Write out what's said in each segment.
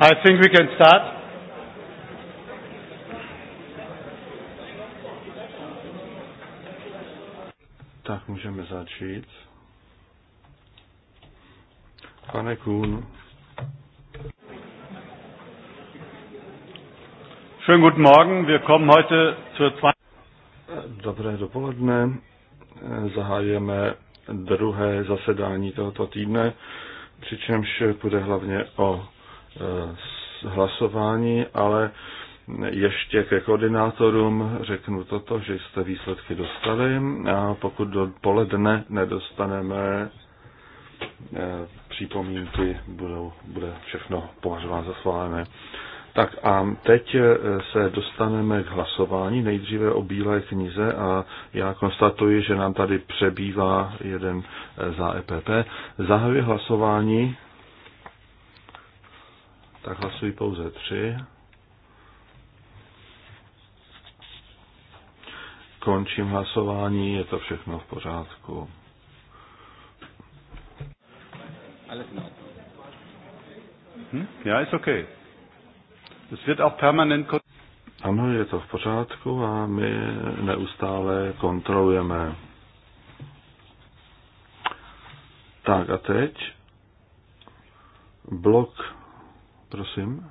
I think we can start. Tak můžeme začít. Pane Kuhn. Schönen guten Morgen. Wir kommen heute zur zweiten. Dobré dopoledne. Zahájíme druhé zasedání tohoto týdne, přičemž půjde hlavně o Eh, hlasování, ale ještě ke koordinátorům řeknu toto, že jste výsledky dostali a pokud do poledne nedostaneme eh, připomínky, budou, bude všechno považováno za schválené. Tak a teď eh, se dostaneme k hlasování, nejdříve o Bílé knize a já konstatuji, že nám tady přebývá jeden za EPP. Zahajuji hlasování tak hlasují pouze tři. Končím hlasování, je to všechno v pořádku. Hm? Ja, ist okay. Es wird auch permanent ano, je to v pořádku a my neustále kontrolujeme. Tak a teď blok Prosím.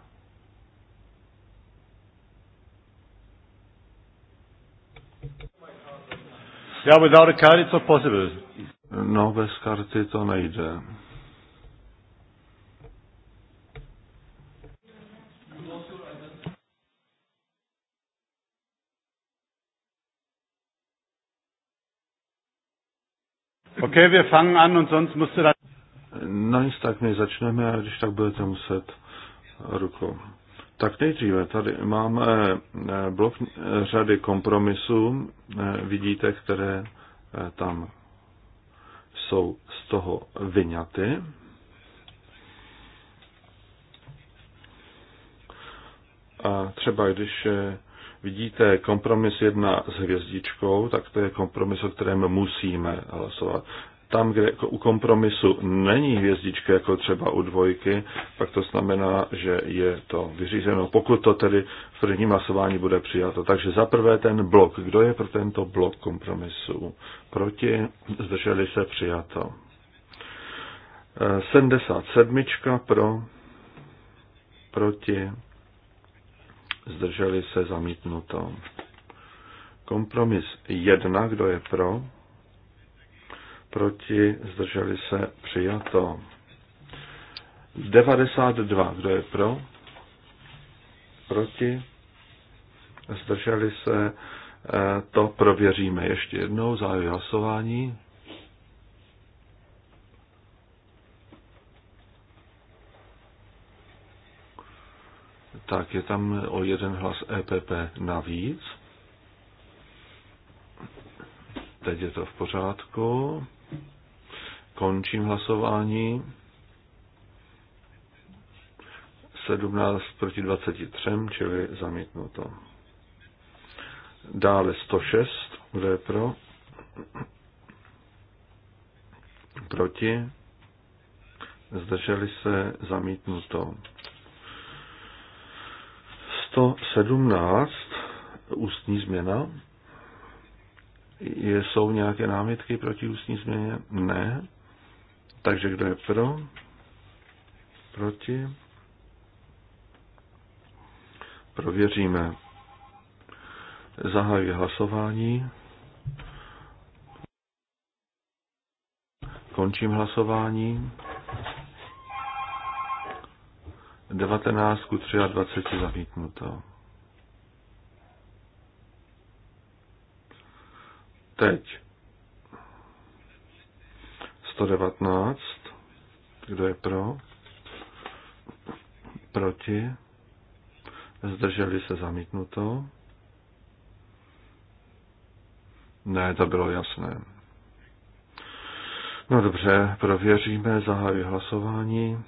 Yeah, without a card it's not possible. No, bez karty to nejde. Okay, wir fangen an und sonst musst du dann... Nein, no tak my začneme a když tak budete muset ruku. Tak nejdříve tady máme eh, blok eh, řady kompromisů, eh, vidíte, které tam jsou z toho vyňaty. A třeba když vidíte kompromis jedna s hvězdičkou, tak to je kompromis, o kterém musíme hlasovat tam, kde jako u kompromisu není hvězdička, jako třeba u dvojky, pak to znamená, že je to vyřízeno, pokud to tedy v prvním hlasování bude přijato. Takže za prvé ten blok. Kdo je pro tento blok kompromisu? Proti? Zdrželi se přijato. 77. Eh, pro, proti, zdrželi se zamítnuto. Kompromis 1, kdo je pro, proti, zdrželi se, přijato. 92, kdo je pro, proti, zdrželi se, e, to prověříme ještě jednou, zahajuji hlasování. Tak je tam o jeden hlas EPP navíc. Teď je to v pořádku. Končím hlasování. 17 proti 23, čili zamítnuto. Dále 106, kdo je pro? Proti? Zdrželi se zamítnuto. 117, ústní změna. jsou nějaké námitky proti ústní změně? Ne. Takže kdo je pro? Proti? Prověříme. Zahajuji hlasování. Končím hlasování. 19 ku 23 zamítnuto. Teď 119. Kdo je pro? Proti? Zdrželi se zamítnuto? Ne, to bylo jasné. No dobře, prověříme, zahajuji hlasování.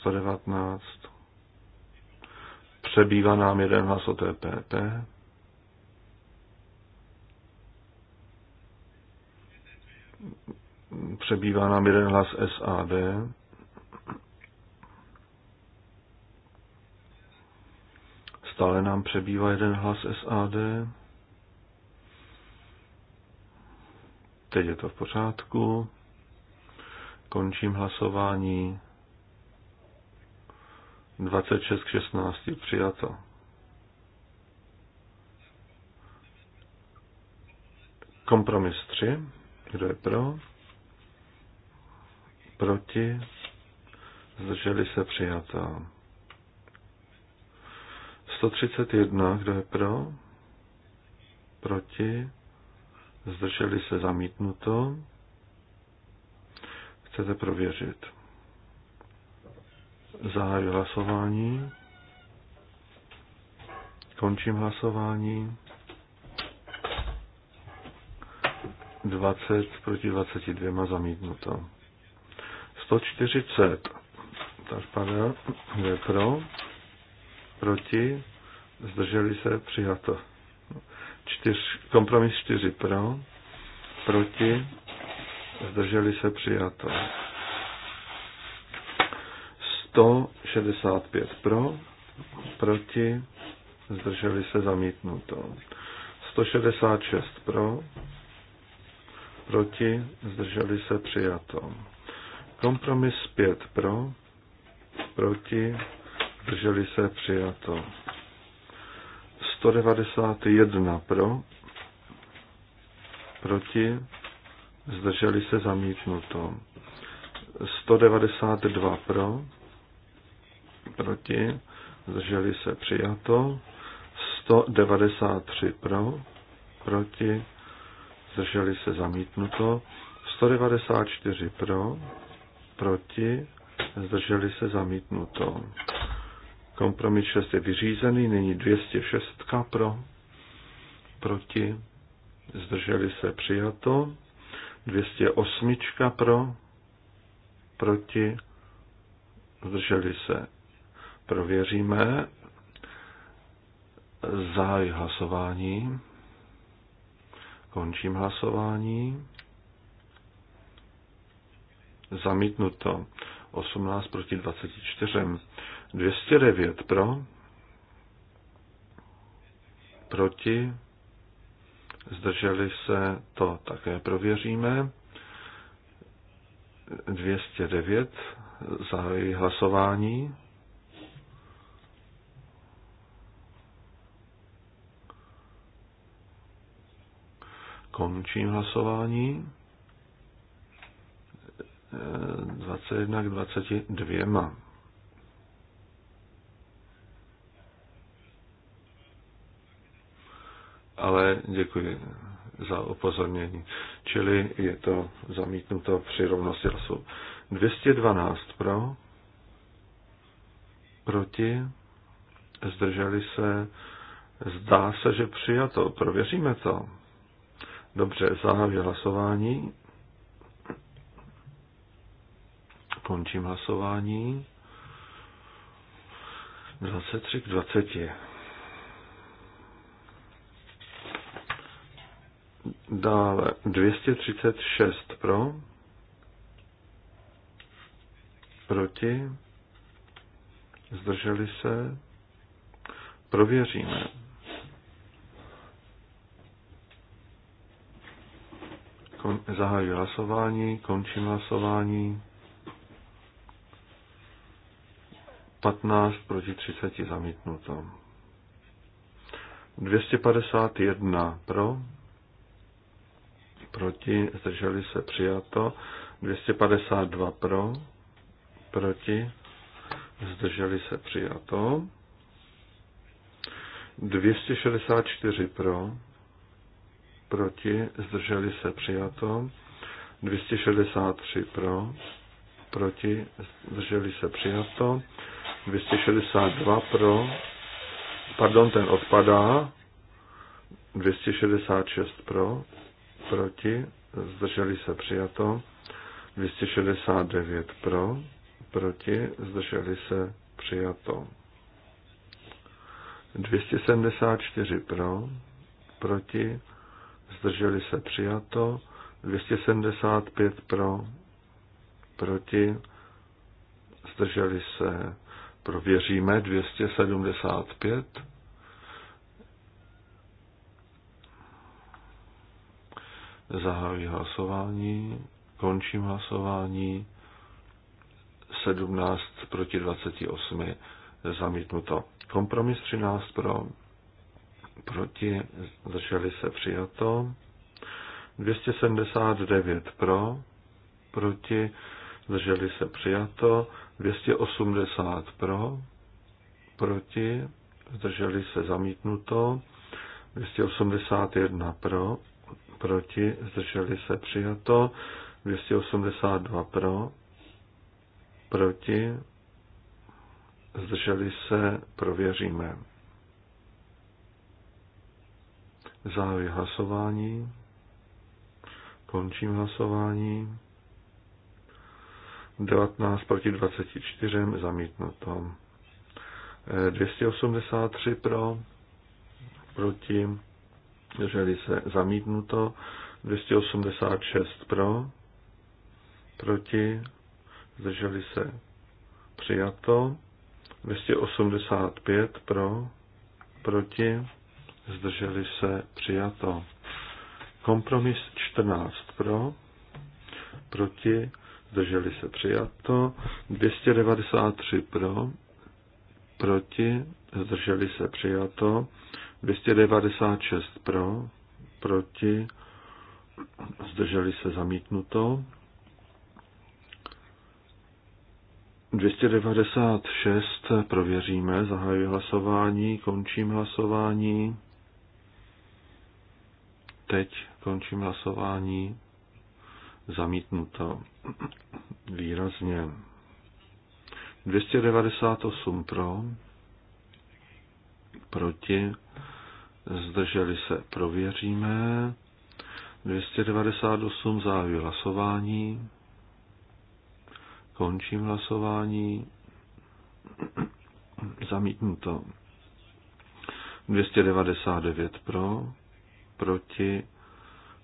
119. Přebývá nám jeden hlas od TPP. přebývá nám jeden hlas SAD. Stále nám přebývá jeden hlas SAD. Teď je to v pořádku. Končím hlasování. 26 k 16 přijato. Kompromis 3. Kdo je pro? proti, zdrželi se přijatá. 131, kdo je pro, proti, zdrželi se zamítnuto, chcete prověřit. Zahájí hlasování. Končím hlasování. 20 proti 22 zamítnuto. 140. Ta je pro, proti, zdrželi se, přijato. Čtyř, kompromis 4 pro, proti, zdrželi se, přijato. 165 pro, proti, zdrželi se, zamítnuto. 166 pro, proti, zdrželi se, přijato. Kompromis 5 pro, proti, drželi se přijato. 191 pro, proti, zdrželi se zamítnuto. 192 pro, proti, zdrželi se přijato. 193 pro, proti, zdrželi se zamítnuto. 194 pro, proti, zdrželi se zamítnuto. Kompromis 6 je vyřízený, nyní 206 pro, proti, zdrželi se přijato, 208 pro, proti, zdrželi se. Prověříme záj hlasování. Končím hlasování zamítnuto. 18 proti 24. 209 pro, proti, zdrželi se, to také prověříme. 209, zahajuji hlasování. Končím hlasování. 21 k 22. Ale děkuji za upozornění. Čili je to zamítnuto při rovnosti hlasů. 212 pro, proti, zdrželi se, zdá se, že přijato. Prověříme to. Dobře, zahájí hlasování. Končím hlasování. 23 k 20. Dále 236 pro, proti, zdrželi se, prověříme. zahajuji hlasování, končím hlasování. 15 proti 30 zamítnuto. 251 pro, proti, zdrželi se přijato. 252 pro, proti, zdrželi se přijato. 264 pro, proti, zdrželi se přijato. 263 pro, proti, zdrželi se přijato. 262 pro, pardon, ten odpadá, 266 pro, proti, zdrželi se přijato, 269 pro, proti, zdrželi se přijato. 274 pro, proti, zdrželi se přijato, 275 pro, proti, zdrželi se Prověříme 275. Zahájí hlasování, končím hlasování. 17 proti 28 zamítnuto. Kompromis 13 pro, proti, začali se přijato. 279 pro, proti, zdrželi se přijato. 280 pro, proti, zdrželi se zamítnuto, 281 pro, proti, zdrželi se přijato, 282 pro, proti, zdrželi se, prověříme. závěr hlasování, končím hlasování, 19 proti 24, zamítnuto. 283 e, pro, proti, drželi se, zamítnuto. 286 pro, proti, zdrželi se, přijato. 285 pro, proti, zdrželi se, přijato. Kompromis 14 pro, proti, zdrželi se přijato, 293 pro, proti, zdrželi se přijato, 296 pro, proti, zdrželi se zamítnuto, 296 prověříme, zahajuji hlasování, končím hlasování, teď končím hlasování, zamítnuto výrazně. 298 pro, proti, zdrželi se, prověříme. 298 zahájí hlasování, končím hlasování, zamítnuto. 299 pro, proti,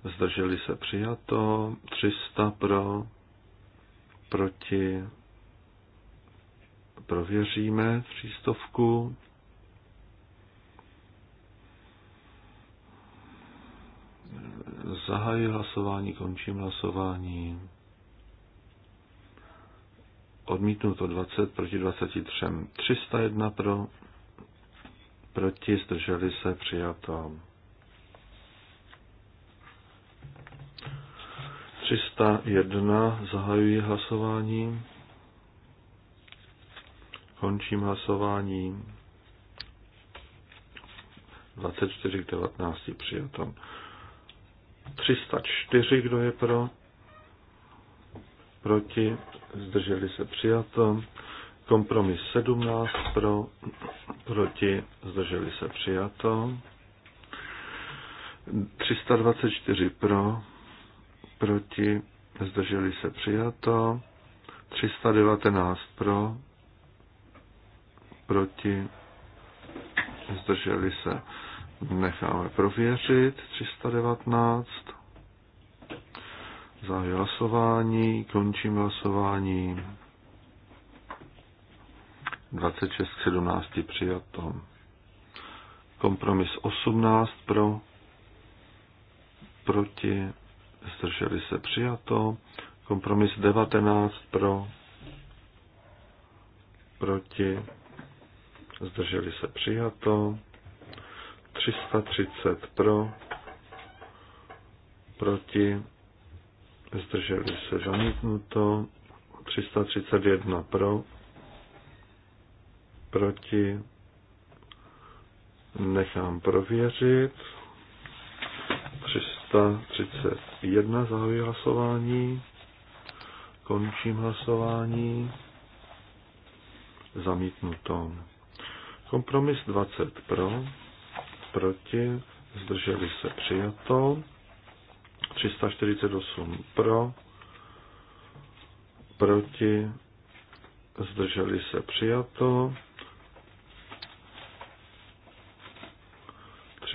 zdrželi se přijato, 300 pro, proti, prověříme přístovku. Zahajuji hlasování, končím hlasování. Odmítnuto 20 proti 23. 301 pro, proti zdrželi se přijato. 301 zahajuji hlasování. Končím hlasování. 24 k 19 přijatom. 304, kdo je pro? Proti? Zdrželi se přijato. Kompromis 17 pro, proti, zdrželi se přijato. 324 pro, proti, zdrželi se přijato, 319 pro, proti, zdrželi se, necháme prověřit, 319, zahajuji hlasování, končím hlasování, 26 k 17 přijato, kompromis 18 pro, proti, zdrželi se přijato. Kompromis 19 pro, proti, zdrželi se přijato. 330 pro, proti, zdrželi se zamítnuto. 331 pro, proti, nechám prověřit. 331 zahajuji hlasování. Končím hlasování. Zamítnuto. Kompromis 20 pro, proti, zdrželi se přijato. 348 pro, proti, zdrželi se přijato.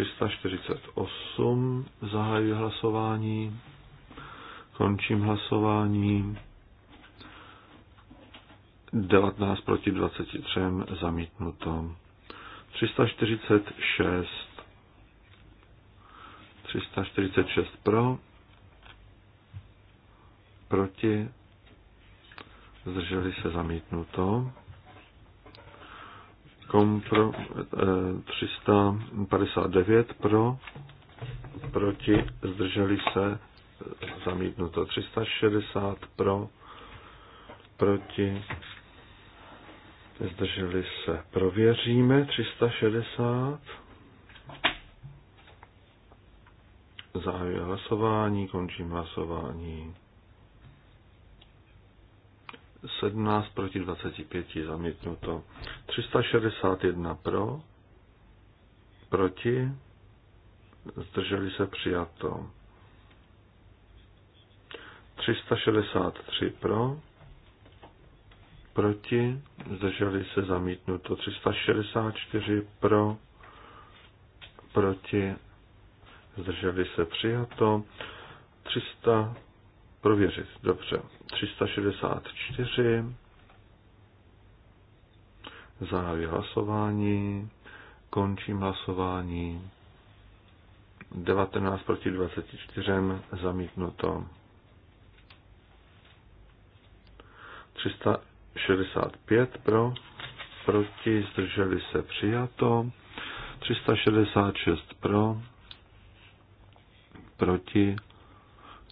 348 zahajuji hlasování, končím hlasování. 19 proti 23 zamítnuto. 346 346 pro, proti, zdrželi se zamítnuto. Kompro, eh, 359 pro, proti, zdrželi se, eh, zamítnuto 360 pro, proti, zdrželi se, prověříme 360, zahajuji hlasování, končím hlasování. 17 proti 25 zamítnuto. 361 pro, proti, zdrželi se přijato. 363 pro, proti, zdrželi se zamítnuto. 364 pro, proti, zdrželi se přijato. 300 Prověřit, dobře. 364. Zahajuji hlasování. Končím hlasování. 19 proti 24. Zamítnuto. 365 pro, proti, zdrželi se přijato, 366 pro, proti,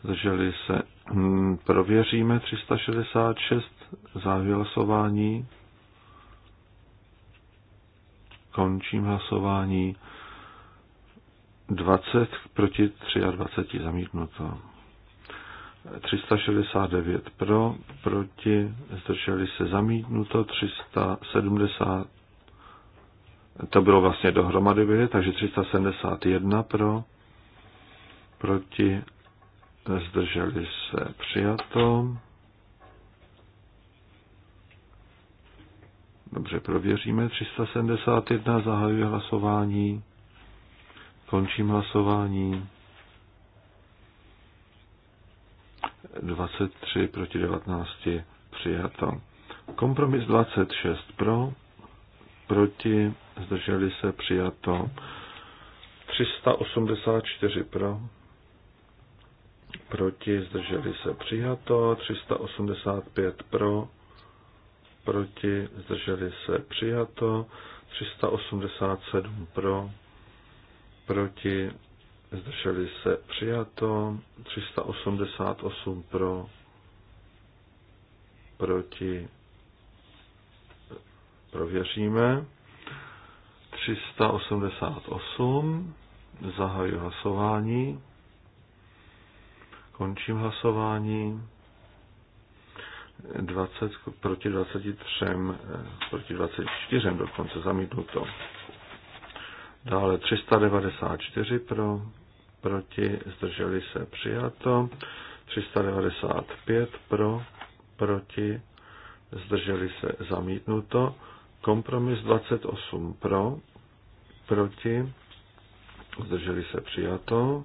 zdrželi se Hmm, prověříme 366 závěr hlasování. Končím hlasování. 20 proti 23 zamítnuto. 369 pro, proti, zdrželi se zamítnuto, 370, to bylo vlastně dohromady, takže 371 pro, proti, zdrželi se přijato. Dobře, prověříme 371, zahajuji hlasování, končím hlasování. 23 proti 19 přijato. Kompromis 26 pro, proti, zdrželi se přijato. 384 pro, proti, zdrželi se přijato, 385 pro, proti, zdrželi se přijato, 387 pro, proti, zdrželi se přijato, 388 pro, proti, prověříme, 388, zahajuji hlasování, Končím hlasování. 20 proti 23, eh, proti 24 dokonce zamítnuto. Dále 394 pro, proti, zdrželi se přijato. 395 pro, proti, zdrželi se zamítnuto. Kompromis 28 pro, proti, zdrželi se přijato.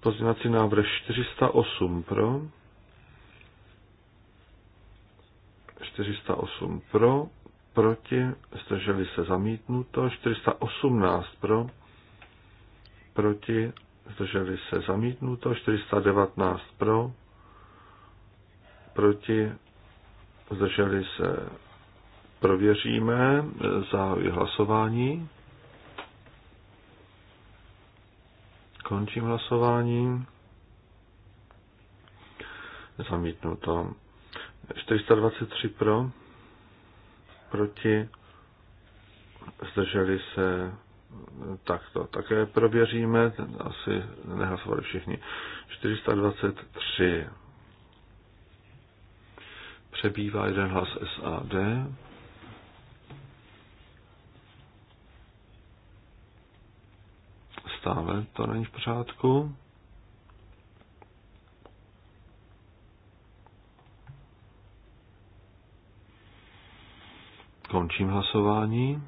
Pozměňovací návrh 408 pro. 408 pro, proti, zdrželi se zamítnuto, 418 pro, proti, zdrželi se zamítnuto, 419 pro, proti, zdrželi se prověříme, zahajuji hlasování. Končím hlasování. to. 423 pro, proti, zdrželi se, tak to také prověříme, asi nehlasovali všichni. 423. Přebývá jeden hlas SAD. Stále to není v pořádku. Končím hlasování.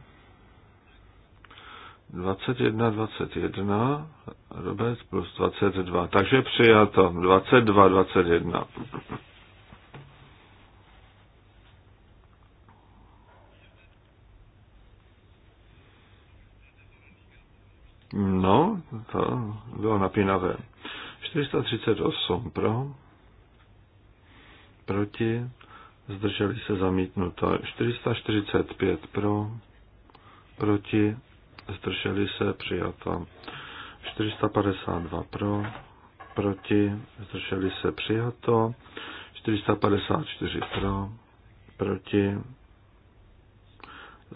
21, 21, Robert plus 22. Takže přijato. 22, 21. No, to bylo napínavé. 438 pro, proti, zdrželi se zamítnuto. 445 pro, proti, zdrželi se přijato. 452 pro, proti, zdrželi se přijato. 454 pro, proti,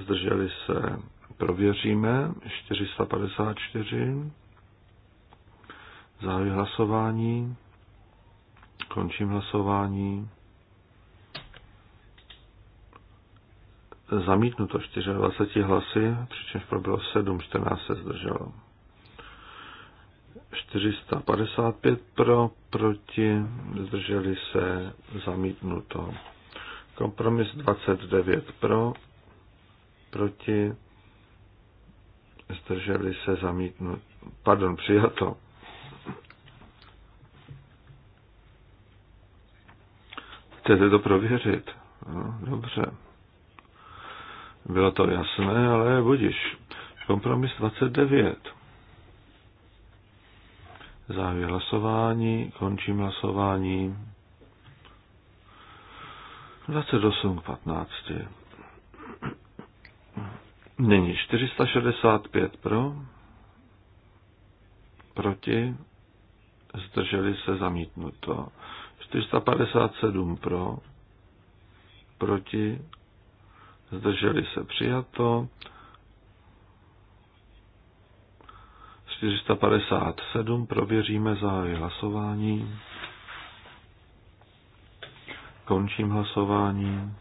zdrželi se Prověříme 454. Zahajuji hlasování. Končím hlasování. Zamítnuto 24 hlasy, přičemž proběhlo 7, 14 se zdrželo. 455 pro, proti, zdrželi se, zamítnuto. Kompromis 29 pro, proti, zdrželi se zamítnout, pardon, přijato. Chcete to prověřit? No, dobře. Bylo to jasné, ale budiš. Kompromis 29. Závěr hlasování, končím hlasování. 28 k 15. Není 465 pro, proti, zdrželi se zamítnuto. 457 pro, proti, zdrželi se přijato. 457 prověříme zahájí hlasování. Končím hlasování.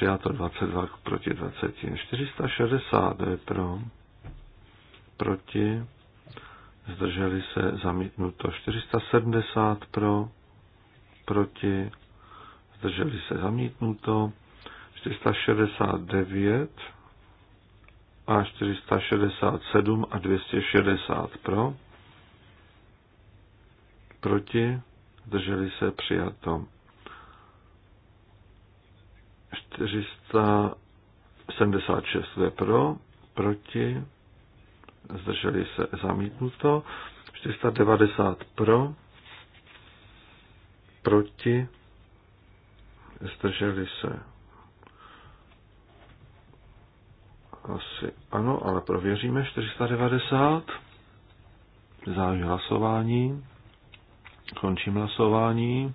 přijato 22 proti 20. 460 je pro, proti, zdrželi se zamítnuto. 470 pro, proti, zdrželi se zamítnuto. 469 a 467 a 260 pro, proti, zdrželi se přijato. 476 je pro, proti, zdrželi se zamítnuto, 490 pro, proti, zdrželi se asi ano, ale prověříme 490. Zahájí hlasování. Končím hlasování.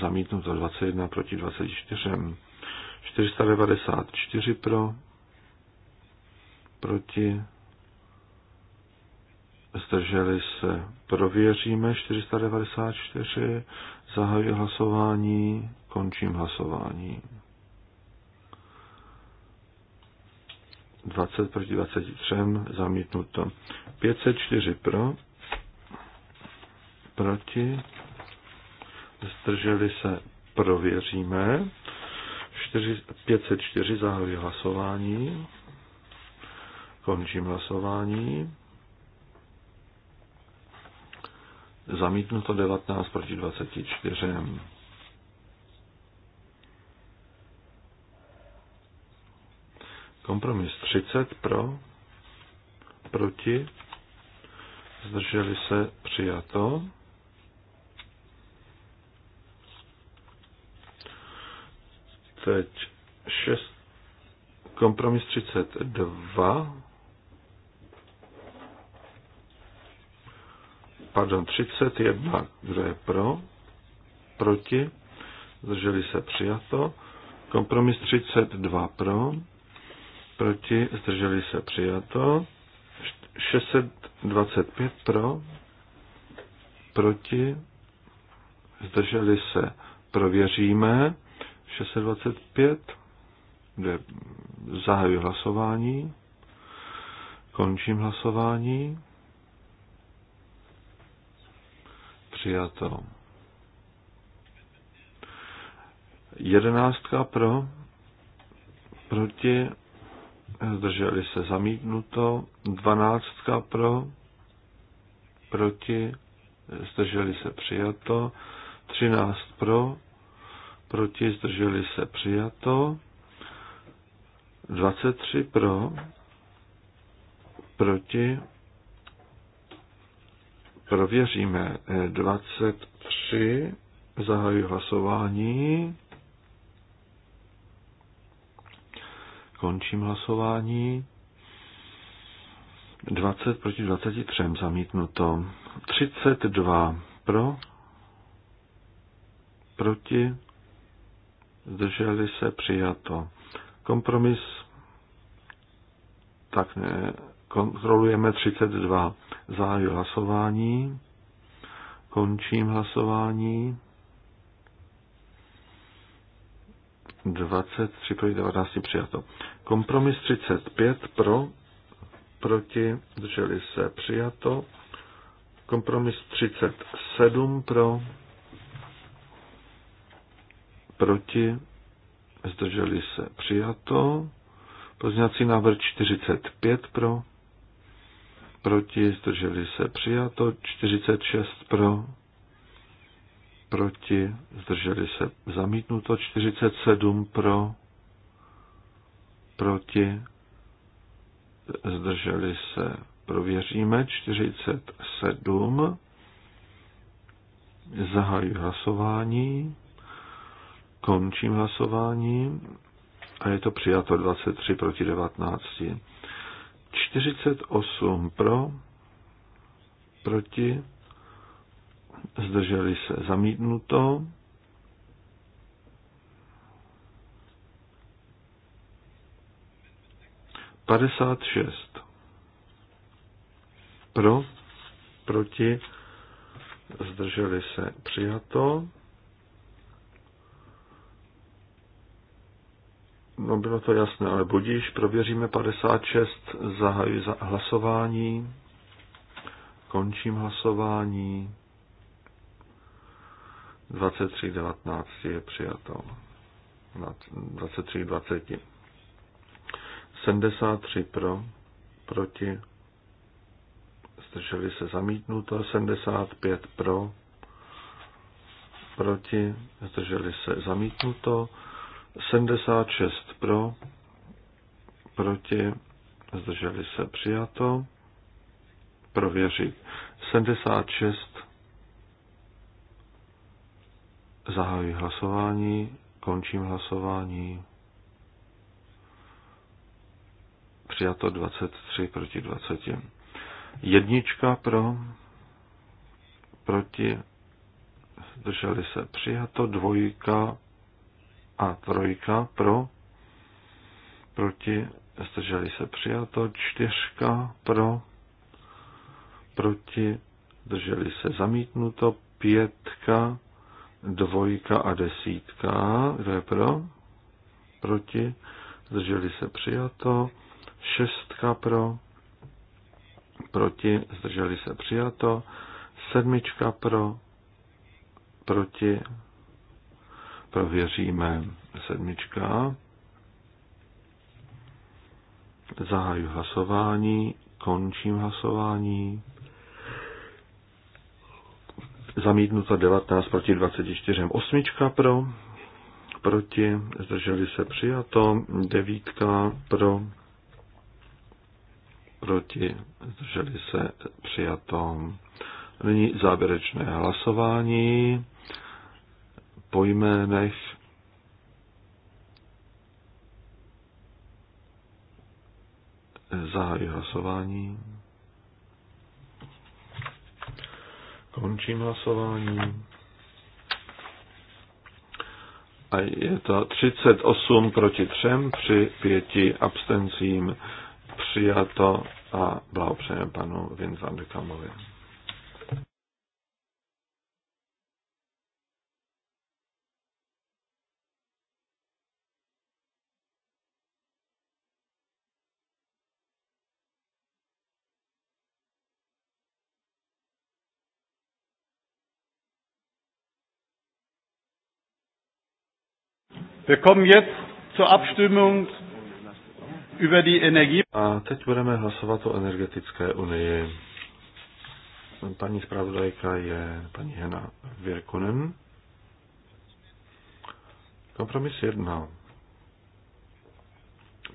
zamítnuto 21 proti 24. 494 pro, proti, zdrželi se, prověříme 494, zahajuji hlasování, končím hlasování. 20 proti 23, zamítnuto. 504 pro, proti, zdrželi se, prověříme. 4, 504 zahajuji hlasování. Končím hlasování. Zamítnuto 19 proti 24. Kompromis 30 pro, proti, zdrželi se přijato. 36 kompromis 32, pardon, 31, kdo je pro, proti, zdrželi se přijato, kompromis 32 pro, proti, zdrželi se přijato, 625 pro, proti, zdrželi se prověříme, 625, kde zahajuji hlasování, končím hlasování, přijato. Jedenáctka pro, proti, zdrželi se zamítnuto, dvanáctka pro, proti, zdrželi se přijato, třináct pro, proti, zdrželi se přijato. 23 pro, proti, prověříme 23, zahajuji hlasování, končím hlasování, 20 proti 23, zamítnuto, 32 pro, proti, drželi se přijato. Kompromis, tak ne, kontrolujeme 32. Zahájí hlasování, končím hlasování. 23 proti 19 přijato. Kompromis 35 pro, proti, drželi se přijato. Kompromis 37 pro, proti, zdrželi se přijato. Pozměňovací návrh 45 pro, proti, zdrželi se přijato. 46 pro, proti, zdrželi se zamítnuto. 47 pro, proti, zdrželi se prověříme. 47 zahajuji hlasování. Končím hlasování a je to přijato 23 proti 19. 48 pro, proti, zdrželi se zamítnuto. Padesát šest. Pro, proti, zdrželi se přijato. No bylo to jasné, ale budíš, prověříme 56, zahajuji za hlasování, končím hlasování, 23.19 je přijato, 23.20. 73 pro, proti, zdrželi se zamítnuto, 75 pro, proti, zdrželi se zamítnuto, 76 pro, proti, zdrželi se přijato, prověřit. 76 zahajuji hlasování, končím hlasování. Přijato 23 proti 20. Jednička pro, proti, zdrželi se přijato, dvojka a trojka pro, proti, zdrželi se přijato, čtyřka pro, proti, zdrželi se zamítnuto, pětka, dvojka a desítka, kdo je pro, proti, zdrželi se přijato, šestka pro, proti, zdrželi se přijato, sedmička pro, proti, Prověříme sedmička. Zaháju hlasování, končím hlasování. Zamítnuto 19 proti 24. Osmička pro, proti, zdrželi se přijato. Devítka pro, proti, zdrželi se přijato. Nyní závěrečné hlasování po jménech. Zahajuji hlasování. Končím hlasování. A je to 38 proti 3 při 5 abstencím přijato a blahopřejeme panu Vincentu Kamovi. Wir kommen jetzt zur Abstimmung über die Energie. A teď budeme hlasovat o energetické unii. Paní zpravodajka je paní Hena Virkunen. Kompromis jedna.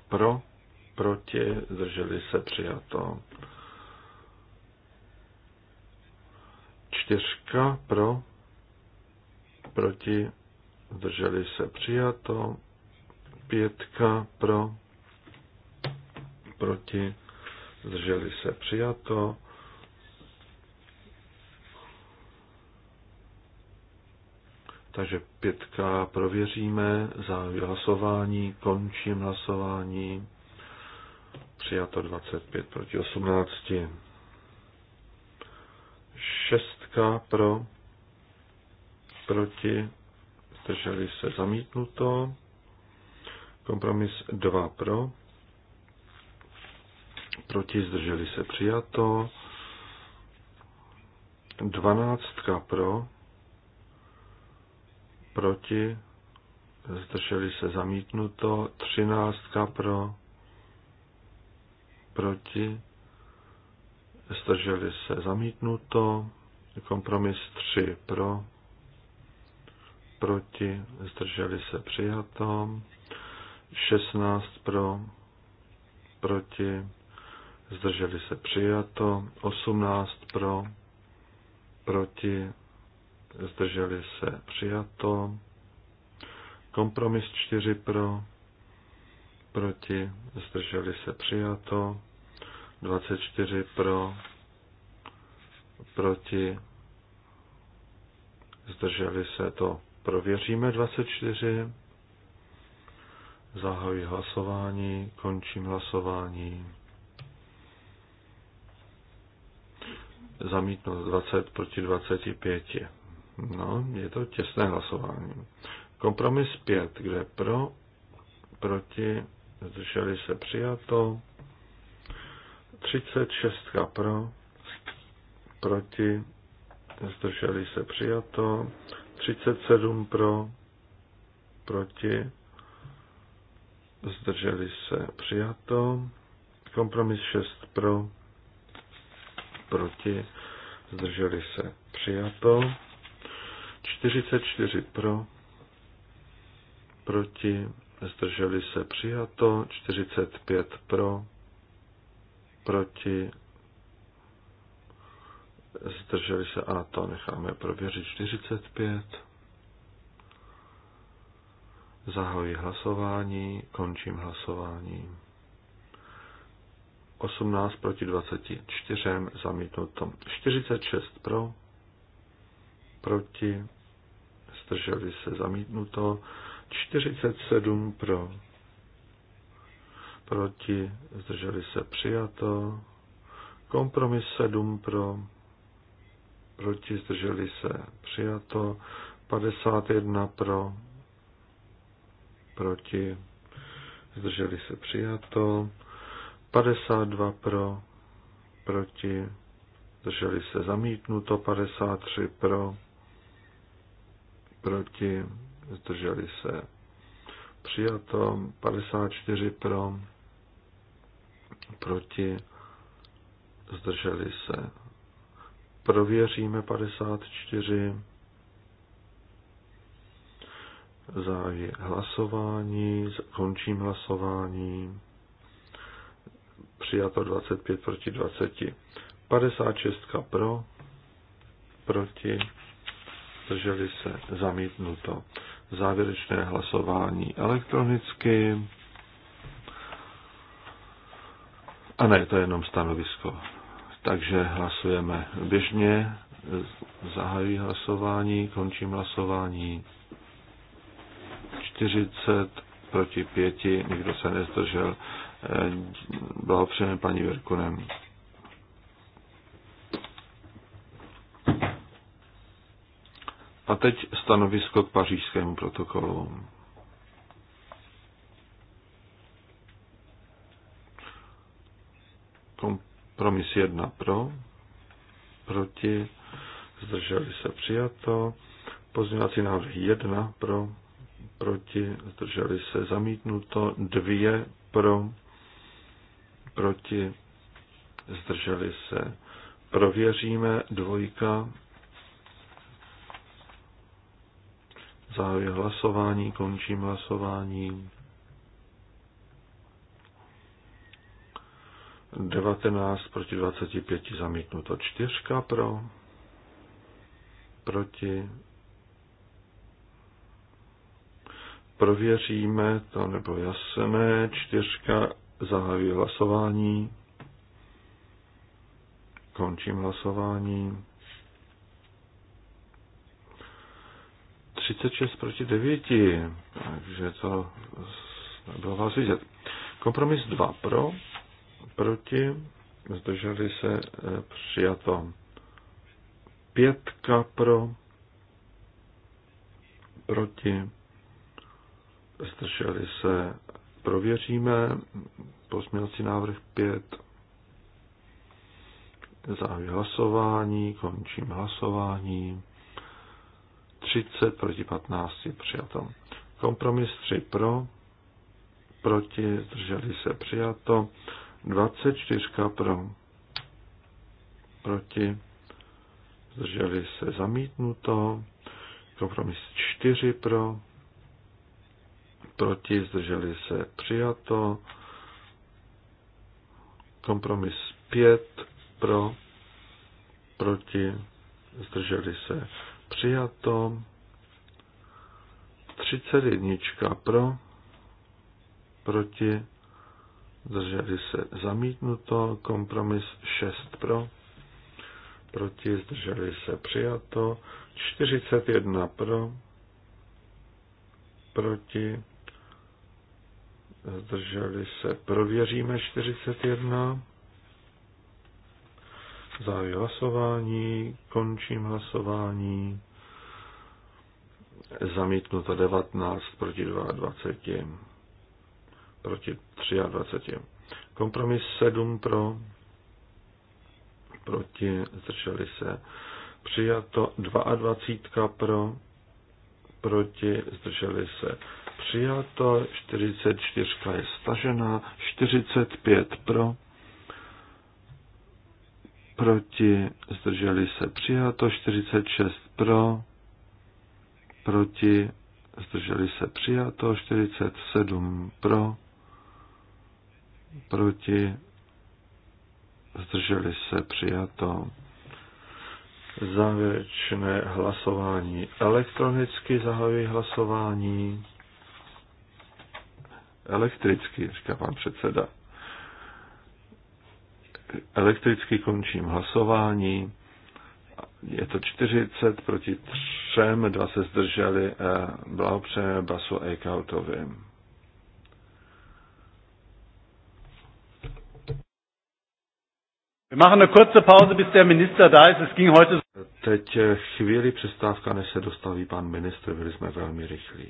Pro, proti, zdrželi se přijato. Čtyřka pro, proti, zdrželi se přijato, pětka pro, proti, zdrželi se přijato, Takže pětka prověříme, za hlasování, končím hlasování. Přijato 25 proti 18. Šestka pro, proti, zdrželi se zamítnuto. Kompromis 2 pro, proti zdrželi se přijato. 12 pro, proti zdrželi se zamítnuto. 13 pro, proti zdrželi se zamítnuto. Kompromis 3 pro, proti, zdrželi se přijato, 16 pro, proti, zdrželi se přijato, 18 pro, proti, zdrželi se přijato, kompromis 4 pro, proti, zdrželi se přijato, 24 pro, proti, zdrželi se to Prověříme 24. Zahajuji hlasování, končím hlasování. Zamítnout 20 proti 25. No, je to těsné hlasování. Kompromis 5, kde pro, proti, zdrželi se přijato. 36 pro, proti, zdrželi se přijato. 37 pro, proti, zdrželi se přijato, kompromis 6 pro, proti, zdrželi se přijato, 44 pro, proti, zdrželi se přijato, 45 pro, proti, zdrželi se a to necháme prověřit 45. Zahajuji hlasování, končím hlasování. 18 proti 24, zamítnuto 46 pro, proti, zdrželi se zamítnuto, 47 pro, proti, zdrželi se přijato, kompromis 7 pro, proti, zdrželi se, přijato, 51 pro, proti, zdrželi se, přijato, 52 pro, proti, zdrželi se, zamítnuto, 53 pro, proti, zdrželi se, přijato, 54 pro, proti, zdrželi se, Prověříme 54. Zahajuji hlasování, končím hlasování. Přijato 25 proti 20. 56 pro, proti, drželi se, zamítnuto. Závěrečné hlasování elektronicky. A ne, to je jenom stanovisko. Takže hlasujeme běžně, zahajuji hlasování, končím hlasování. 40 proti 5, nikdo se nezdržel. Eh, blahopřejeme paní Verkunem. A teď stanovisko k pařížskému protokolu. Kom- Kompromis 1 pro, proti, zdrželi se přijato. Pozměňovací návrh 1 pro, proti, zdrželi se zamítnuto. 2 pro, proti, zdrželi se. Prověříme dvojka. Zahajuji hlasování, končím hlasování. 19 proti 25 zamítnuto. 4 pro, proti. Prověříme, to nebo jasné. 4 zahájí hlasování. Končím hlasování. 36 proti 9, takže to nebylo vás vidět. Kompromis 2 pro, proti, zdrželi se eh, přijato. Pětka pro, proti, zdrželi se, prověříme, pozměňovací návrh pět zahajuji hlasování, končím hlasování, 30 proti 15 přijato. Kompromis 3 pro, proti, zdrželi se přijato. 24 pro, proti, zdrželi se zamítnuto, kompromis 4 pro, proti, zdrželi se přijato, kompromis 5 pro, proti, zdrželi se přijato, 31 pro, proti, zdrželi se zamítnuto, kompromis 6 pro, proti zdrželi se přijato, 41 pro, proti zdrželi se, prověříme 41, zahajuji hlasování, končím hlasování, zamítnuto 19 proti 22 proti 23. Kompromis 7 pro, proti, zdrželi se. Přijato 22 pro, proti, zdrželi se. Přijato 44 je stažená, 45 pro, proti, zdrželi se. Přijato 46 pro, proti, zdrželi se. Přijato 47 pro, proti, zdrželi se přijato. Závěrečné hlasování. Elektronicky zahajuji hlasování. Elektricky, říká pan předseda. Elektricky končím hlasování. Je to 40 proti 3, dva se zdrželi. Blahopřejeme Basu Eichhautovi. Wir machen eine kurze Pause, bis der Minister da ist. Es ging heute... Teď chvíli přestávka, než se dostaví pan ministr, byli jsme velmi rychlí.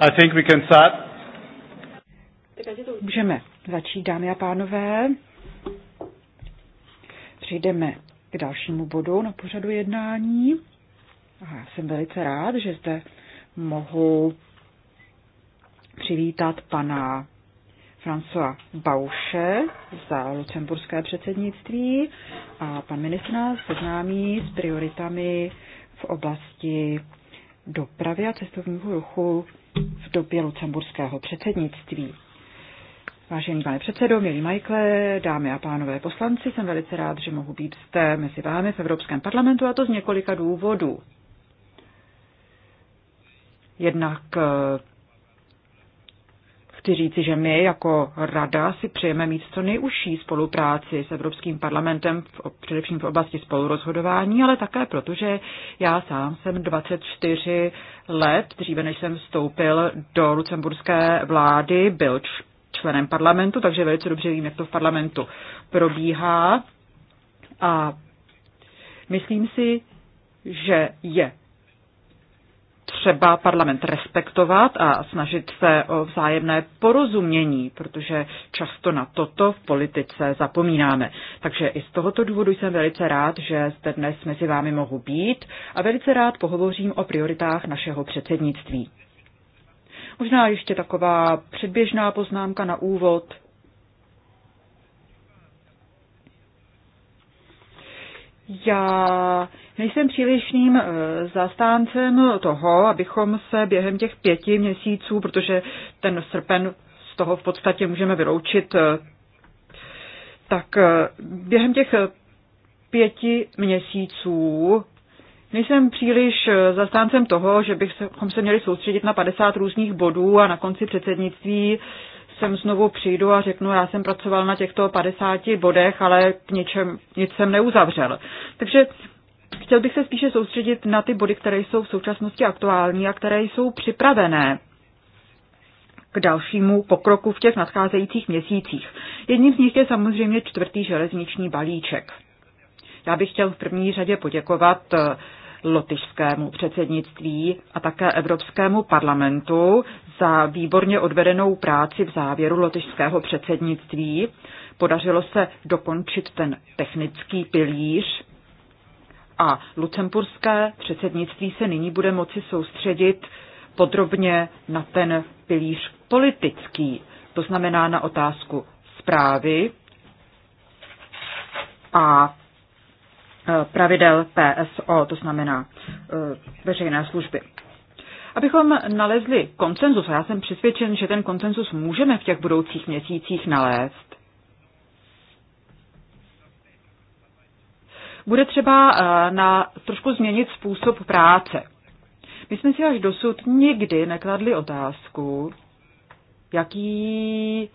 I think we can start. Můžeme začít, dámy a pánové. Přijdeme k dalšímu bodu na pořadu jednání. A jsem velice rád, že zde mohu přivítat pana François Bauše za lucemburské předsednictví a pan ministr nás seznámí s prioritami v oblasti dopravy a cestovního ruchu v době lucemburského předsednictví. Vážený pane předsedo, milý Michael, dámy a pánové poslanci, jsem velice rád, že mohu být zde mezi vámi v Evropském parlamentu a to z několika důvodů. Jednak eh, chci říci, že my jako rada si přejeme mít co nejužší spolupráci s Evropským parlamentem, v, především v oblasti spolurozhodování, ale také proto, že já sám jsem 24 let, dříve než jsem vstoupil do lucemburské vlády, byl členem parlamentu, takže velice dobře vím, jak to v parlamentu probíhá. A myslím si, že je třeba parlament respektovat a snažit se o vzájemné porozumění, protože často na toto v politice zapomínáme. Takže i z tohoto důvodu jsem velice rád, že zde dnes mezi vámi mohu být a velice rád pohovořím o prioritách našeho předsednictví. Možná ještě taková předběžná poznámka na úvod. Já nejsem přílišným eh, zastáncem toho, abychom se během těch pěti měsíců, protože ten srpen z toho v podstatě můžeme vyloučit, eh, tak eh, během těch pěti měsíců nejsem příliš zastáncem toho, že bychom se měli soustředit na 50 různých bodů a na konci předsednictví sem znovu přijdu a řeknu, já jsem pracoval na těchto 50 bodech, ale k ničem, nic jsem neuzavřel. Takže chtěl bych se spíše soustředit na ty body, které jsou v současnosti aktuální a které jsou připravené k dalšímu pokroku v těch nadcházejících měsících. Jedním z nich je samozřejmě čtvrtý železniční balíček. Já bych chtěl v první řadě poděkovat eh, lotyšskému předsednictví a také Evropskému parlamentu za výborně odvedenou práci v závěru lotyšského předsednictví. Podařilo se dokončit ten technický pilíř a lucemburské předsednictví se nyní bude moci soustředit podrobně na ten pilíř politický, to znamená na otázku zprávy a Eh, pravidel PSO, to znamená eh, veřejné služby. Abychom nalezli koncenzus, a já jsem přesvědčen, že ten koncenzus můžeme v těch budoucích měsících nalézt, bude třeba eh, na trošku změnit způsob práce. My jsme si až dosud nikdy nekladli otázku, jaký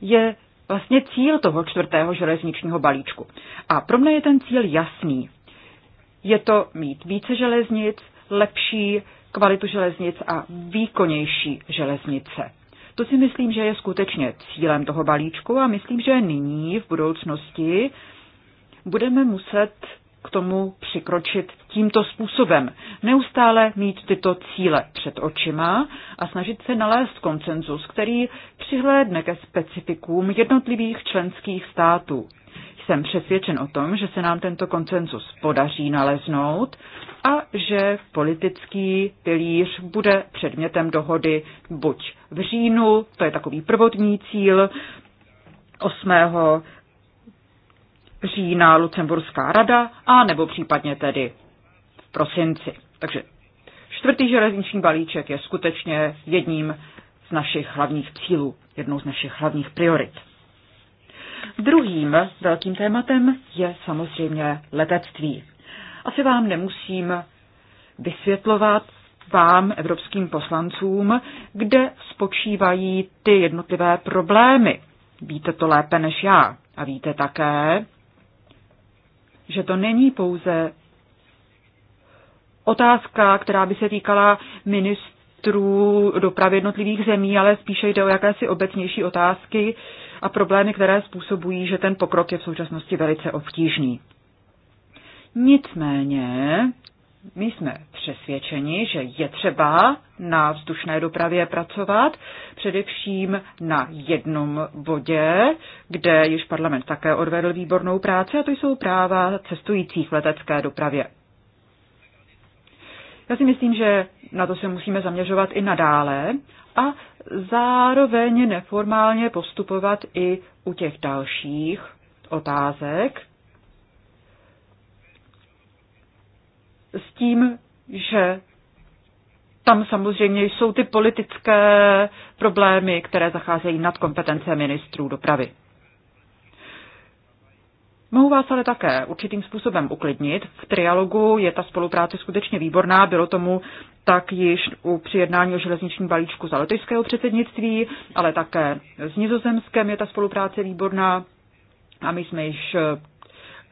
je vlastně cíl toho čtvrtého železničního balíčku. A pro mě je ten cíl jasný. Je to mít více železnic, lepší kvalitu železnic a výkonnější železnice. To si myslím, že je skutečně cílem toho balíčku a myslím, že nyní v budoucnosti budeme muset k tomu přikročit tímto způsobem. Neustále mít tyto cíle před očima a snažit se nalézt koncenzus, který přihlédne ke specifikům jednotlivých členských států. Jsem přesvědčen o tom, že se nám tento koncenzus podaří naleznout a že politický pilíř bude předmětem dohody buď v říjnu, to je takový prvotní cíl, 8 října Lucemburská rada a nebo případně tedy v prosinci. Takže čtvrtý železniční balíček je skutečně jedním z našich hlavních cílů, jednou z našich hlavních priorit. Druhým velkým tématem je samozřejmě letectví. Asi vám nemusím vysvětlovat, vám, evropským poslancům, kde spočívají ty jednotlivé problémy. Víte to lépe než já. A víte také, že to není pouze otázka, která by se týkala ministrů dopravy jednotlivých zemí, ale spíše jde o jakési obecnější otázky a problémy, které způsobují, že ten pokrok je v současnosti velice obtížný. Nicméně my jsme přesvědčeni, že je třeba na vzdušné dopravě pracovat, především na jednom bodě, kde již parlament také odvedl výbornou práci, a to jsou práva cestujících v letecké dopravě. Já si myslím, že na to se musíme zaměřovat i nadále a zároveň neformálně postupovat i u těch dalších otázek, s tím, že tam samozřejmě jsou ty politické problémy, které zacházejí nad kompetence ministrů dopravy. Mohu vás ale také určitým způsobem uklidnit. V trialogu je ta spolupráce skutečně výborná, bylo tomu tak již u přijednání o železničním balíčku za lotyšského předsednictví, ale také s nizozemskem je ta spolupráce výborná. A my jsme již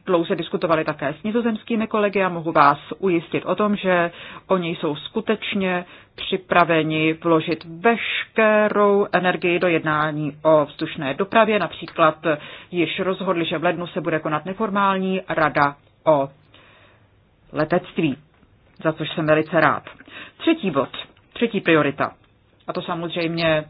dlouze diskutovali také s nizozemskými kolegy a mohu vás ujistit o tom, že oni jsou skutečně připraveni vložit veškerou energii do jednání o vzdušné dopravě. Například již rozhodli, že v lednu se bude konat neformální rada o letectví, za což jsem velice rád. Třetí bod, třetí priorita. A to samozřejmě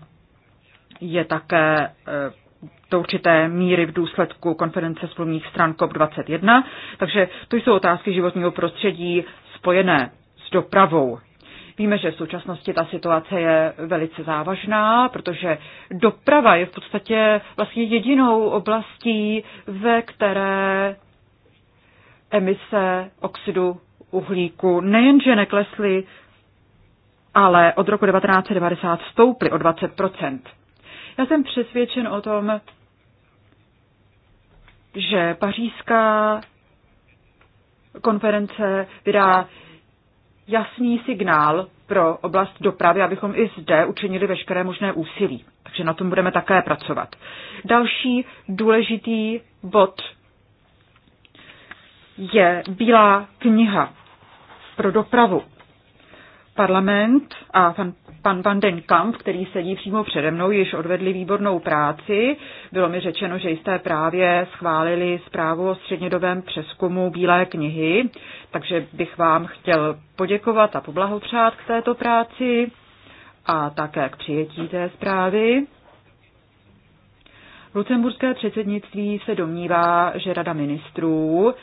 je také eh, do určité míry v důsledku konference smluvních stran COP21. Takže to jsou otázky životního prostředí spojené s dopravou. Víme, že v současnosti ta situace je velice závažná, protože doprava je v podstatě vlastně jedinou oblastí, ve které emise oxidu uhlíku nejenže neklesly, ale od roku 1990 stouply o 20 já jsem přesvědčen o tom, že pařížská konference vydá jasný signál pro oblast dopravy, abychom i zde učinili veškeré možné úsilí. Takže na tom budeme také pracovat. Další důležitý bod je Bílá kniha pro dopravu. Parlament a pan, pan Van den Kamp, který sedí přímo přede mnou, již odvedli výbornou práci. Bylo mi řečeno, že jste právě schválili zprávu o střednědobém přeskumu Bílé knihy, takže bych vám chtěl poděkovat a poblahopřát k této práci a také k přijetí té zprávy. Lucemburské předsednictví se domnívá, že Rada ministrů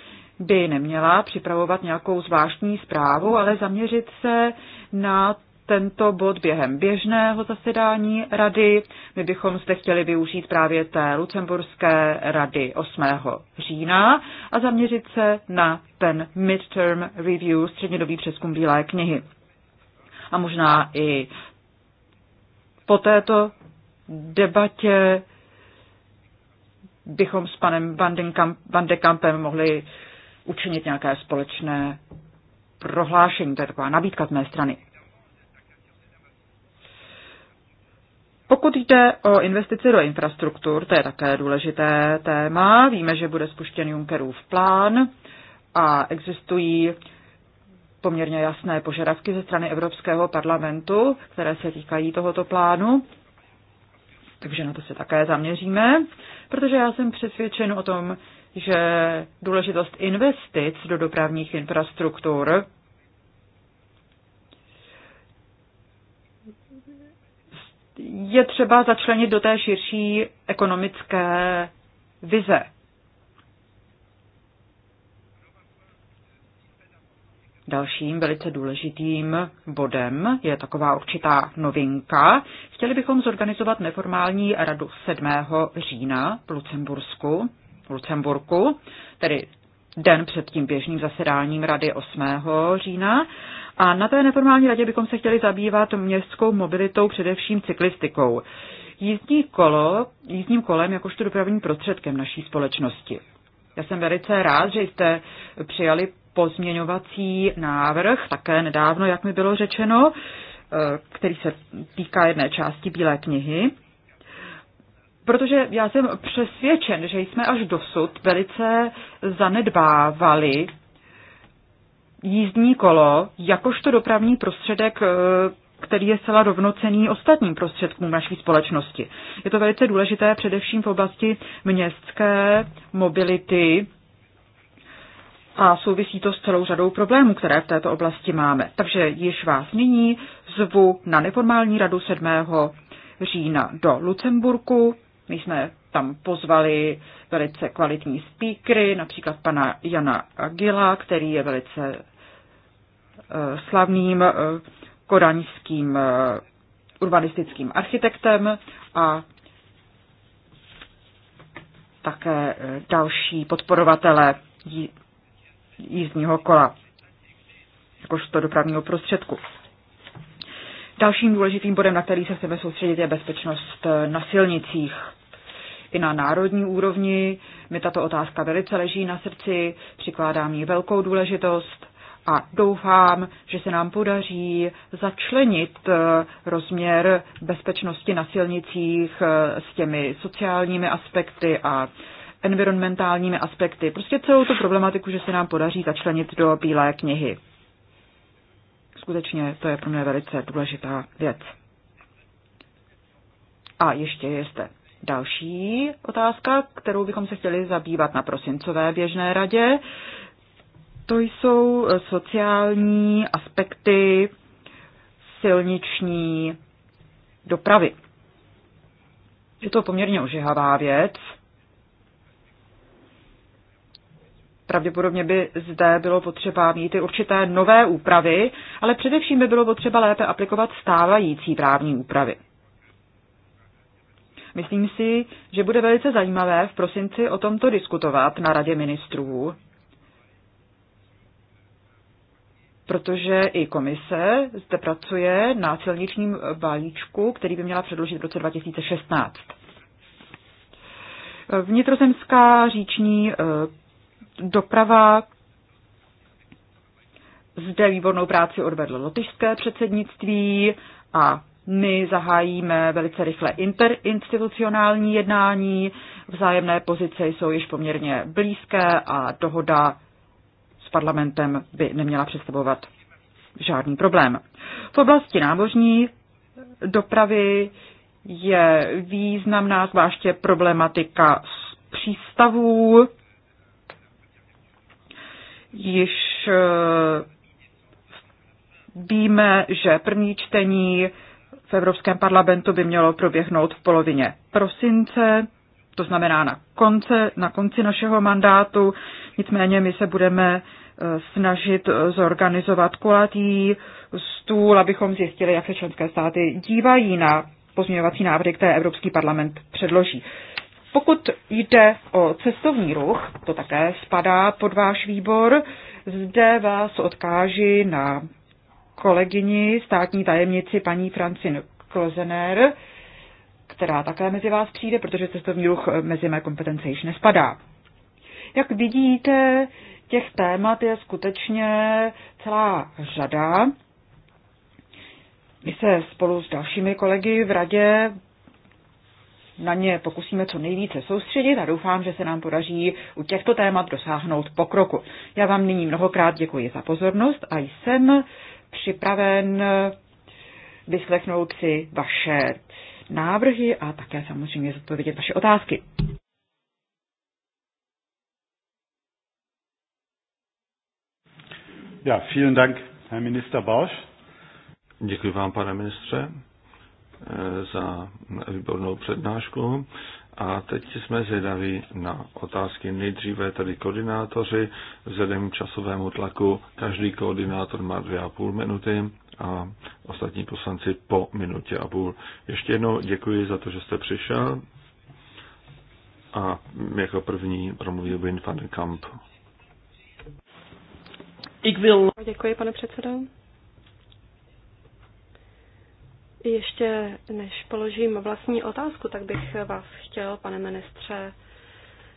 by neměla připravovat nějakou zvláštní zprávu, ale zaměřit se na tento bod během běžného zasedání rady. My bychom zde chtěli využít právě té Lucemburské rady 8. října a zaměřit se na ten midterm review, střednědobý přeskum Bílé knihy. A možná i po této debatě bychom s panem Van de Kampem mohli učinit nějaké společné prohlášení. To je taková nabídka z mé strany. Pokud jde o investici do infrastruktur, to je také důležité téma. Víme, že bude spuštěn Junckerův plán a existují poměrně jasné požadavky ze strany Evropského parlamentu, které se týkají tohoto plánu. Takže na to se také zaměříme, protože já jsem přesvědčen o tom, že důležitost investic do dopravních infrastruktur je třeba začlenit do té širší ekonomické vize. Dalším velice důležitým bodem je taková určitá novinka. Chtěli bychom zorganizovat neformální radu 7. října v Lucembursku. Lucemburku, tedy den před tím běžným zasedáním rady 8. října. A na té neformální radě bychom se chtěli zabývat městskou mobilitou, především cyklistikou. Jízdní kolo, jízdním kolem jakožto dopravním prostředkem naší společnosti. Já jsem velice rád, že jste přijali pozměňovací návrh, také nedávno, jak mi bylo řečeno, eh, který se týká jedné části Bílé knihy. Protože já jsem přesvědčen, že jsme až dosud velice zanedbávali jízdní kolo jakožto dopravní prostředek, eh, který je zcela rovnocený ostatním prostředkům naší společnosti. Je to velice důležité především v oblasti městské mobility a souvisí to s celou řadou problémů, které v této oblasti máme. Takže již vás nyní zvu na neformální radu 7. října do Lucemburku my jsme tam pozvali velice kvalitní speakery, například pana Jana Gila, který je velice eh, slavným eh, koraňským eh, urbanistickým architektem a také další podporovatele jízdního kola jakožto dopravního prostředku. Dalším důležitým bodem, na který se chceme soustředit, je bezpečnost eh, na silnicích. I na národní úrovni mi tato otázka velice leží na srdci, přikládám jí velkou důležitost a doufám, že se nám podaří začlenit eh, rozměr bezpečnosti na silnicích eh, s těmi sociálními aspekty a environmentálními aspekty. Prostě celou tu problematiku, že se nám podaří začlenit do Bílé knihy skutečně to je pro mě velice důležitá věc. A ještě je zde další otázka, kterou bychom se chtěli zabývat na prosincové běžné radě. To jsou sociální aspekty silniční dopravy. Je to poměrně ožehavá věc. Pravděpodobně by zde bylo potřeba mít i určité nové úpravy, ale především by bylo potřeba lépe aplikovat stávající právní úpravy. Myslím si, že bude velice zajímavé v prosinci o tomto diskutovat na Radě ministrů, protože i komise zde pracuje na silničním balíčku, který by měla předložit v roce 2016. Vnitrozemská říční eh, doprava. Zde výbornou práci odvedlo lotyšské předsednictví a my zahájíme velice rychle interinstitucionální jednání. Vzájemné pozice jsou již poměrně blízké a dohoda s parlamentem by neměla představovat žádný problém. V oblasti nábožní dopravy je významná zvláště problematika přístavů již eh, víme, že první čtení v Evropském parlamentu by mělo proběhnout v polovině prosince, to znamená na, konce, na konci našeho mandátu. Nicméně my se budeme eh, snažit zorganizovat kulatý stůl, abychom zjistili, jak se členské státy dívají na pozměňovací návrhy, které Evropský parlament předloží. Pokud jde o cestovní ruch, to také spadá pod váš výbor, zde vás odkáži na kolegyni, státní tajemnici paní Francine Klozener, která také mezi vás přijde, protože cestovní ruch mezi mé kompetence již nespadá. Jak vidíte, těch témat je skutečně celá řada. My se spolu s dalšími kolegy v radě na ně pokusíme co nejvíce soustředit a doufám, že se nám podaří u těchto témat dosáhnout pokroku. Já vám nyní mnohokrát děkuji za pozornost a jsem připraven vyslechnout si vaše návrhy a také samozřejmě zodpovědět vaše otázky. Ja, vielen Dank, Herr Minister Bausch. Děkuji vám, pane ministře za výbornou přednášku a teď jsme zvědaví na otázky. Nejdříve tady koordinátoři, vzhledem k časovému tlaku, každý koordinátor má dvě a půl minuty a ostatní poslanci po minutě a půl. Ještě jednou děkuji za to, že jste přišel a jako první promluví Wim van Kamp. Děkuji, pane předsedo. Ještě než položím vlastní otázku, tak bych vás chtěl, pane ministře,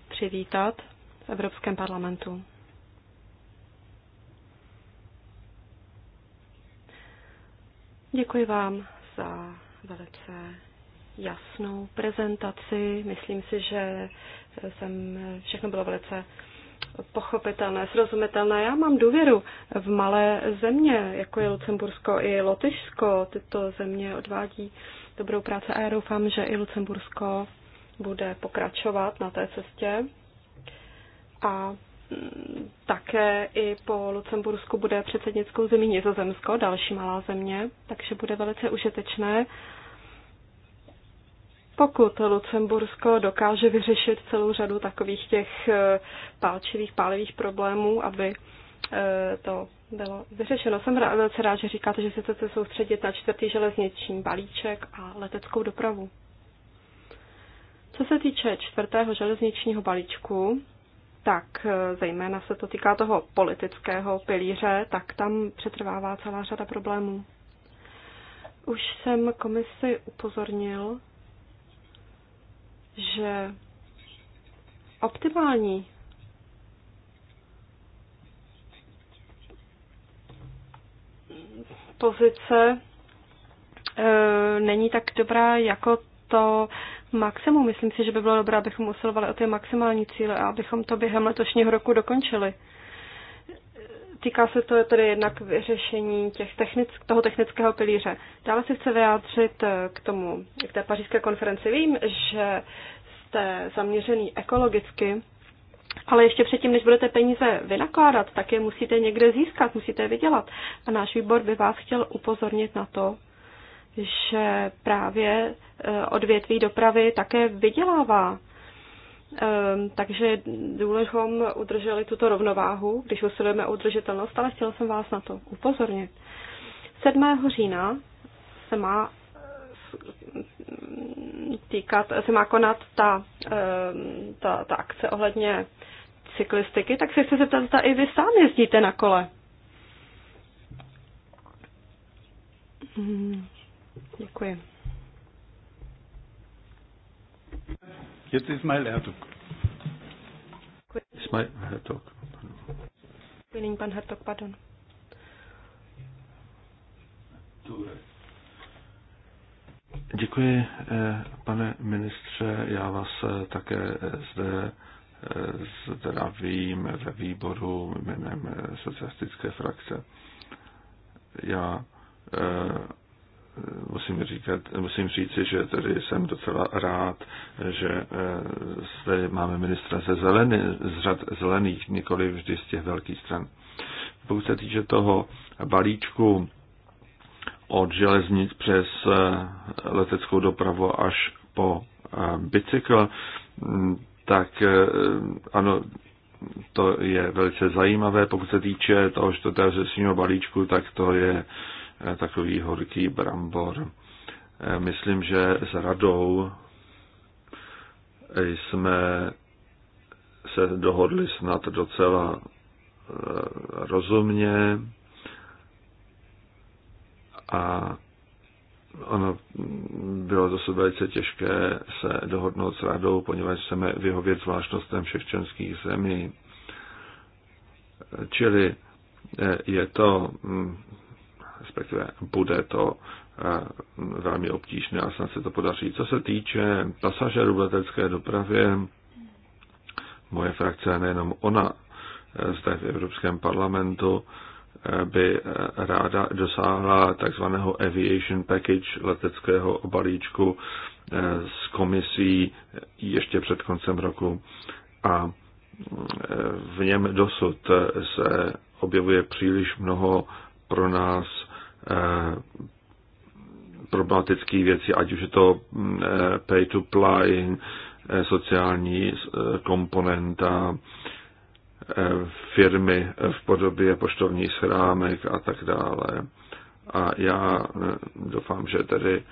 přivítat v Evropském parlamentu. Děkuji vám za velice jasnou prezentaci. Myslím si, že jsem, všechno bylo velice pochopitelné, srozumitelné. Já mám důvěru v malé země, jako je Lucembursko i Lotyšsko. Tyto země odvádí dobrou práci a já doufám, že i Lucembursko bude pokračovat na té cestě. A mm, také i po Lucembursku bude předsednickou zemí Nizozemsko, další malá země, takže bude velice užitečné pokud Lucembursko dokáže vyřešit celou řadu takových těch eh, pálčivých, pálivých problémů, aby eh, to bylo vyřešeno. Jsem velice rád, že říkáte, že se chcete soustředit na čtvrtý železniční balíček a leteckou dopravu. Co se týče čtvrtého železničního balíčku, tak eh, zejména se to týká toho politického pilíře, tak tam přetrvává celá řada problémů. Už jsem komisi upozornil že optimální pozice e, není tak dobrá jako to maximum. Myslím si, že by bylo dobré, abychom usilovali o ty maximální cíle a abychom to během letošního roku dokončili. Týká se to tedy jednak vyřešení těch technick, toho technického pilíře. Dále si chce vyjádřit eh, k tomu, k té pařížské konferenci. Vím, že jste zaměřený ekologicky, ale ještě předtím, než budete peníze vynakládat, tak je musíte někde získat, musíte je vydělat. A náš výbor by vás chtěl upozornit na to, že právě eh, odvětví dopravy také vydělává Ehm, takže důležitom udrželi tuto rovnováhu, když usilujeme o udržitelnost, ale chtěla jsem vás na to upozornit. 7. října se má ehm, týkat, se má konat ta, ehm, ta, ta akce ohledně cyklistiky, tak se chci zeptat, zda i vy sám jezdíte na kole. Hmm, děkuji. Jetzt Ismail Ertug. Ismail Ertug. Nyní pan Hertog, pardon. Děkuji, eh, pane ministře. Já vás eh, také eh, zde zdravím ve výboru jménem socialistické frakce. Já musím, říkat, musím říci, že tady jsem docela rád, že eh, zde máme ministra ze zelený, z řad zelených, nikoli vždy z těch velkých stran. Pokud se týče toho balíčku od železnic přes eh, leteckou dopravu až po eh, bicykl, mm, tak ano, to je velice zajímavé. Pokud se týče toho čtvrtého řešního balíčku, tak to je Eh, takový horký brambor. Eh, myslím, že s radou jsme se dohodli snad docela eh, rozumně a ono bylo zase velice těžké se dohodnout s radou, poněvadž chceme vyhovět zvláštnostem všech členských zemí. Čili je to hm, respektive bude to eh, velmi obtížné a snad se to podaří. Co se týče pasažerů v letecké dopravě, moje frakce, nejenom ona, eh, zde v Evropském parlamentu, eh, by ráda dosáhla takzvaného aviation package leteckého balíčku s komisí ještě před koncem roku. A v něm dosud se objevuje příliš mnoho pro nás Eh, problematické věci ať už je to mm, eh, pay to play, eh, sociální komponenta, firmy v podobě poštovních schrámek a tak dále. A já doufám, že tedy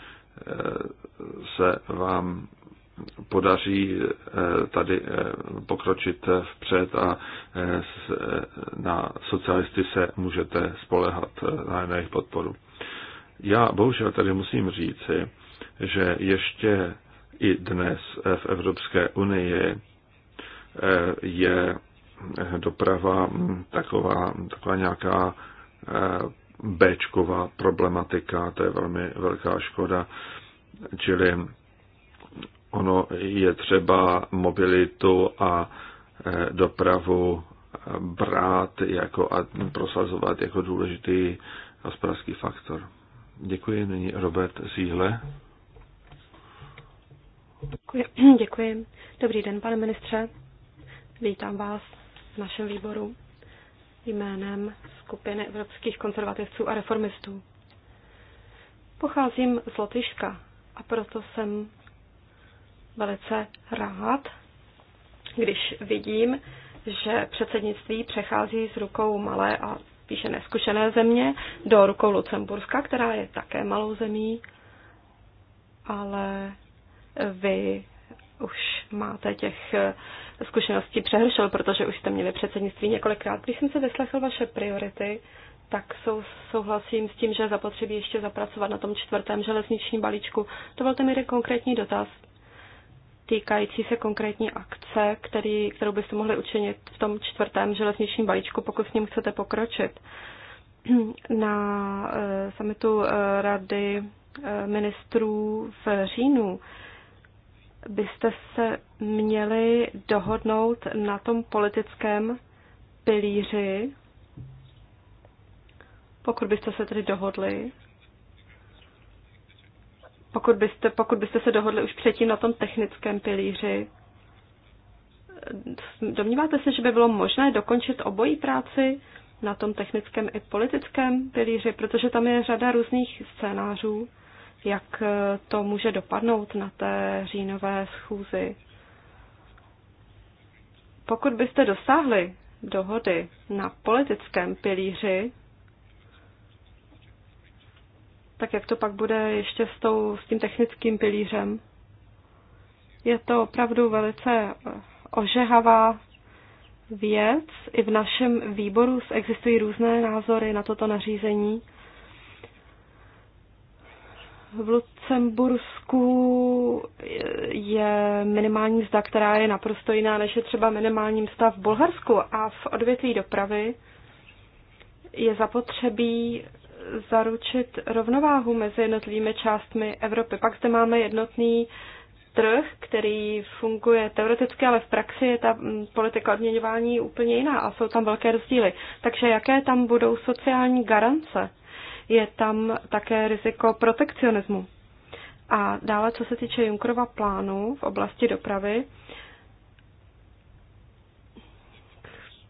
se vám podaří eh, tady eh, pokročit vpřed a eh, na socialisty se můžete spolehat na jejich podporu. Já bohužel tady musím říci, že ještě i dnes v Evropské unii je doprava hm, taková, taková nějaká Bčková problematika, to je velmi velká škoda, čili ono je třeba mobilitu a e, dopravu brát jako a prosazovat jako důležitý hospodářský faktor. Děkuji. Nyní Robert Zíhle. Děkuji. Děkuji. Dobrý den, pane ministře. Vítám vás v našem výboru jménem skupiny evropských konzervativců a reformistů. Pocházím z Lotyšska a proto jsem velice rád, když vidím, že předsednictví přechází z rukou malé a spíše neskušené země do rukou Lucemburska, která je také malou zemí, ale vy už máte těch zkušeností přehršel, protože už jste měli předsednictví několikrát. Když jsem se vyslechl vaše priority, tak sou, souhlasím s tím, že zapotřebí ještě zapracovat na tom čtvrtém železničním balíčku. Dovolte mi konkrétní dotaz týkající se konkrétní akce, který, kterou byste mohli učinit v tom čtvrtém železničním balíčku, pokud s ním chcete pokročit. Na e, eh, samitu e, eh, Rady e, ministrů v říjnu byste se měli dohodnout na tom politickém pilíři, pokud byste se tedy dohodli pokud byste, pokud byste se dohodli už předtím na tom technickém pilíři, domníváte se, že by bylo možné dokončit obojí práci na tom technickém i politickém pilíři, protože tam je řada různých scénářů, jak to může dopadnout na té říjnové schůzi. Pokud byste dosáhli dohody na politickém pilíři, tak jak to pak bude ještě s, tou, s tím technickým pilířem. Je to opravdu velice eh, ožehavá věc. I v našem výboru existují různé názory na toto nařízení. V Lucembursku eh, je minimální mzda, která je naprosto jiná, než je třeba minimální mzda v Bulharsku. A v odvětví dopravy je zapotřebí zaručit rovnováhu mezi jednotlivými částmi Evropy. Pak zde máme jednotný trh, který funguje teoreticky, ale v praxi je ta mm, politika odměňování úplně jiná a jsou tam velké rozdíly. Takže jaké tam budou sociální garance? Je tam také riziko protekcionismu. A dále, co se týče Junkerova plánu v oblasti dopravy,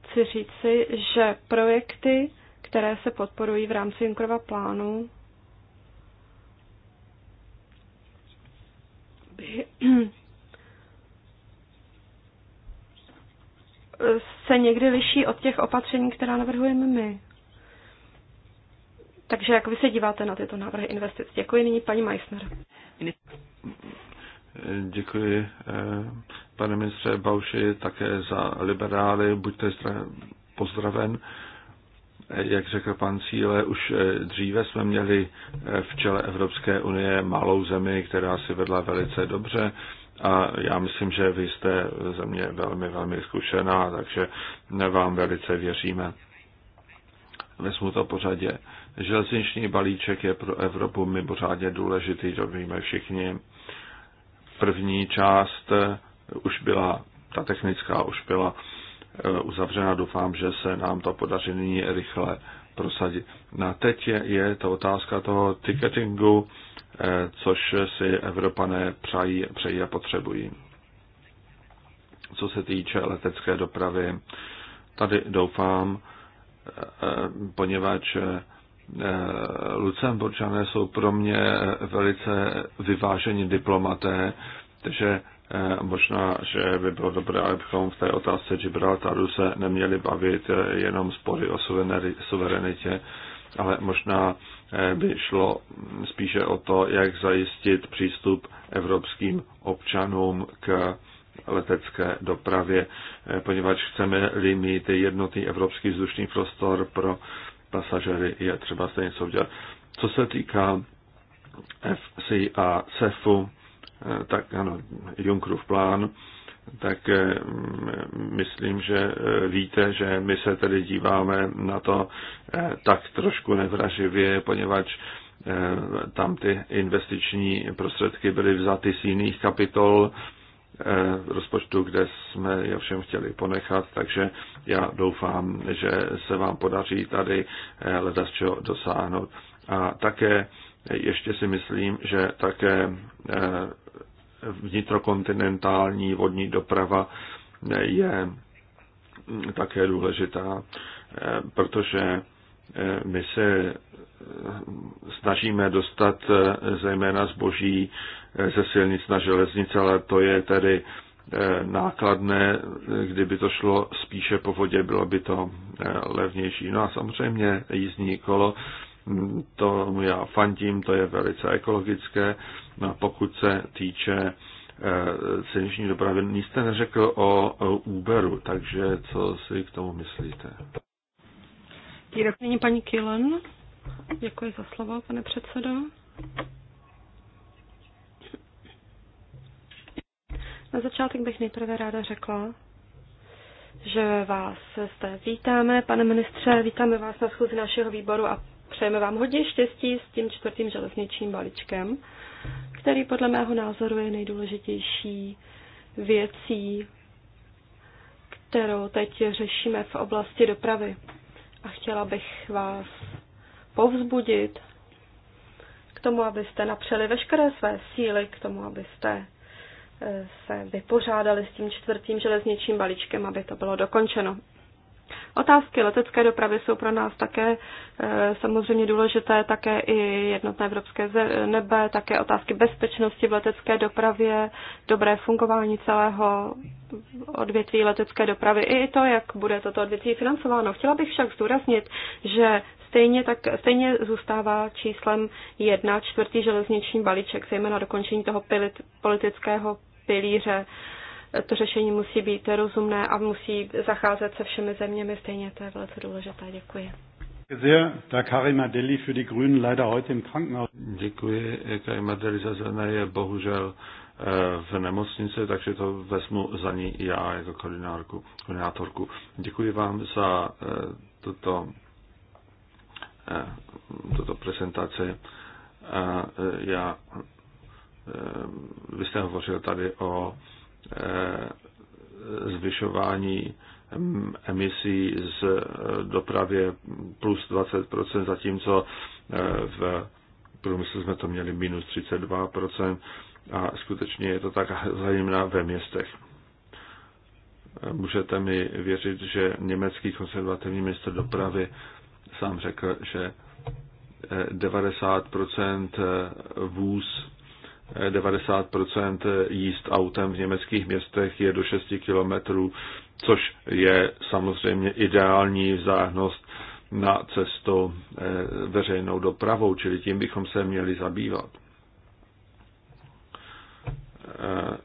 chci říci, že projekty které se podporují v rámci Junckerova plánu, by se někdy liší od těch opatření, která navrhujeme my. Takže jak vy se díváte na tyto návrhy investic? Děkuji nyní paní Meissner. Děkuji, eh, pane ministře Bauši, také za liberály. Buďte pozdraven jak řekl pan Cíle, už eh, dříve jsme měli eh, v čele Evropské unie malou zemi, která si vedla velice dobře a já myslím, že vy jste země velmi, velmi zkušená, takže vám velice věříme. Vezmu to pořadě. Železniční balíček je pro Evropu mimořádně důležitý, to víme všichni. První část eh, už byla, ta technická už byla Eh, uzavřena. Doufám, že se nám to podaří nyní rychle prosadit. Na teď je, je ta otázka toho ticketingu, eh, což si Evropané přejí, přejí a potřebují. Co se týče letecké dopravy, tady doufám, eh, poněvadž Lucemburčané jsou pro mě velice vyvážení diplomaté, takže Eh, možná, že by bylo dobré, abychom v té otázce Gibraltaru se neměli bavit eh, jenom spory o suverenitě, ale možná eh, by šlo spíše o to, jak zajistit přístup evropským občanům k letecké dopravě, poněvadž chceme-li mít jednotný evropský vzdušný prostor pro pasažery, je třeba se něco udělat. Co se týká FCA, CEFu, Eh, tak ano, Junkrův plán, tak eh, myslím, že eh, víte, že my se tedy díváme na to tak trošku nevraživě, poněvadž tam ty investiční prostředky byly vzaty z jiných kapitol rozpočtu, kde jsme je všem chtěli ponechat, takže já doufám, že se vám podaří tady leda z čeho dosáhnout. A také ještě si myslím, že také eh, vnitrokontinentální vodní doprava eh, je mm, také důležitá, eh, protože my se snažíme dostat zejména zboží ze silnic na železnice, ale to je tedy nákladné, kdyby to šlo spíše po vodě, bylo by to levnější. No a samozřejmě jízdní kolo to já fandím, to je velice ekologické. No a pokud se týče eh, silniční dopravy, nic jste neřekl o Uberu, takže co si k tomu myslíte? Nyní paní Kilen. Děkuji za slovo, pane předsedo. Na začátek bych nejprve ráda řekla, že vás zde vítáme, pane ministře, vítáme vás na schůzi našeho výboru a Přejeme vám hodně štěstí s tím čtvrtým železničním balíčkem, který podle mého názoru je nejdůležitější věcí, kterou teď řešíme v oblasti dopravy. A chtěla bych vás povzbudit k tomu, abyste napřeli veškeré své síly, k tomu, abyste eh, se vypořádali s tím čtvrtým železničním balíčkem, aby to bylo dokončeno. Otázky letecké dopravy jsou pro nás také eh, samozřejmě důležité, také i jednotné evropské nebe, také otázky bezpečnosti v letecké dopravě, dobré fungování celého odvětví letecké dopravy i to, jak bude toto odvětví financováno. Chtěla bych však zdůraznit, že stejně, tak, stejně zůstává číslem jedna čtvrtý železniční balíček, zejména dokončení toho politického pilíře. Uh, to řešení musí být rozumné a musí zacházet se všemi zeměmi stejně. To je velice důležité. Děkuji. Děkuji. Karim Adeli za zelené je bohužel eh, v nemocnici, takže to vezmu za ní já jako koordinárku, koordinátorku. Děkuji vám za eh, tuto, eh, tuto prezentaci. Já, vy jste hovořil tady o Eh, zvyšování mm, emisí z dopravě plus 20%, zatímco eh, v průmyslu jsme to měli minus 32% a skutečně je to tak zajímavé ve městech. Můžete mi věřit, že německý konservativní ministr dopravy sám řekl, že 90% eh, vůz 90% jíst autem v německých městech je do 6 kilometrů, což je samozřejmě ideální vzáhnost na cestu eh, veřejnou dopravou, čili tím bychom se měli zabývat. Eh,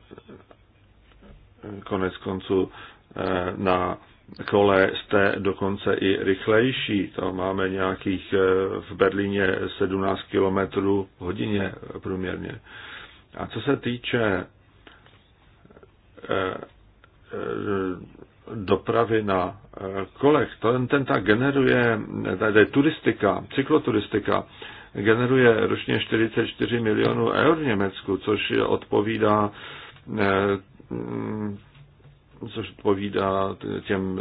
konec konců eh, na kole jste dokonce i rychlejší. To máme nějakých v Berlíně 17 km hodině průměrně. A co se týče eh, eh, dopravy na eh, kolech, ten, ten tak generuje, tady turistika, cykloturistika, generuje ročně 44 milionů eur v Německu, což odpovídá což odpovídá těm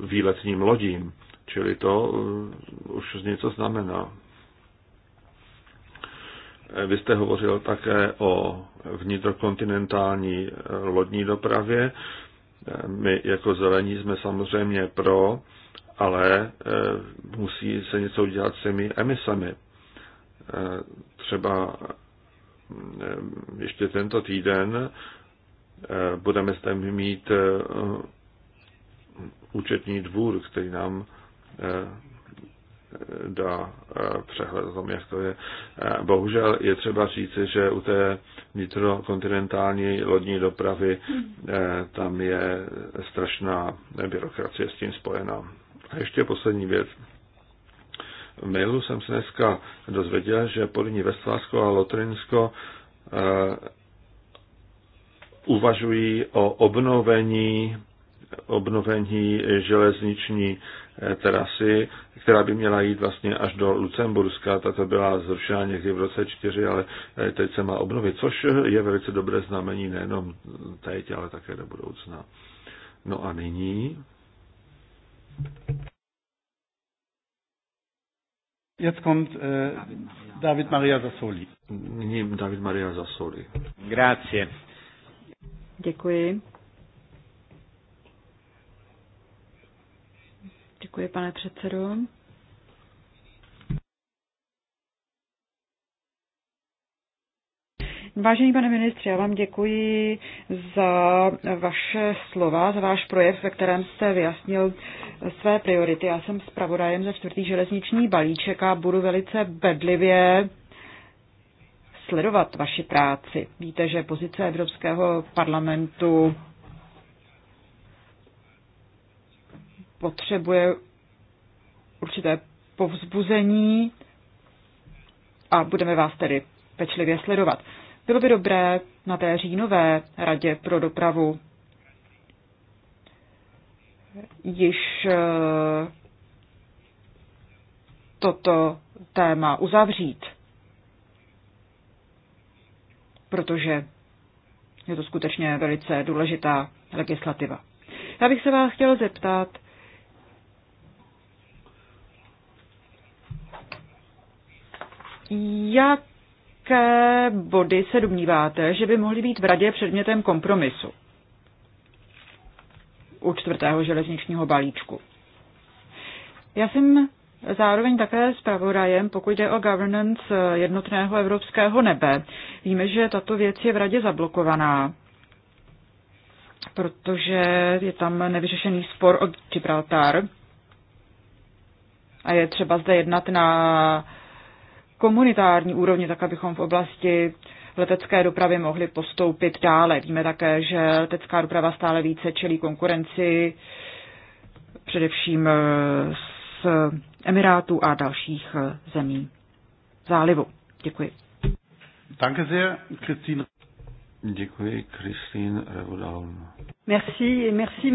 výletním lodím. Čili to už něco znamená. Vy jste hovořil také o vnitrokontinentální eh, lodní dopravě. My jako zelení jsme samozřejmě pro, ale eh, musí se něco udělat s těmi emisemi. Eh, třeba ještě tento týden budeme zde mít účetní dvůr, který nám dá eh, přehled o tom, jak to je. Eh, bohužel je třeba říci, že u té vnitrokontinentální lodní dopravy eh, tam je strašná byrokracie s tím spojená. A ještě poslední věc. V mailu jsem se dneska dozvěděl, že Polní Vestvársko a Lotrinsko uvažují o obnovení obnovení železniční Eh, trasy, která by měla jít vlastně až do Lucemburska. Tato byla zrušena někdy v roce 4, ale eh, teď se má obnovit, což je velice dobré znamení nejenom teď, ale také do budoucna. No a nyní... Jetzt kommt äh, David Maria Zasoli. Nyní David Maria Zasoli. Grazie. Děkuji. Děkuji, pane předsedo. Vážený pane ministře, já vám děkuji za vaše slova, za váš projev, ve kterém jste vyjasnil své priority. Já jsem zpravodajem za čtvrtý železniční balíček a budu velice bedlivě sledovat vaši práci. Víte, že pozice Evropského parlamentu potřebuje určité povzbuzení a budeme vás tedy pečlivě sledovat. Bylo by dobré na té říjnové radě pro dopravu již eh, toto téma uzavřít, protože je to skutečně velice důležitá legislativa. Já bych se vás chtěl zeptat, jaké body se domníváte, že by mohly být v radě předmětem kompromisu u čtvrtého železničního balíčku? Já jsem zároveň také zpravodajem, pokud jde o governance jednotného evropského nebe. Víme, že tato věc je v radě zablokovaná, protože je tam nevyřešený spor o Gibraltar a je třeba zde jednat na komunitární úrovni, tak abychom v oblasti letecké dopravy mohli postoupit dále. Víme také, že letecká doprava stále více čelí konkurenci především eh, z Emirátů a dalších eh, zemí zálivu. Děkuji. Danke sehr, Christine. Děkuji, Christine Revodal. Merci, merci,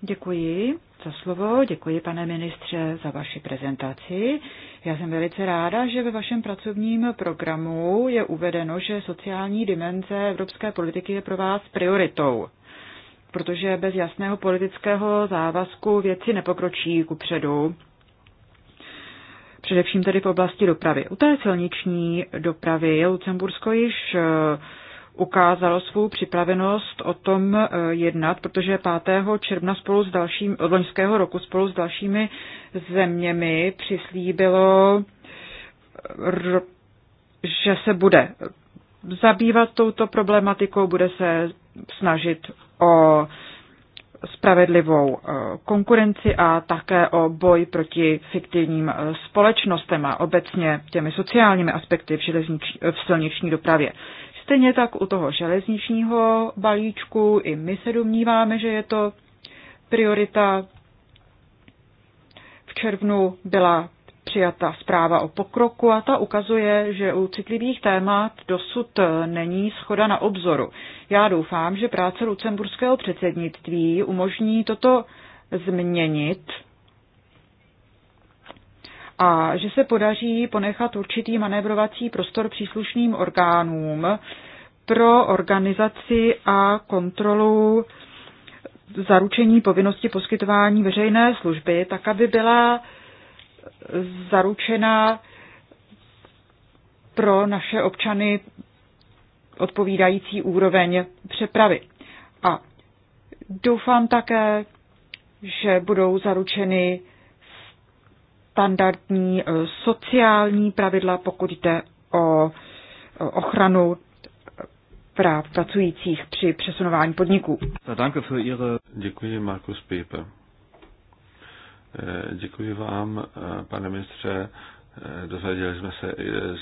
Děkuji za slovo. Děkuji, pane ministře, za vaši prezentaci. Já jsem velice ráda, že ve vašem pracovním programu je uvedeno, že sociální dimenze evropské politiky je pro vás prioritou, protože bez jasného politického závazku věci nepokročí předu. především tedy v oblasti dopravy. U té silniční dopravy Lucembursko již eh, ukázalo svou připravenost o tom e, jednat, protože 5. června spolu s dalším, od loňského roku spolu s dalšími zeměmi přislíbilo, e, že se bude zabývat touto problematikou, bude se snažit o spravedlivou e, konkurenci a také o boj proti fiktivním společnostem a obecně těmi sociálními aspekty v, v silniční dopravě. Stejně tak u toho železničního balíčku, i my se domníváme, že je to priorita. V červnu byla přijata zpráva o pokroku a ta ukazuje, že u citlivých témat dosud není schoda na obzoru. Já doufám, že práce lucemburského předsednictví umožní toto změnit a že se podaří ponechat určitý manévrovací prostor příslušným orgánům pro organizaci a kontrolu zaručení povinnosti poskytování veřejné služby, tak aby byla zaručena pro naše občany odpovídající úroveň přepravy. A doufám také, že budou zaručeny standardní eh, sociální pravidla, pokud jde o eh, ochranu eh, práv pracujících při přesunování podniků. Děkuji, Markus Pieper. Děkuji vám, pane ministře. Dozvěděli jsme se,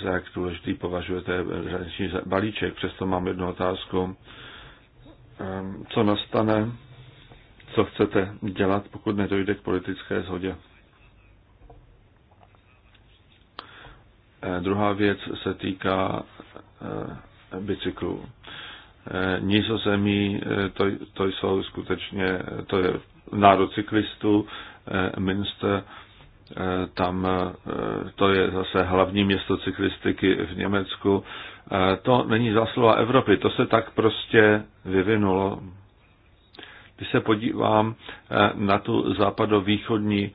za jak důležitý považujete železniční balíček. Přesto mám jednu otázku. Ehm, co nastane, co chcete dělat, pokud nedojde k politické shodě? Eh, druhá věc se týká eh, bicyklů. Eh, Nízozemí to, to jsou skutečně, to je národ cyklistů, Minster, tam to je zase hlavní město cyklistiky v Německu. To není zásluha Evropy, to se tak prostě vyvinulo. Když se podívám na tu západovýchodní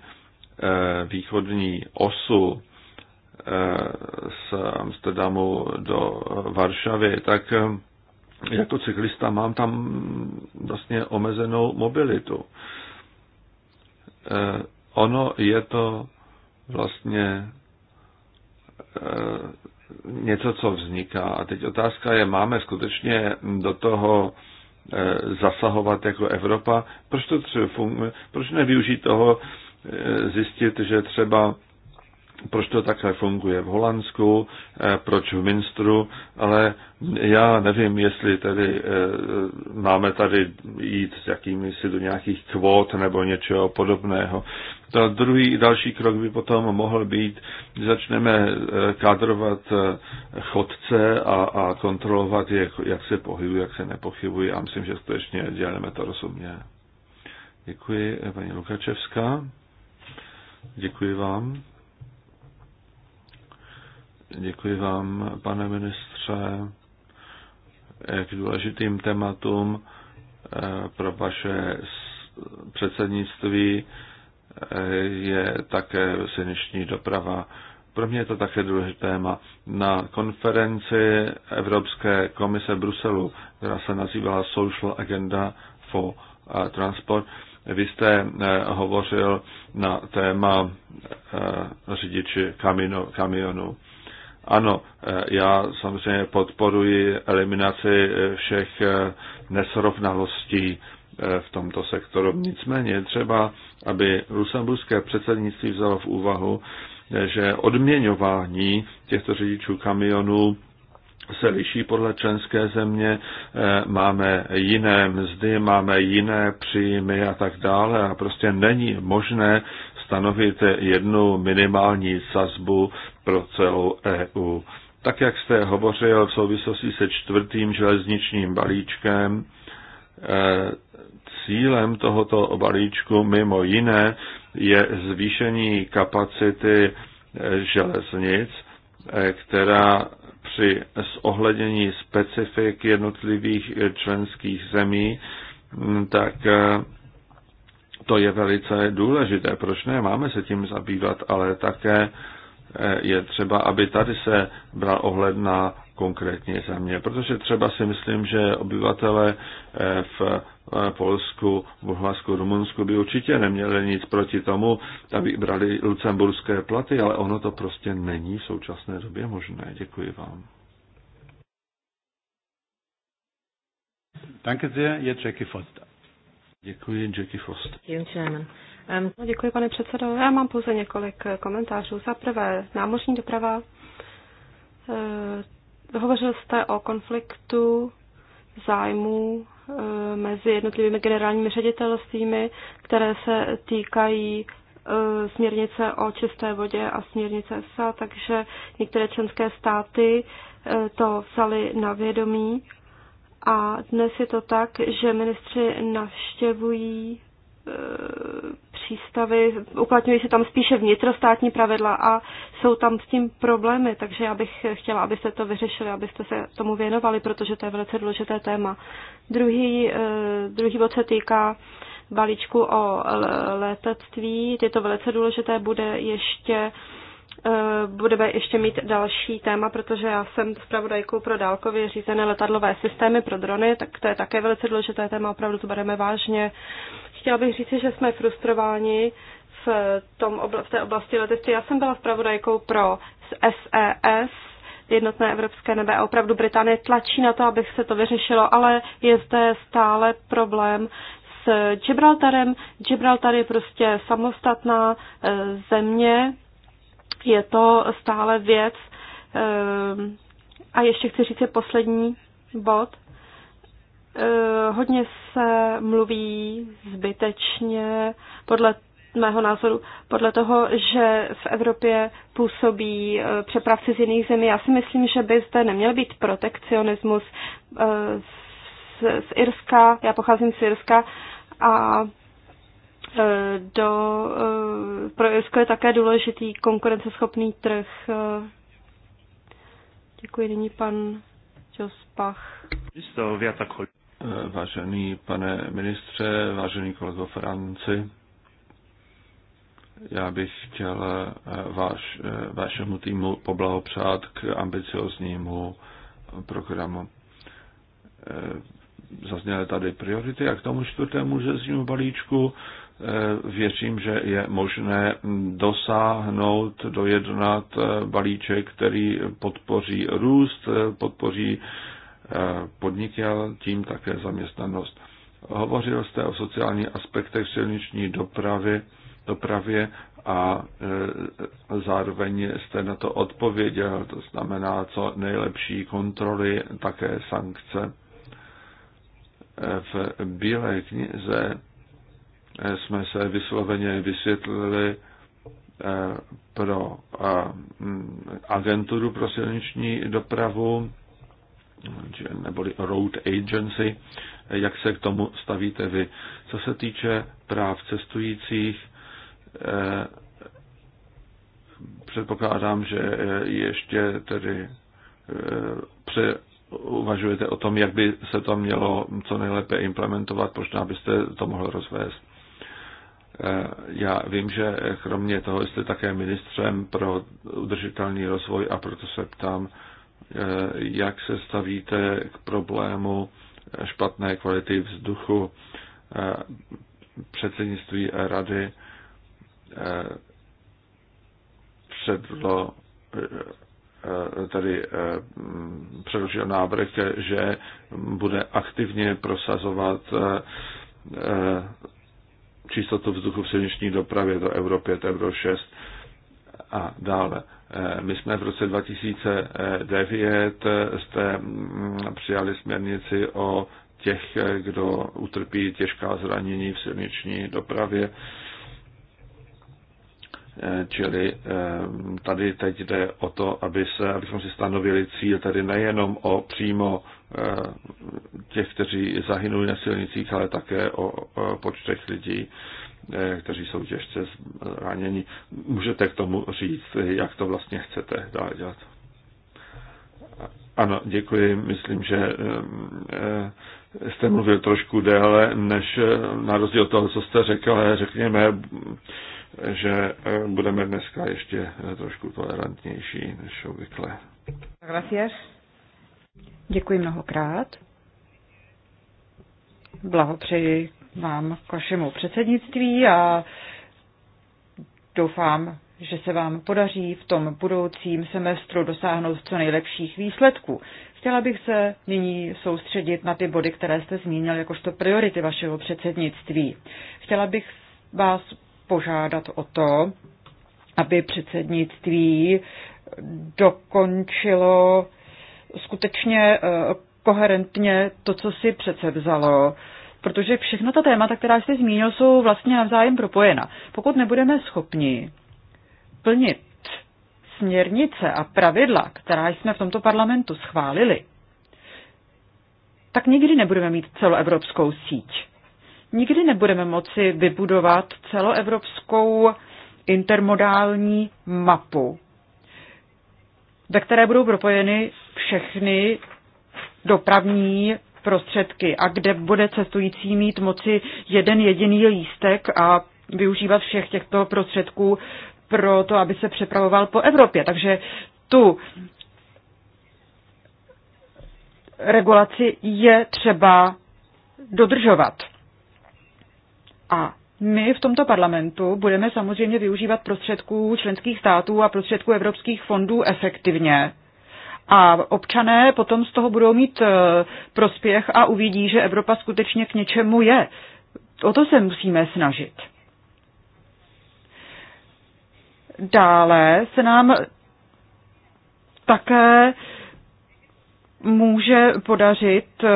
východní osu z Amsterdamu do Varšavy, tak eh, jako cyklista mám tam vlastně omezenou mobilitu. Eh, ono je to vlastně eh, něco, co vzniká. A teď otázka je, máme skutečně do toho zasahovat jako Evropa? Proč to třeba funguje? Proč nevyužít toho zjistit, že třeba proč to takhle funguje v Holandsku, eh, proč v Minstru, ale já nevím, jestli tedy eh, máme tady jít s jakými si do nějakých kvót nebo něčeho podobného. To druhý další krok by potom mohl být, že začneme eh, kadrovat chodce a, a kontrolovat, jak, jak se pohybují, jak se nepochybují. Já myslím, že skutečně děláme to rozumně. Děkuji, paní Lukačevská. Děkuji vám. Děkuji vám, pane ministře, k důležitým tématům eh, pro vaše předsednictví eh, je také silniční doprava. Pro mě je to také důležité téma. Na konferenci Evropské komise v Bruselu, která se nazývala Social Agenda for eh, Transport, vy jste hovořil na téma řidiči kamino, kamionu. Ano, eh, já samozřejmě podporuji eliminaci eh, všech eh, nesrovnalostí v tomto sektoru. Nicméně třeba, aby lusemburské předsednictví vzalo v úvahu, že odměňování těchto řidičů kamionů se liší podle členské země, máme jiné mzdy, máme jiné příjmy a tak dále a prostě není možné stanovit jednu minimální sazbu pro celou EU. Tak, jak jste hovořil v souvislosti se čtvrtým železničním balíčkem, eh, cílem tohoto balíčku mimo jiné je zvýšení kapacity eh, železnic, eh, která při zohlednění specifik jednotlivých členských zemí, hm, tak to je velice důležité. Proč ne? Máme se tím zabývat, ale také Eh, je třeba, aby tady se bral ohled na konkrétní země. Protože třeba si myslím, že obyvatele eh, v eh, Polsku, Hlasku, Rumunsku by určitě neměli nic proti tomu, aby brali lucemburské platy, ale ono to prostě není v současné době možné. Děkuji vám. Danke sehr, Jackie Foster. Děkuji, Jackie Foster. Děkuji, No, děkuji, pane předsedo. Já mám pouze několik eh, komentářů. Za prvé, námořní doprava. Eh, hovořil jste o konfliktu zájmů eh, mezi jednotlivými generálními ředitelstvími, které se týkají směrnice o čisté vodě a směrnice SA, takže některé členské státy to vzali na vědomí. A dnes je to tak, že ministři navštěvují přístavy, uplatňují se tam spíše vnitrostátní pravidla a jsou tam s tím problémy, takže já bych chtěla, abyste to vyřešili, abyste se tomu věnovali, protože to je velice důležité téma. Druhý, eh, druhý bod se týká balíčku o letectví. Je to velice důležité, bude ještě eh, budeme ještě mít další téma, protože já jsem zpravodajkou pro dálkově řízené letadlové systémy pro drony, tak to je také velice důležité téma, opravdu to bereme vážně. Chtěla bych říct, že jsme frustrováni v, tom, obla, v té oblasti letectví. Já jsem byla zpravodajkou pro SES, e jednotné evropské nebe a opravdu Británie tlačí na to, aby se to vyřešilo, ale je zde stále problém s Gibraltarem. Gibraltar je prostě samostatná eh, země, je to stále věc. Eh, a ještě chci říct je poslední bod. Eh, hodně se mluví zbytečně podle mého názoru podle toho, že v Evropě působí eh, přepravci z jiných zemí. Já si myslím, že by zde neměl být protekcionismus eh, z, z Irska, já pocházím z Irska a do, pro Irsko je také důležitý konkurenceschopný trh. Děkuji, nyní pan Jospach. Jistou, já tak Vážený pane ministře, vážený kolego Franci, já bych chtěl eh, váš, eh, vašemu týmu poblahopřát k ambicioznímu programu. Eh, zazněly tady priority a k tomu čtvrtému řeznímu balíčku věřím, že je možné dosáhnout, dojednat balíček, který podpoří růst, podpoří podniky, ale tím také zaměstnanost. Hovořil jste o sociálních aspektech silniční dopravy, dopravě a e, zároveň jste na to odpověděl, to znamená co nejlepší kontroly, také sankce. E, v Bílé knize e, jsme se vysloveně vysvětlili pro agenturu pro silniční dopravu, neboli road agency. Jak se k tomu stavíte vy? Co se týče práv cestujících, eh, předpokládám, že eh, ještě tedy eh, pře uvažujete o tom, jak by se to mělo co nejlépe implementovat, možná byste to mohl rozvést. Já vím, že kromě toho jste také ministrem pro udržitelný rozvoj a proto se ptám, Eh, jak se stavíte k problému špatné kvality vzduchu eh, předsednictví rady eh, předlo tady předložil návrh, že bude aktivně prosazovat čistotu vzduchu v silniční dopravě do Euro to Euro 6 a dále. Eh, my jsme v roce 2009 eh, jste mm, přijali směrnici o těch, eh, kdo utrpí těžká zranění v silniční dopravě. Čili tady teď jde o to, aby se, abychom si stanovili cíl tady nejenom o přímo těch, kteří zahynuli na silnicích, ale také o počtech lidí. Eh, kteří jsou těžce zraněni. Můžete k tomu říct, jak to vlastně chcete dále dělat. Ano, děkuji. Myslím, že eh, eh, jste mluvil trošku déle, než na rozdíl toho, co jste řekl, ale řekněme, že budeme dneska ještě trošku tolerantnější než obvykle. Gracias. Děkuji mnohokrát. Blahopřeji vám k vašemu předsednictví a doufám, že se vám podaří v tom budoucím semestru dosáhnout co nejlepších výsledků. Chtěla bych se nyní soustředit na ty body, které jste zmínil jakožto priority vašeho předsednictví. Chtěla bych vás požádat o to, aby předsednictví dokončilo skutečně eh, koherentně to, co si přece vzalo protože všechna ta témata, která jste zmínil, jsou vlastně navzájem propojena. Pokud nebudeme schopni plnit směrnice a pravidla, která jsme v tomto parlamentu schválili, tak nikdy nebudeme mít celoevropskou síť. Nikdy nebudeme moci vybudovat celoevropskou intermodální mapu, ve které budou propojeny všechny dopravní prostředky a kde bude cestující mít moci jeden jediný lístek a využívat všech těchto prostředků pro to, aby se přepravoval po Evropě. Takže tu regulaci je třeba dodržovat. A my v tomto parlamentu budeme samozřejmě využívat prostředků členských států a prostředků evropských fondů efektivně a občané potom z toho budou mít e, prospěch a uvidí, že Evropa skutečně k něčemu je. O to se musíme snažit. Dále se nám také může podařit e,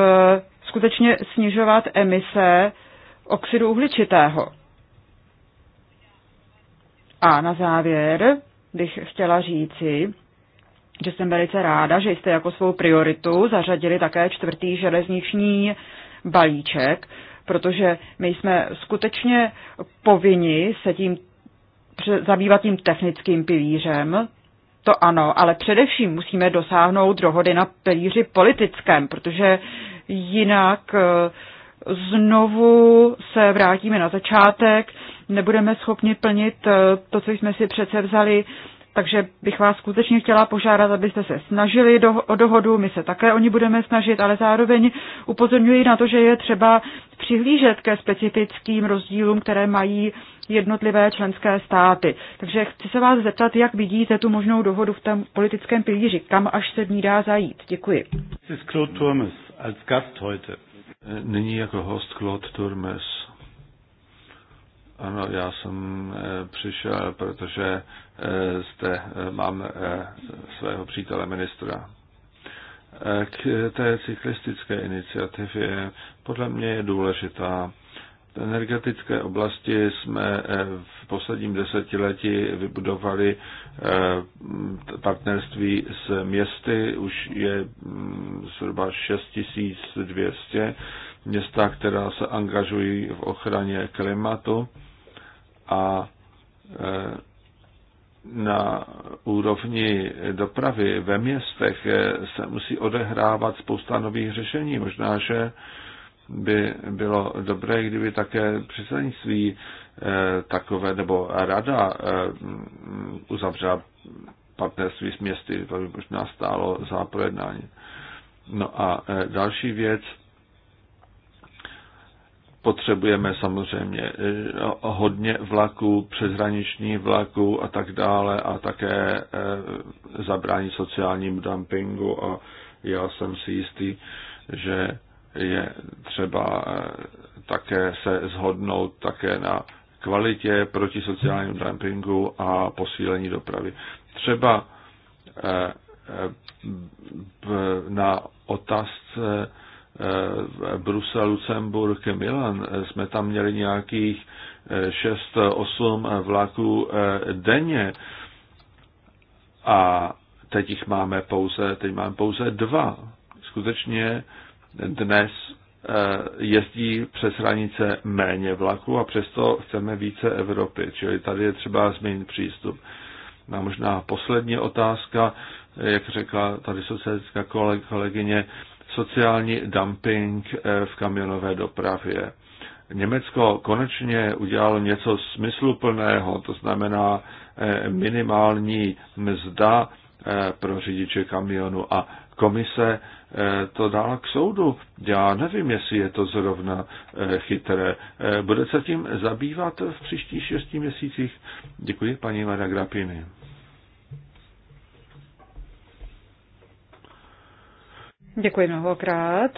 skutečně snižovat emise oxidu uhličitého. A na závěr bych chtěla říci, že jsem velice ráda, že jste jako svou prioritu zařadili také čtvrtý železniční balíček, protože my jsme skutečně povinni se tím zabývat tím technickým pilířem, to ano, ale především musíme dosáhnout dohody na pilíři politickém, protože jinak eh, znovu se vrátíme na začátek, nebudeme schopni plnit eh, to, co jsme si přece vzali takže bych vás skutečně chtěla požádat, abyste se snažili do, o dohodu, my se také o ní budeme snažit, ale zároveň upozorňuji na to, že je třeba přihlížet ke specifickým rozdílům, které mají jednotlivé členské státy. Takže chci se vás zeptat, jak vidíte tu možnou dohodu v tom politickém pilíři, kam až se v ní dá zajít. Děkuji. Claude Turmes als Gast heute. Nyní jako host Claude Turmes. Ano, já jsem eh, přišel, protože eh, zde eh, mám svého přítele ministra. K té cyklistické iniciativě podle mě je důležitá. V energetické oblasti jsme v posledním desetiletí vybudovali partnerství s městy, už je mm, zhruba 6200 města, která se angažují v ochraně klimatu a e, na úrovni dopravy ve městech e, se musí odehrávat spousta nových řešení. Možná, že by bylo dobré, kdyby také předsednictví e, takové nebo rada uzavřela partnerství s městy, to by možná stálo za projednání. No a další věc, potřebujeme samozřejmě eh, hodně vlaků, přeshraniční vlaků a tak dále a také eh, zabránit sociálnímu dumpingu a já jsem si jistý, že je třeba eh, také se zhodnout také na kvalitě proti sociálnímu dumpingu a posílení dopravy. Třeba na otázce Brusel, Lucemburg, Milan, jsme tam měli nějakých 6-8 eh, eh, eh, vlaků denně a teď jich máme pouze, teď máme pouze dva. Skutečně dnes jezdí přes hranice méně vlaků a přesto chceme více Evropy. Čili tady je třeba změnit přístup. A možná poslední otázka, jak řekla tady socialistická kolegyně, sociální dumping eh, v kamionové dopravě. Německo konečně udělalo něco smysluplného, to znamená eh, minimální mzda eh, pro řidiče kamionu a komise to dala k soudu. Já nevím, jestli je to zrovna chytré. Bude se tím zabývat v příštích šesti měsících? Děkuji, paní Mara Grapiny. Děkuji mnohokrát.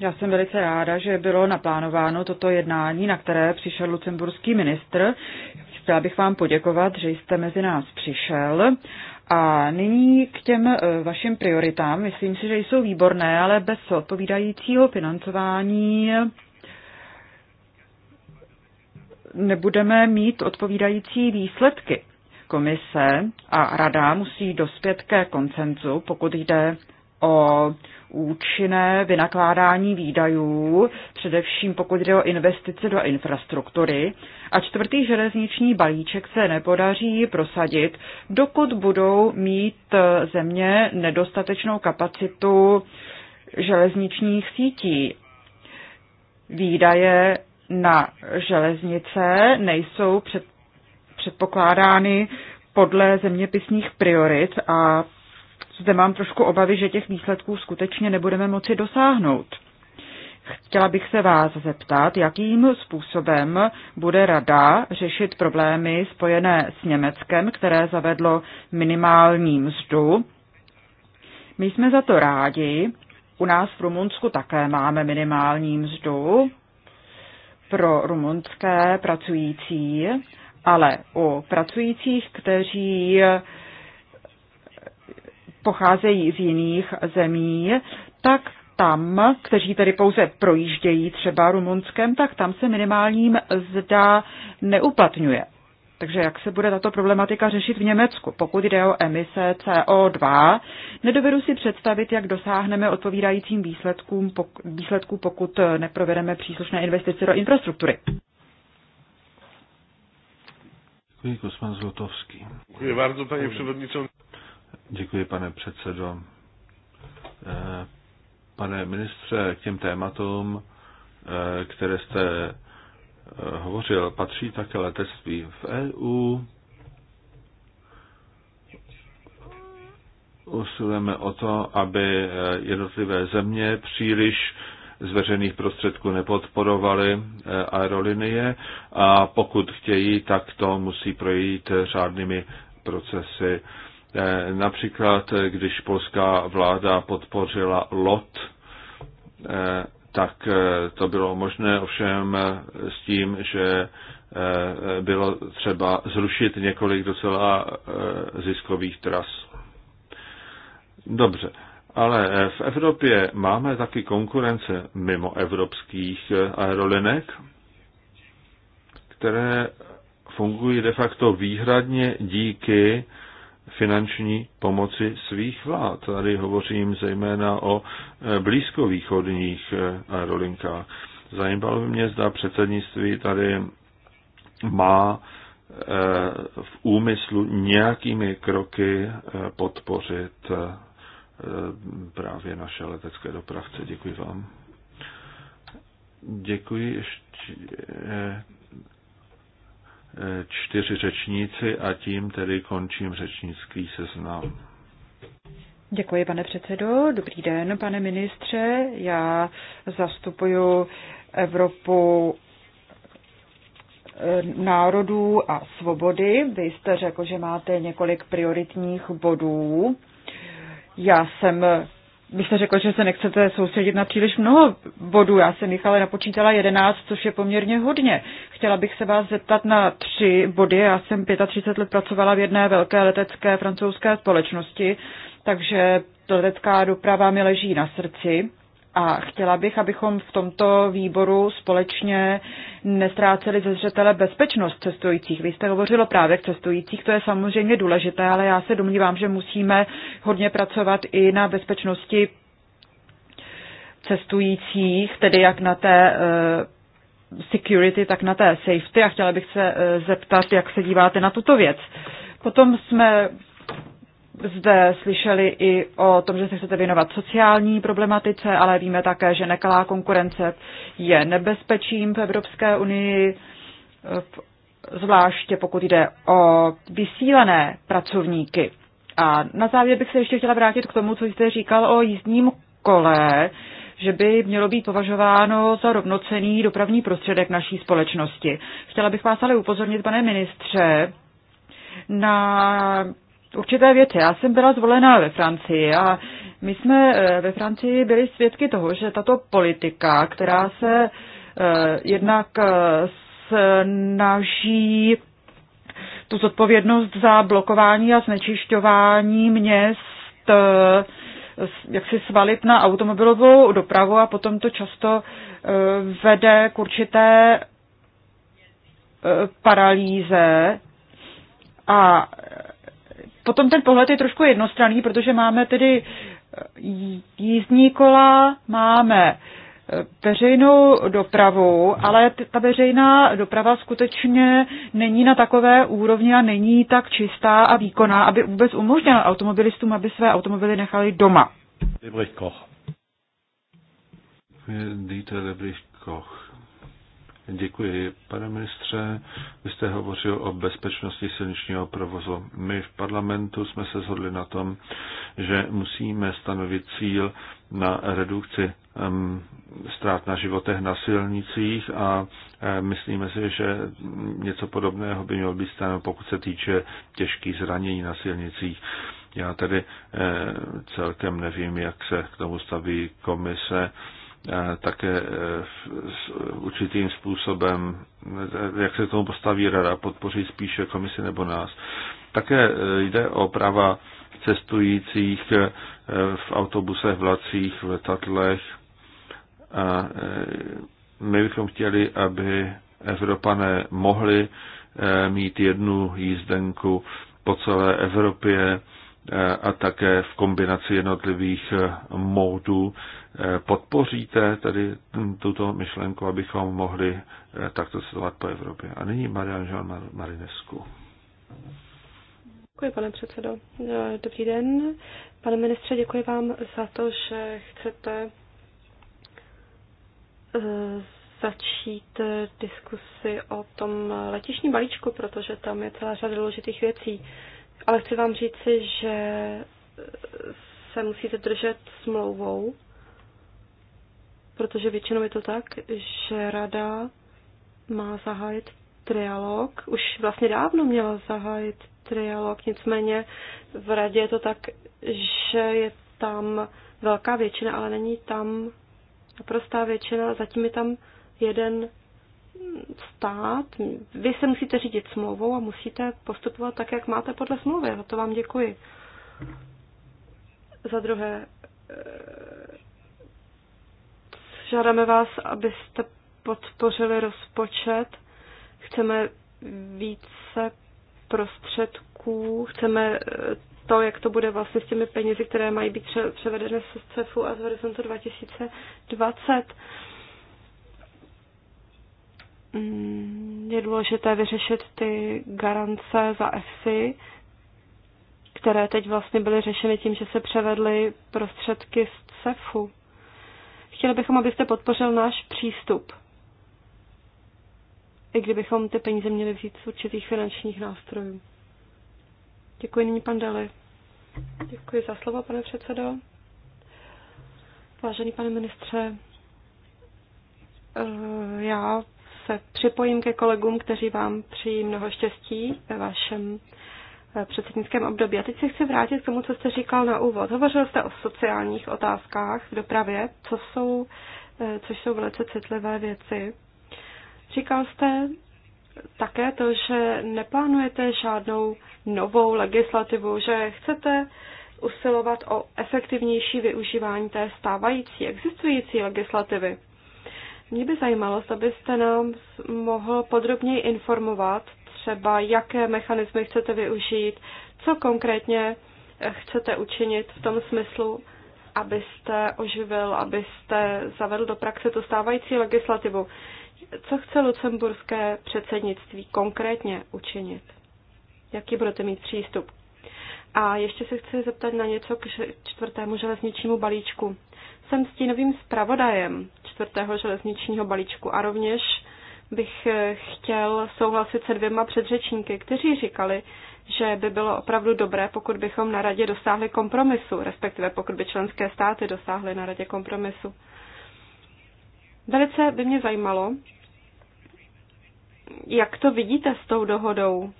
Já jsem velice ráda, že bylo naplánováno toto jednání, na které přišel lucemburský ministr. Chtěla bych vám poděkovat, že jste mezi nás přišel. A nyní k těm eh, vašim prioritám. Myslím si, že jsou výborné, ale bez odpovídajícího financování nebudeme mít odpovídající výsledky. Komise a rada musí dospět ke koncenzu, pokud jde o účinné vynakládání výdajů, především pokud jde o investice do infrastruktury. A čtvrtý železniční balíček se nepodaří prosadit, dokud budou mít země nedostatečnou kapacitu železničních sítí. Výdaje na železnice nejsou před, předpokládány podle zeměpisních priorit a zde mám trošku obavy, že těch výsledků skutečně nebudeme moci dosáhnout. Chtěla bych se vás zeptat, jakým způsobem bude Rada řešit problémy spojené s Německem, které zavedlo minimální mzdu. My jsme za to rádi. U nás v Rumunsku také máme minimální mzdu pro rumunské pracující, ale u pracujících, kteří pocházejí z jiných zemí, tak tam, kteří tedy pouze projíždějí třeba Rumunskem, tak tam se minimálním zda neuplatňuje. Takže jak se bude tato problematika řešit v Německu? Pokud jde o emise CO2, nedovedu si představit, jak dosáhneme odpovídajícím výsledkům, výsledku, pokud neprovedeme příslušné investice do infrastruktury. Děkuji, Zlotovský. Děkuji bardzo, paní przewodniczący. Děkuji, pane předsedo. Eh, pane ministře, k těm tématům, eh, které jste eh, hovořil, patří také letectví. V EU usilujeme o to, aby jednotlivé země příliš z veřejných prostředků nepodporovaly aerolinie a pokud chtějí, tak to musí projít řádnými procesy Eh, například, eh, když polská vláda podpořila lot, eh, tak to bylo možné ovšem s tím, že bylo třeba zrušit několik docela ziskových tras. Dobře, ale v Evropě máme taky konkurence mimo evropských aerolinek, které fungují de facto výhradně díky finanční pomoci svých vlád. Tady hovořím zejména o e, blízkovýchodních e, aerolinkách. Zajímalo by mě, zda předsednictví tady má e, v úmyslu nějakými kroky podpořit právě naše letecké dopravce. Děkuji vám. Děkuji ještě čtyři řečníci a tím tedy končím řečnický seznam. Děkuji, pane předsedo. Dobrý den, pane ministře. Já zastupuju Evropu eh, národů a svobody. Vy jste řekl, že máte několik prioritních bodů. Já jsem vy jste řekl, že se nechcete soustředit na příliš mnoho bodů. Já jsem jich ale napočítala 11, což je poměrně hodně. Chtěla bych se vás zeptat na tři body. Já jsem 35 let pracovala v jedné velké letecké francouzské společnosti, takže letecká doprava mi leží na srdci. A chtěla bych, abychom v tomto výboru společně nestráceli ze zřetele bezpečnost cestujících. Vy jste hovořilo právě k cestujících, to je samozřejmě důležité, ale já se domnívám, že musíme hodně pracovat i na bezpečnosti cestujících, tedy jak na té eh, security, tak na té safety. A chtěla bych se eh, zeptat, jak se díváte na tuto věc. Potom jsme zde slyšeli i o tom, že se chcete věnovat sociální problematice, ale víme také, že nekalá konkurence je nebezpečím v Evropské unii, zvláště pokud jde o vysílené pracovníky. A na závěr bych se ještě chtěla vrátit k tomu, co jste říkal o jízdním kole, že by mělo být považováno za rovnocený dopravní prostředek naší společnosti. Chtěla bych vás ale upozornit, pane ministře, na určité věci. Já jsem byla zvolená ve Francii a my jsme eh, ve Francii byli svědky toho, že tato politika, která se eh, jednak eh, snaží tu zodpovědnost za blokování a znečišťování měst, jak si svalit na automobilovou dopravu a potom to často vede k určité paralýze a potom ten pohled je trošku jednostranný, protože máme tedy eh, jízdní kola, máme eh, veřejnou dopravu, ale ta veřejná doprava skutečně není na takové úrovni a není tak čistá a výkonná, aby vůbec umožnila automobilistům, aby své automobily nechali doma. Dietrich Koch. Dieter Koch. Děkuji, pane ministře. Vy jste hovořil o bezpečnosti silničního provozu. My v parlamentu jsme se shodli na tom, že musíme stanovit cíl na redukci um, ztrát na životech na silnicích a myslíme si, že něco podobného by mělo být stanoveno, pokud se týče těžkých zranění na silnicích. Já tedy celkem nevím, jak se k tomu staví komise. Um, také e, s určitým způsobem, e, jak se k tomu postaví rada, podpoří spíše komisi nebo nás. Také e, jde o práva cestujících v autobusech, vlacích, v letadlech. A my bychom chtěli, aby Evropané mohli mít jednu jízdenku po celé Evropě Eh, a také v kombinaci jednotlivých eh, módů eh, podpoříte tedy hm, tuto myšlenku, abychom mohli takto cestovat po Evropě. A nyní Marian Jean Marinescu. Děkuji, pane předsedo. Dobrý den. Pane ministře, děkuji vám za to, že chcete začít diskusy o tom letišním balíčku, protože tam je celá řada důležitých věcí ale chci vám říci, že se musíte držet smlouvou, protože většinou je to tak, že rada má zahájit trialog. Už vlastně dávno měla zahájit trialog, nicméně v radě je to tak, že je tam velká většina, ale není tam naprostá většina, zatím je tam jeden stát, vy se musíte řídit smlouvou a musíte postupovat tak, jak máte podle smlouvy. Za to vám děkuji. Za druhé, eh, žádáme vás, abyste podpořili rozpočet. Chceme více prostředků, chceme eh, to, jak to bude vlastně s těmi penězi, které mají být převedeny z CEFu a z Horizontu 2020 Mm, je důležité vyřešit ty garance za EFSI, které teď vlastně byly řešeny tím, že se převedly prostředky z CEFu. Chtěli bychom, abyste podpořil náš přístup, i kdybychom ty peníze měli vzít z určitých finančních nástrojů. Děkuji nyní pan Deli. Děkuji za slovo, pane předsedo. Vážený pane ministře, eh, já se připojím ke kolegům, kteří vám přijí mnoho štěstí ve vašem eh, předsednickém období. A teď se chci vrátit k tomu, co jste říkal na úvod. Hovořil jste o sociálních otázkách v dopravě, co jsou, eh, což jsou velice citlivé věci. Říkal jste také to, že neplánujete žádnou novou legislativu, že chcete usilovat o efektivnější využívání té stávající, existující legislativy. Mě by zajímalo, zda byste nám mohl podrobněji informovat, třeba jaké mechanismy chcete využít, co konkrétně eh, chcete učinit v tom smyslu, abyste oživil, abyste zavedl do praxe tu stávající legislativu. Co chce lucemburské předsednictví konkrétně učinit? Jaký budete mít přístup? A ještě se chci zeptat na něco k čtvrtému železničnímu balíčku jsem stínovým zpravodajem čtvrtého železničního balíčku a rovněž bych eh, chtěl souhlasit se dvěma předřečníky, kteří říkali, že by bylo opravdu dobré, pokud bychom na radě dosáhli kompromisu, respektive pokud by členské státy dosáhly na radě kompromisu. Velice by mě zajímalo, jak to vidíte s tou dohodou?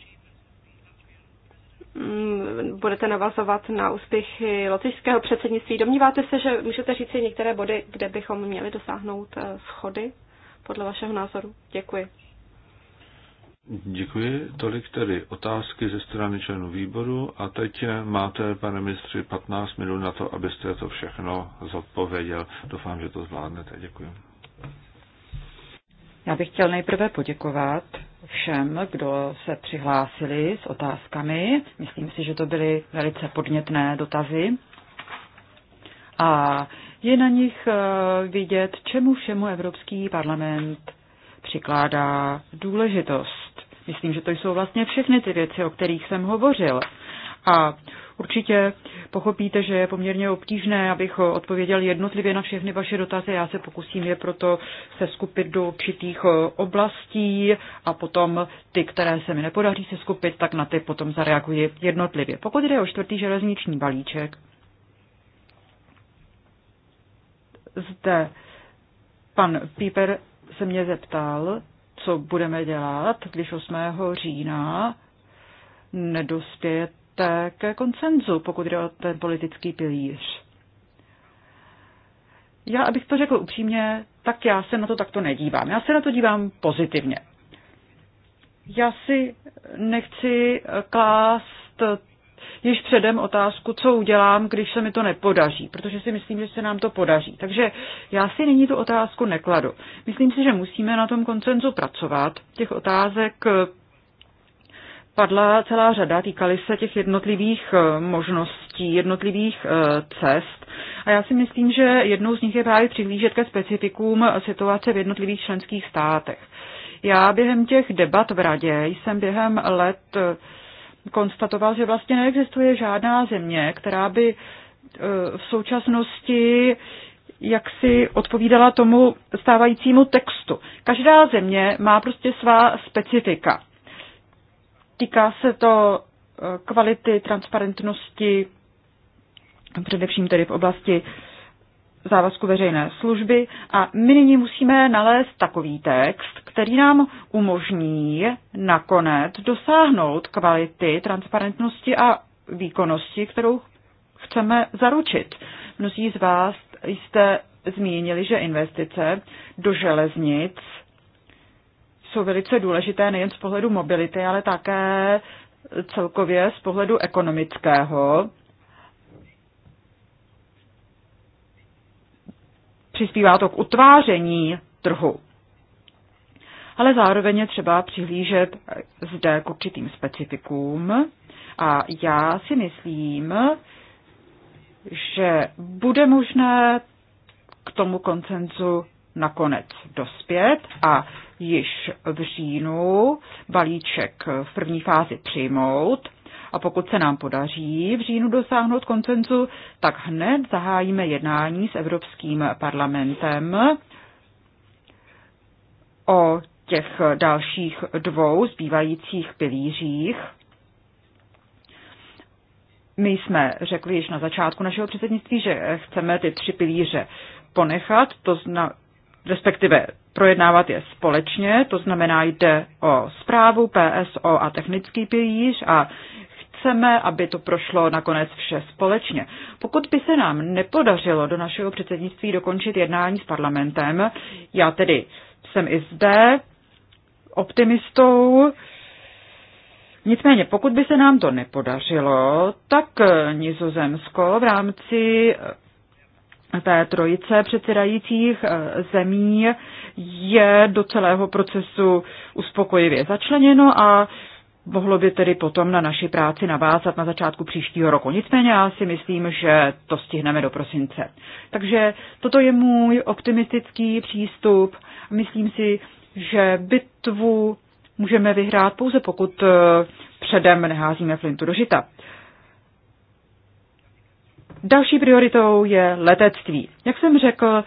Mm, budete navazovat na úspěchy lotyšského předsednictví. Domníváte se, že můžete říct si některé body, kde bychom měli dosáhnout eh, schody podle vašeho názoru? Děkuji. Děkuji. Tolik tedy otázky ze strany členů výboru a teď máte, pane ministři, 15 minut na to, abyste to všechno zodpověděl. Doufám, že to zvládnete. Děkuji. Já bych chtěl nejprve poděkovat všem, kdo se přihlásili s otázkami. Myslím si, že to byly velice podnětné dotazy. A je na nich eh, vidět, čemu všemu Evropský parlament přikládá důležitost. Myslím, že to jsou vlastně všechny ty věci, o kterých jsem hovořil. A Určitě pochopíte, že je poměrně obtížné, abych odpověděl jednotlivě na všechny vaše dotazy. Já se pokusím je proto seskupit do určitých eh, oblastí a potom ty, které se mi nepodaří seskupit, tak na ty potom zareaguji jednotlivě. Pokud jde o čtvrtý železniční balíček, zde pan Píper se mě zeptal, co budeme dělat, když 8. října nedospět k koncenzu, pokud jde o ten politický pilíř. Já, abych to řekl upřímně, tak já se na to takto nedívám. Já se na to dívám pozitivně. Já si nechci klást již předem otázku, co udělám, když se mi to nepodaří, protože si myslím, že se nám to podaří. Takže já si nyní tu otázku nekladu. Myslím si, že musíme na tom koncenzu pracovat. Těch otázek padla celá řada, týkaly se těch jednotlivých eh, možností, jednotlivých eh, cest. A já si myslím, že jednou z nich je právě přihlížet ke specifikům situace v jednotlivých členských státech. Já během těch debat v radě jsem během let eh, konstatoval, že vlastně neexistuje žádná země, která by v současnosti jak si odpovídala tomu stávajícímu textu. Každá země má prostě svá specifika. Týká se to eh, kvality, transparentnosti, především tedy v oblasti závazku veřejné služby a my nyní musíme nalézt takový text, který nám umožní nakonec dosáhnout kvality, transparentnosti a výkonnosti, kterou chceme zaručit. Mnozí z vás jste zmínili, že investice do železnic jsou velice důležité nejen z pohledu mobility, ale také celkově z pohledu ekonomického. Přispívá to k utváření trhu. Ale zároveň je třeba přihlížet zde k určitým specifikům. A já si myslím, že bude možné k tomu koncenzu nakonec dospět a již v říjnu balíček v první fázi přijmout. A pokud se nám podaří v říjnu dosáhnout koncenzu, tak hned zahájíme jednání s Evropským parlamentem o těch dalších dvou zbývajících pilířích. My jsme řekli již na začátku našeho předsednictví, že chceme ty tři pilíře ponechat, to, zna, respektive projednávat je společně, to znamená jde o zprávu, PSO a technický pilíř a chceme, aby to prošlo nakonec vše společně. Pokud by se nám nepodařilo do našeho předsednictví dokončit jednání s parlamentem, já tedy jsem i zde optimistou, Nicméně, pokud by se nám to nepodařilo, tak Nizozemsko v rámci té trojice předsedajících eh, zemí je do celého procesu uspokojivě začleněno a mohlo by tedy potom na naši práci navázat na začátku příštího roku. Nicméně já si myslím, že to stihneme do prosince. Takže toto je můj optimistický přístup. Myslím si, že bitvu můžeme vyhrát pouze pokud eh, předem neházíme flintu do žita. Další prioritou je letectví. Jak jsem řekl,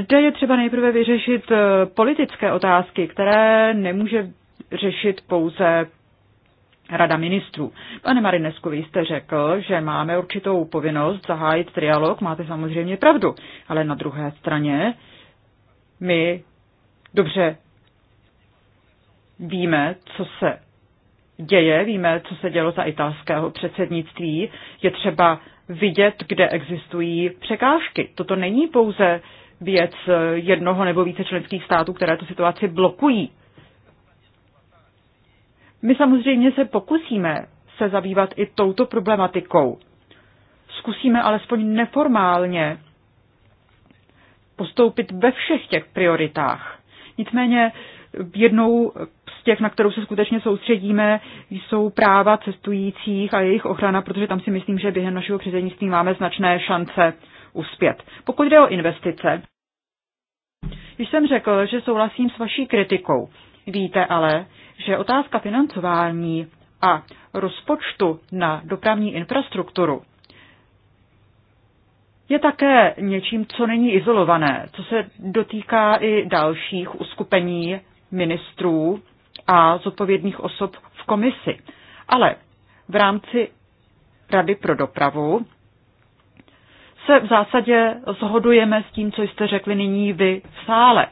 zde je třeba nejprve vyřešit eh, politické otázky, které nemůže řešit pouze Rada ministrů. Pane Marinesku, vy jste řekl, že máme určitou povinnost zahájit trialog, máte samozřejmě pravdu, ale na druhé straně my dobře víme, co se děje, víme, co se dělo za italského předsednictví. Je třeba vidět, kde existují překážky. Toto není pouze věc jednoho nebo více členských států, které tu situaci blokují. My samozřejmě se pokusíme se zabývat i touto problematikou. Zkusíme alespoň neformálně postoupit ve všech těch prioritách. Nicméně jednou těch, na kterou se skutečně soustředíme, jsou práva cestujících a jejich ochrana, protože tam si myslím, že během našeho předsednictví máme značné šance uspět. Pokud jde o investice, když jsem řekl, že souhlasím s vaší kritikou. Víte ale, že otázka financování a rozpočtu na dopravní infrastrukturu je také něčím, co není izolované, co se dotýká i dalších uskupení ministrů a zodpovědných osob v komisi. Ale v rámci Rady pro dopravu se v zásadě zhodujeme s tím, co jste řekli nyní vy v sále.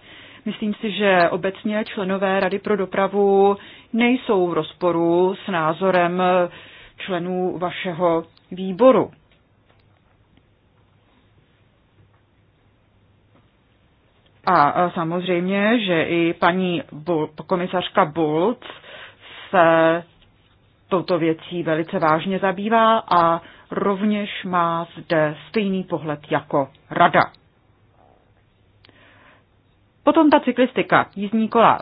Myslím si, že obecně členové Rady pro dopravu nejsou v rozporu s názorem členů vašeho výboru. A samozřejmě, že i paní Bull, komisařka Bulc se touto věcí velice vážně zabývá a rovněž má zde stejný pohled jako rada. Potom ta cyklistika, jízdní kola.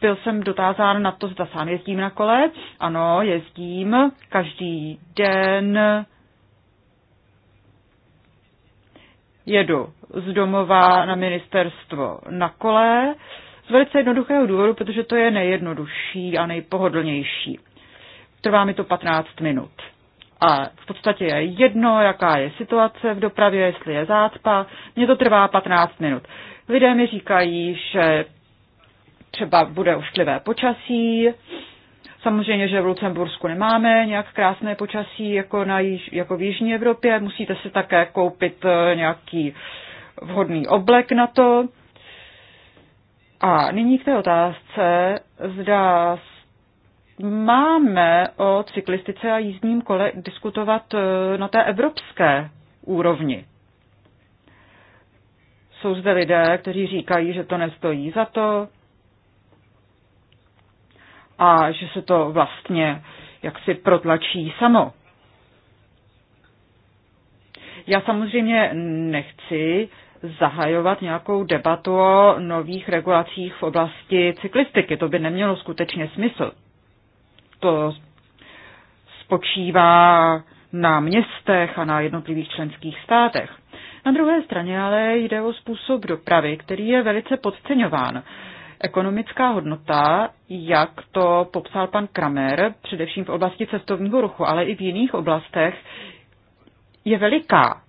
Byl jsem dotázán na to, zda sám jezdím na kole. Ano, jezdím každý den jedu z domova na ministerstvo na kole z velice jednoduchého důvodu, protože to je nejjednodušší a nejpohodlnější. Trvá mi to 15 minut. A v podstatě je jedno, jaká je situace v dopravě, jestli je zácpa, mně to trvá 15 minut. Lidé mi říkají, že třeba bude ošklivé počasí, Samozřejmě, že v Lucembursku nemáme nějak krásné počasí jako, na, jako v Jižní Evropě. Musíte si také koupit e, nějaký vhodný oblek na to. A nyní k té otázce, zda máme o cyklistice a jízdním kole diskutovat e, na té evropské úrovni. Jsou zde lidé, kteří říkají, že to nestojí za to, a že se to vlastně jaksi protlačí samo. Já samozřejmě nechci zahajovat nějakou debatu o nových regulacích v oblasti cyklistiky. To by nemělo skutečně smysl. To spočívá na městech a na jednotlivých členských státech. Na druhé straně ale jde o způsob dopravy, který je velice podceňován ekonomická hodnota, jak to popsal pan Kramer, především v oblasti cestovního ruchu, ale i v jiných oblastech, je veliká.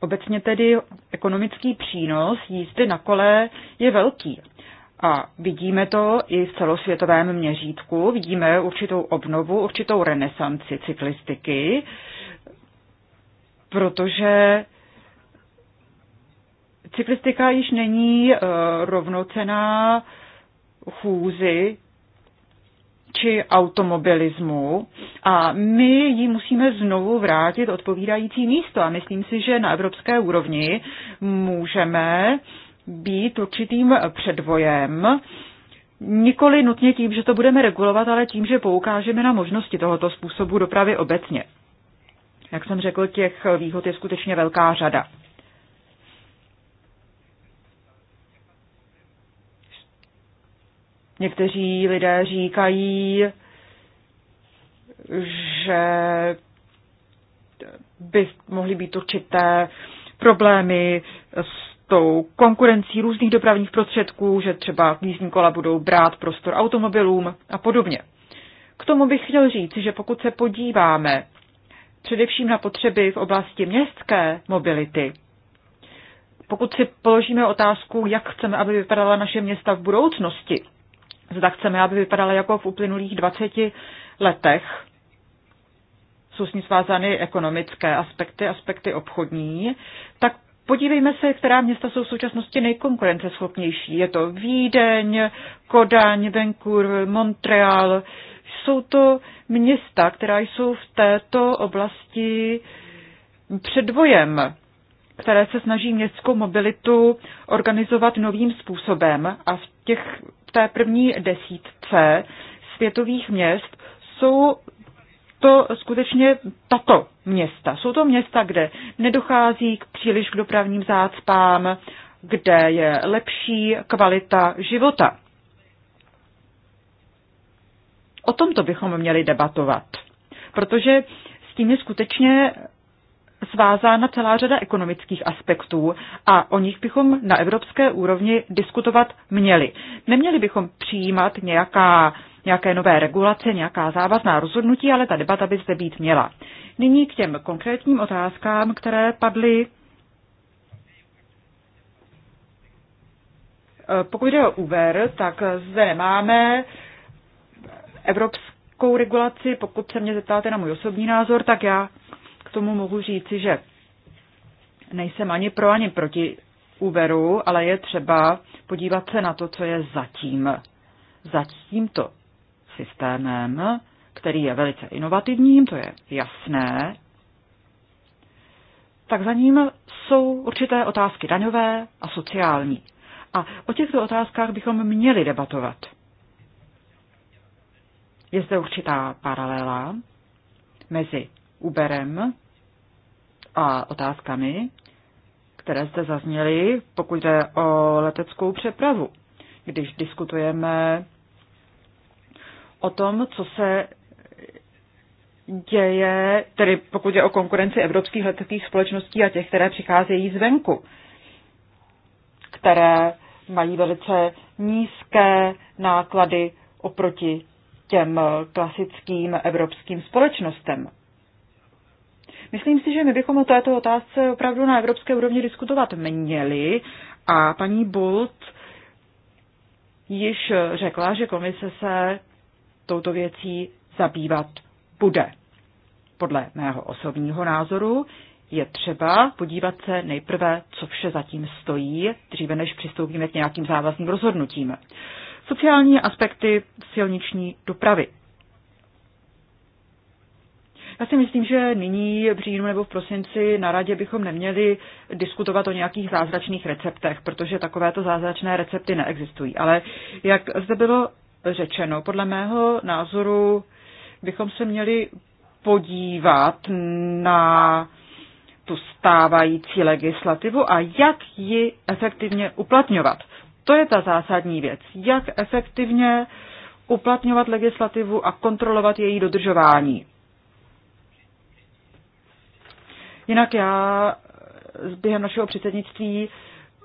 Obecně tedy ekonomický přínos jízdy na kole je velký. A vidíme to i v celosvětovém měřítku, vidíme určitou obnovu, určitou renesanci cyklistiky, protože cyklistika již není eh, rovnocená chůzi či automobilismu a my ji musíme znovu vrátit odpovídající místo a myslím si, že na evropské úrovni můžeme být určitým předvojem, nikoli nutně tím, že to budeme regulovat, ale tím, že poukážeme na možnosti tohoto způsobu dopravy obecně. Jak jsem řekl, těch výhod je skutečně velká řada. Někteří lidé říkají, že by mohly být určité problémy s tou konkurencí různých dopravních prostředků, že třeba jízdní kola budou brát prostor automobilům a podobně. K tomu bych chtěl říct, že pokud se podíváme především na potřeby v oblasti městské mobility, pokud si položíme otázku, jak chceme, aby vypadala naše města v budoucnosti, zda chceme, aby vypadala jako v uplynulých 20 letech. Jsou s ní svázány ekonomické aspekty, aspekty obchodní. Tak podívejme se, která města jsou v současnosti nejkonkurenceschopnější. Je to Vídeň, Kodaň, Vancouver, Montreal. Jsou to města, která jsou v této oblasti předvojem které se snaží městskou mobilitu organizovat novým způsobem a v těch té první desítce světových měst jsou to skutečně tato města. Jsou to města, kde nedochází k příliš k dopravním zácpám, kde je lepší kvalita života. O tomto bychom měli debatovat, protože s tím je skutečně svázána celá řada ekonomických aspektů a o nich bychom na evropské úrovni diskutovat měli. Neměli bychom přijímat nějaká, nějaké nové regulace, nějaká závazná rozhodnutí, ale ta debata by zde být měla. Nyní k těm konkrétním otázkám, které padly. Eh, pokud jde o Uber, tak zde nemáme evropskou regulaci, pokud se mě zeptáte na můj osobní názor, tak já tomu mohu říci, že nejsem ani pro, ani proti úveru, ale je třeba podívat se na to, co je zatím. Za tímto systémem, který je velice inovativním, to je jasné, tak za ním jsou určité otázky daňové a sociální. A o těchto otázkách bychom měli debatovat. Je zde určitá paralela mezi Uberem a otázkami, které jste zazněly, pokud jde o leteckou přepravu. Když diskutujeme o tom, co se děje, tedy pokud je o konkurenci evropských leteckých společností a těch, které přicházejí zvenku, které mají velice nízké náklady oproti těm klasickým evropským společnostem. Myslím si, že my bychom o této otázce opravdu na evropské úrovni diskutovat měli a paní Bult již řekla, že komise se touto věcí zabývat bude. Podle mého osobního názoru je třeba podívat se nejprve, co vše zatím stojí, dříve než přistoupíme k nějakým závazným rozhodnutím. Sociální aspekty silniční dopravy. Já si myslím, že nyní v říjnu nebo v prosinci na radě bychom neměli diskutovat o nějakých zázračných receptech, protože takovéto zázračné recepty neexistují. Ale jak zde bylo řečeno, podle mého názoru bychom se měli podívat na tu stávající legislativu a jak ji efektivně uplatňovat. To je ta zásadní věc. Jak efektivně uplatňovat legislativu a kontrolovat její dodržování. Jinak já eh, během našeho předsednictví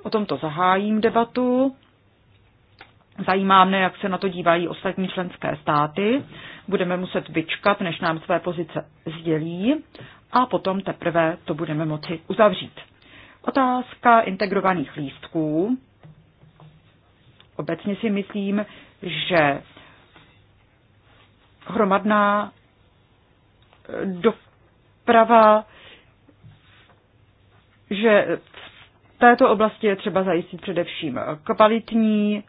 o tomto zahájím debatu. Zajímá mne, jak se na to dívají ostatní členské státy. Budeme muset vyčkat, než nám své pozice sdělí a potom teprve to budeme moci uzavřít. Otázka integrovaných lístků. Obecně si myslím, že hromadná doprava že v této oblasti je třeba zajistit především kvalitní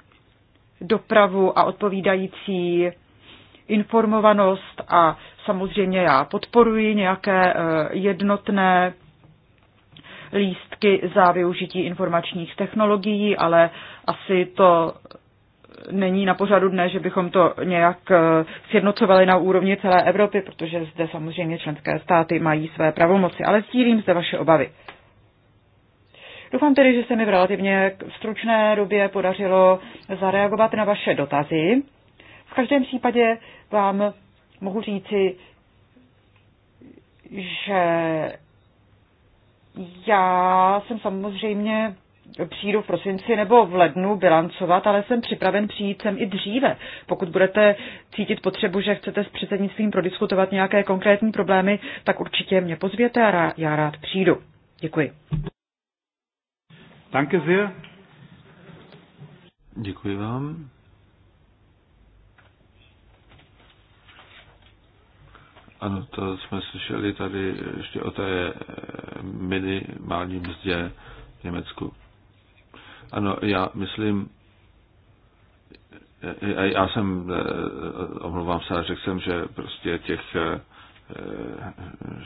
dopravu a odpovídající informovanost a samozřejmě já podporuji nějaké eh, jednotné lístky za využití informačních technologií, ale asi to není na pořadu dne, že bychom to nějak eh, sjednocovali na úrovni celé Evropy, protože zde samozřejmě členské státy mají své pravomoci, ale sdílím zde vaše obavy. Doufám tedy, že se mi v relativně stručné době podařilo zareagovat na vaše dotazy. V každém případě vám mohu říci, že já jsem samozřejmě přijdu v prosinci nebo v lednu bilancovat, ale jsem připraven přijít sem i dříve. Pokud budete cítit potřebu, že chcete s předsednictvím prodiskutovat nějaké konkrétní problémy, tak určitě mě pozvěte a já rád přijdu. Děkuji. Danke sehr. Děkuji vám. Ano, to jsme slyšeli tady ještě o té eh, minimální mzdě v Německu. Ano, já myslím, eh, já jsem, eh, omlouvám se, řekl jsem, že prostě těch Eh,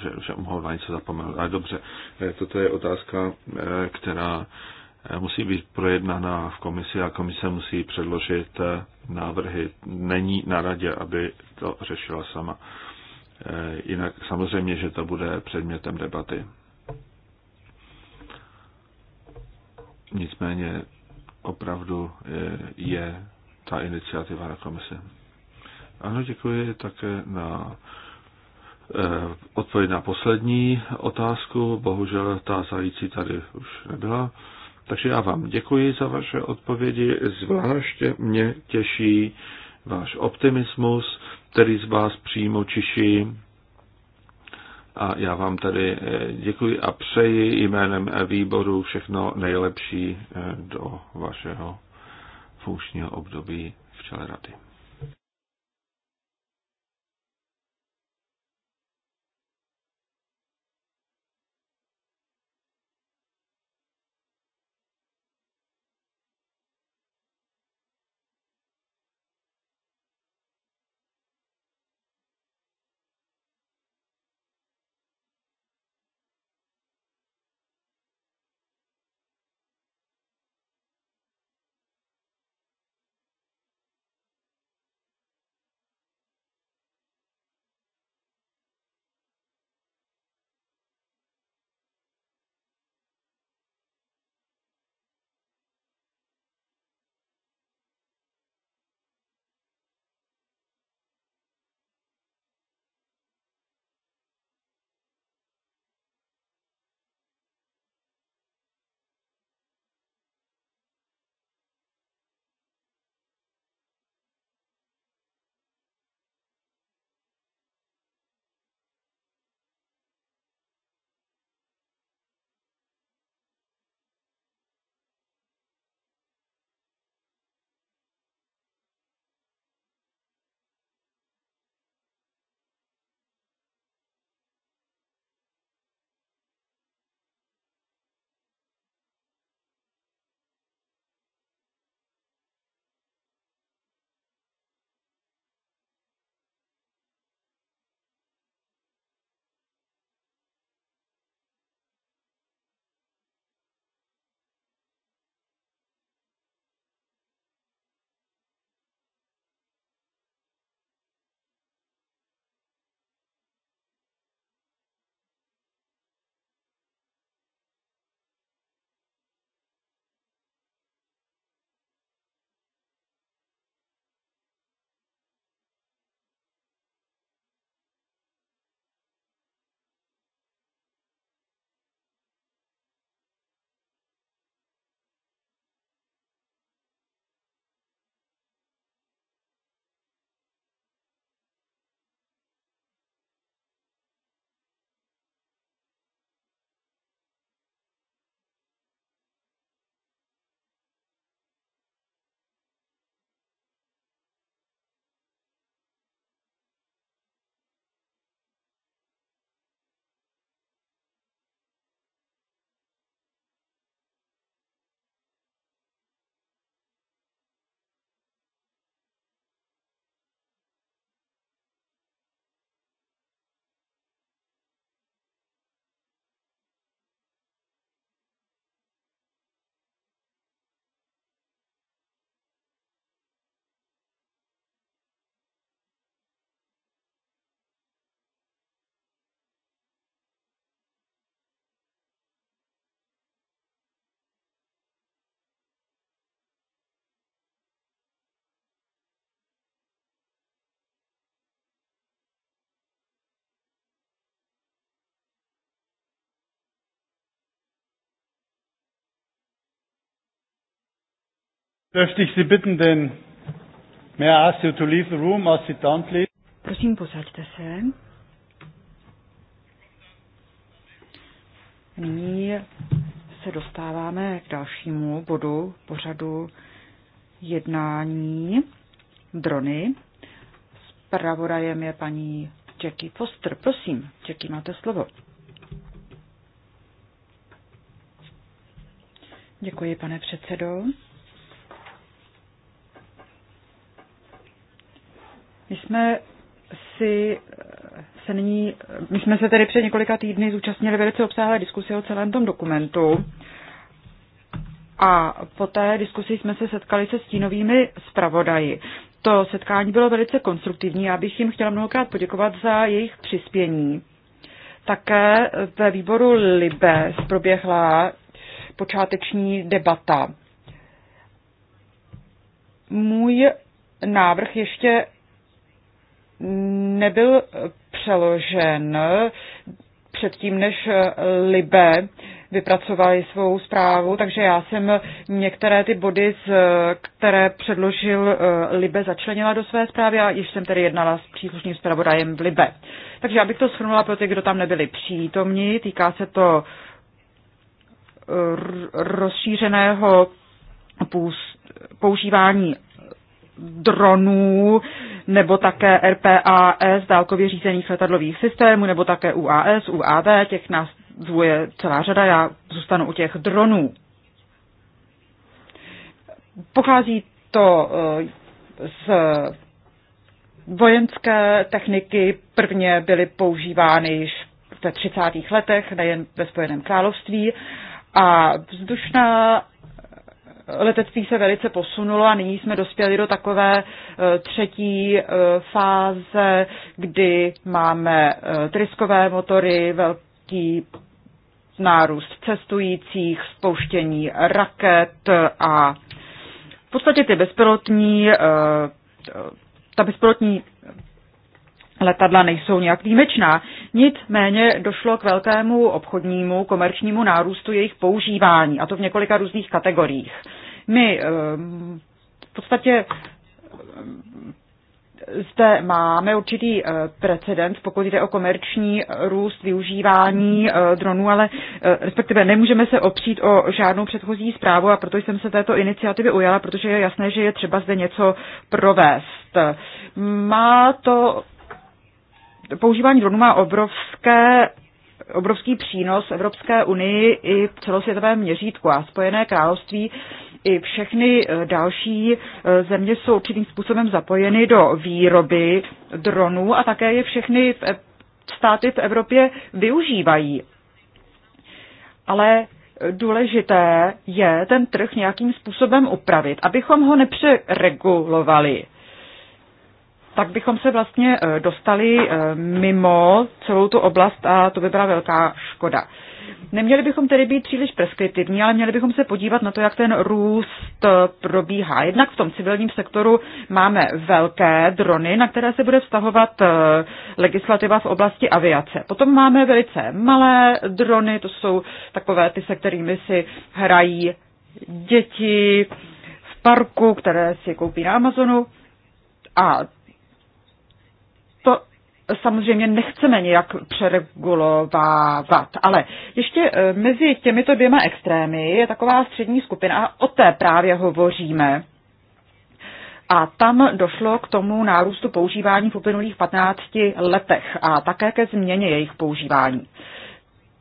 že, že mohl na něco zapomenout. Ale dobře, eh, toto je otázka, eh, která musí být projednána v komisi a komise musí předložit návrhy. Není na radě, aby to řešila sama. Jinak samozřejmě, že to bude předmětem debaty. Nicméně opravdu je ta iniciativa na komisi. Ano, děkuji také na Eh, odpověď na poslední otázku. Bohužel ta zající tady už nebyla. Takže já vám děkuji za vaše odpovědi. Zvláště mě těší váš optimismus, který z vás přímo čiší. A já vám tady eh, děkuji a přeji jménem výboru všechno nejlepší eh, do vašeho funkčního období v čele rady. Dürfte ich Sie bitten, den May I ask you to leave the room or sit down, please? Prosím, posaďte se. Nyní se dostáváme k dalšímu bodu pořadu jednání drony. Spravodajem je paní Jackie Foster. Prosím, Jackie, máte slovo. Děkuji, pane předsedo. My jsme si eh, se nyní, my jsme se tedy před několika týdny zúčastnili velice obsáhlé diskusi o celém tom dokumentu a po té diskusi jsme se setkali se stínovými zpravodaji. To setkání bylo velice konstruktivní, já bych jim chtěla mnohokrát poděkovat za jejich přispění. Také ve výboru libe proběhla počáteční debata. Můj návrh ještě nebyl přeložen předtím, než Libe vypracovali svou zprávu, takže já jsem některé ty body, které předložil eh, Libe, začlenila do své zprávy a již jsem tedy jednala s příslušným zpravodajem v Libe. Takže abych to shrnula pro ty, kdo tam nebyli přítomní, týká se to eh, rozšířeného používání dronů, nebo také RPAS, dálkově řízených letadlových systémů, nebo také UAS, UAV, těch nás dvoje celá řada, já zůstanu u těch dronů. Pochází to eh, z vojenské techniky, prvně byly používány již ve 30. letech, nejen ve Spojeném království, a vzdušná letectví se velice posunulo a nyní jsme dospěli do takové e, třetí e, fáze, kdy máme e, tryskové motory, velký nárůst cestujících, spouštění raket a v podstatě ty bezpilotní ta bezpilotní letadla nejsou nějak výjimečná. Nicméně došlo k velkému obchodnímu komerčnímu nárůstu jejich používání, a to v několika různých kategoriích. My eh, v podstatě eh, zde máme určitý eh, precedens, pokud jde o komerční růst využívání dronů, ale respektive nemůžeme se opřít o žádnou předchozí zprávu a proto jsem se této iniciativy ujala, protože je jasné, že je třeba zde něco provést. Má to používání dronů má obrovské obrovský přínos Evropské unii i celosvětovém měřítku a Spojené království i všechny eh, další eh, země jsou určitým způsobem zapojeny do výroby dronů a také je všechny státy v Evropě využívají. Ale eh, důležité je ten trh nějakým způsobem upravit, abychom ho nepřeregulovali tak bychom se vlastně eh, dostali eh, mimo celou tu oblast a to by byla velká škoda. Neměli bychom tedy být příliš preskriptivní, ale měli bychom se podívat na to, jak ten růst eh, probíhá. Jednak v tom civilním sektoru máme velké drony, na které se bude vztahovat legislativa v oblasti aviace. Potom máme velice malé drony, to jsou takové ty, se kterými si hrají děti v parku, které si koupí na Amazonu. A samozřejmě nechceme nějak přeregulovávat, ale ještě e, mezi těmito dvěma extrémy je taková střední skupina a o té právě hovoříme. A tam došlo k tomu nárůstu používání v uplynulých 15 letech a také ke změně jejich používání.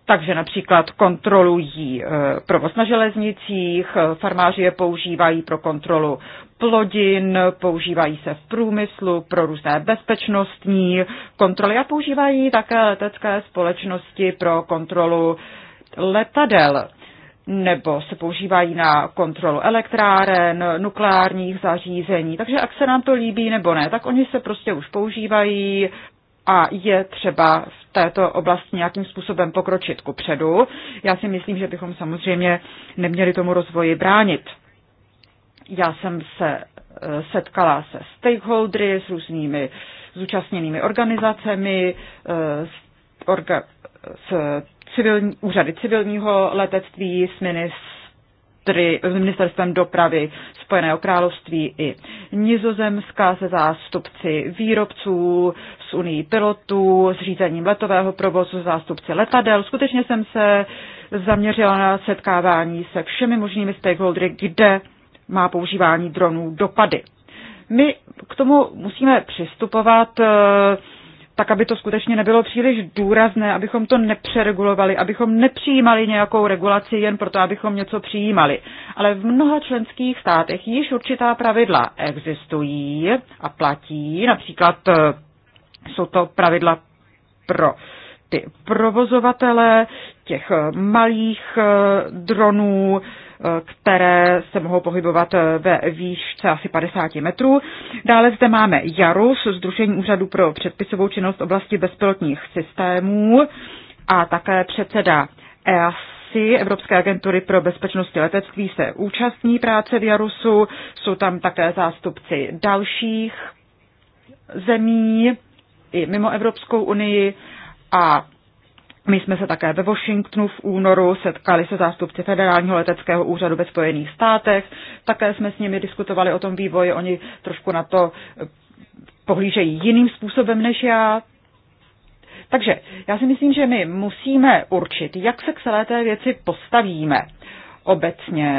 Takže například kontrolují e, provoz na železnicích, e, farmáři je používají pro kontrolu plodin, používají se v průmyslu pro různé bezpečnostní kontroly a používají také letecké společnosti pro kontrolu letadel nebo se používají na kontrolu elektráren, nukleárních zařízení. Takže jak se nám to líbí nebo ne, tak oni se prostě už používají a je třeba v této oblasti nějakým způsobem pokročit ku předu. Já si myslím, že bychom samozřejmě neměli tomu rozvoji bránit. Já jsem se eh, setkala se stakeholdery, s různými zúčastněnými organizacemi, eh, s, orga, s civilní, úřady civilního letectví, s ministry, ministerstvem dopravy Spojeného království i Nizozemska se zástupci výrobců, s unii pilotů, s řízením letového provozu, zástupci letadel. Skutečně jsem se zaměřila na setkávání se všemi možnými stakeholdery, kde má používání dronů dopady. My k tomu musíme přistupovat eh, tak, aby to skutečně nebylo příliš důrazné, abychom to nepřeregulovali, abychom nepřijímali nějakou regulaci jen proto, abychom něco přijímali. Ale v mnoha členských státech již určitá pravidla existují a platí. Například eh, jsou to pravidla pro ty provozovatele těch malých eh, dronů, které se mohou pohybovat ve výšce asi 50 metrů. Dále zde máme JARUS, Združení úřadu pro předpisovou činnost v oblasti bezpilotních systémů a také předseda EAS, Evropské agentury pro bezpečnost letectví, se účastní práce v JARUSu. Jsou tam také zástupci dalších zemí i mimo Evropskou unii a my jsme se také ve Washingtonu v únoru setkali se zástupci Federálního leteckého úřadu ve Spojených státech. Také jsme s nimi diskutovali o tom vývoji. Oni trošku na to eh, pohlížejí jiným způsobem než já. Takže já si myslím, že my musíme určit, jak se k celé té věci postavíme. Obecně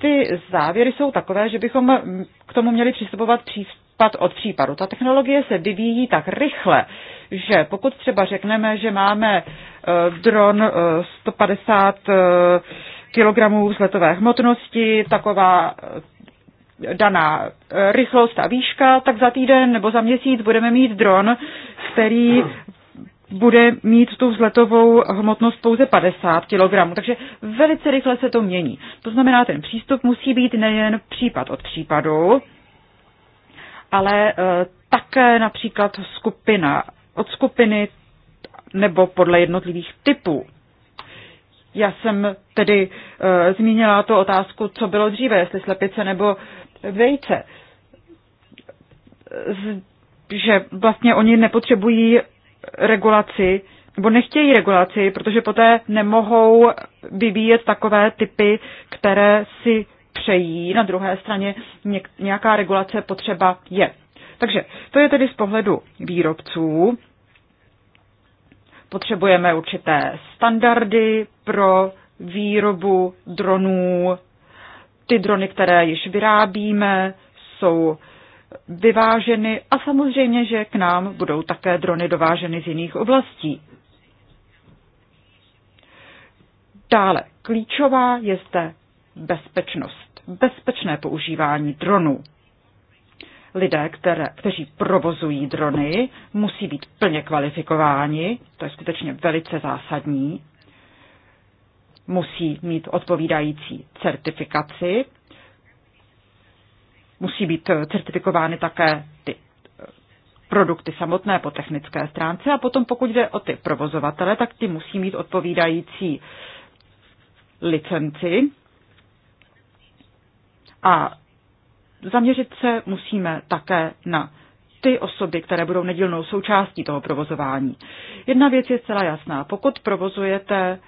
ty závěry jsou takové, že bychom mm, k tomu měli přistupovat příst případ od případu. Ta technologie se vyvíjí tak rychle, že pokud třeba řekneme, že máme e, dron 150 e, e, kilogramů vzletové hmotnosti, taková daná rychlost a výška, tak za týden nebo za měsíc budeme mít dron, který bude mít tu vzletovou hmotnost pouze 50 kg. Takže velice rychle se to mění. To znamená, ten přístup musí být nejen případ od případu, ale eh, také například skupina od skupiny nebo podle jednotlivých typů. Já jsem tedy e, zmínila tu otázku, co bylo dříve, jestli slepice nebo vejce. Z, že vlastně oni nepotřebují regulaci, nebo nechtějí regulaci, protože poté nemohou vyvíjet takové typy, které si přejí, na druhé straně nějaká regulace potřeba je. Takže to je tedy z pohledu výrobců. Potřebujeme určité standardy pro výrobu dronů. Ty drony, které již vyrábíme, jsou vyváženy a samozřejmě, že k nám budou také drony dováženy z jiných oblastí. Dále, klíčová je zde bezpečnost, bezpečné používání dronů. Lidé, které, kteří provozují drony, musí být plně kvalifikováni, to je skutečně velice zásadní. Musí mít odpovídající certifikaci, musí být certifikovány také ty eh, produkty samotné po technické stránce a potom pokud jde o ty provozovatele, tak ty musí mít odpovídající licenci, a zaměřit se musíme také na ty osoby, které budou nedílnou součástí toho provozování. Jedna věc je zcela jasná. Pokud provozujete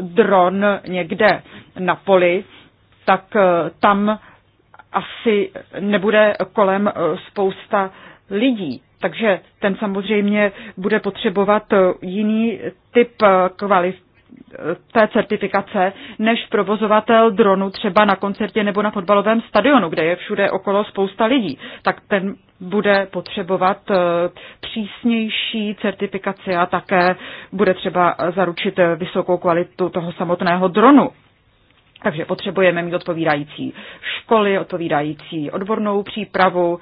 dron někde na poli, tak eh, tam asi nebude kolem eh, spousta lidí. Takže ten samozřejmě bude potřebovat eh, jiný typ kvalif- té certifikace než provozovatel dronu třeba na koncertě nebo na fotbalovém stadionu, kde je všude okolo spousta lidí, tak ten bude potřebovat eh, přísnější certifikaci a také bude třeba zaručit eh, vysokou kvalitu toho samotného dronu. Takže potřebujeme mít odpovídající školy, odpovídající odbornou přípravu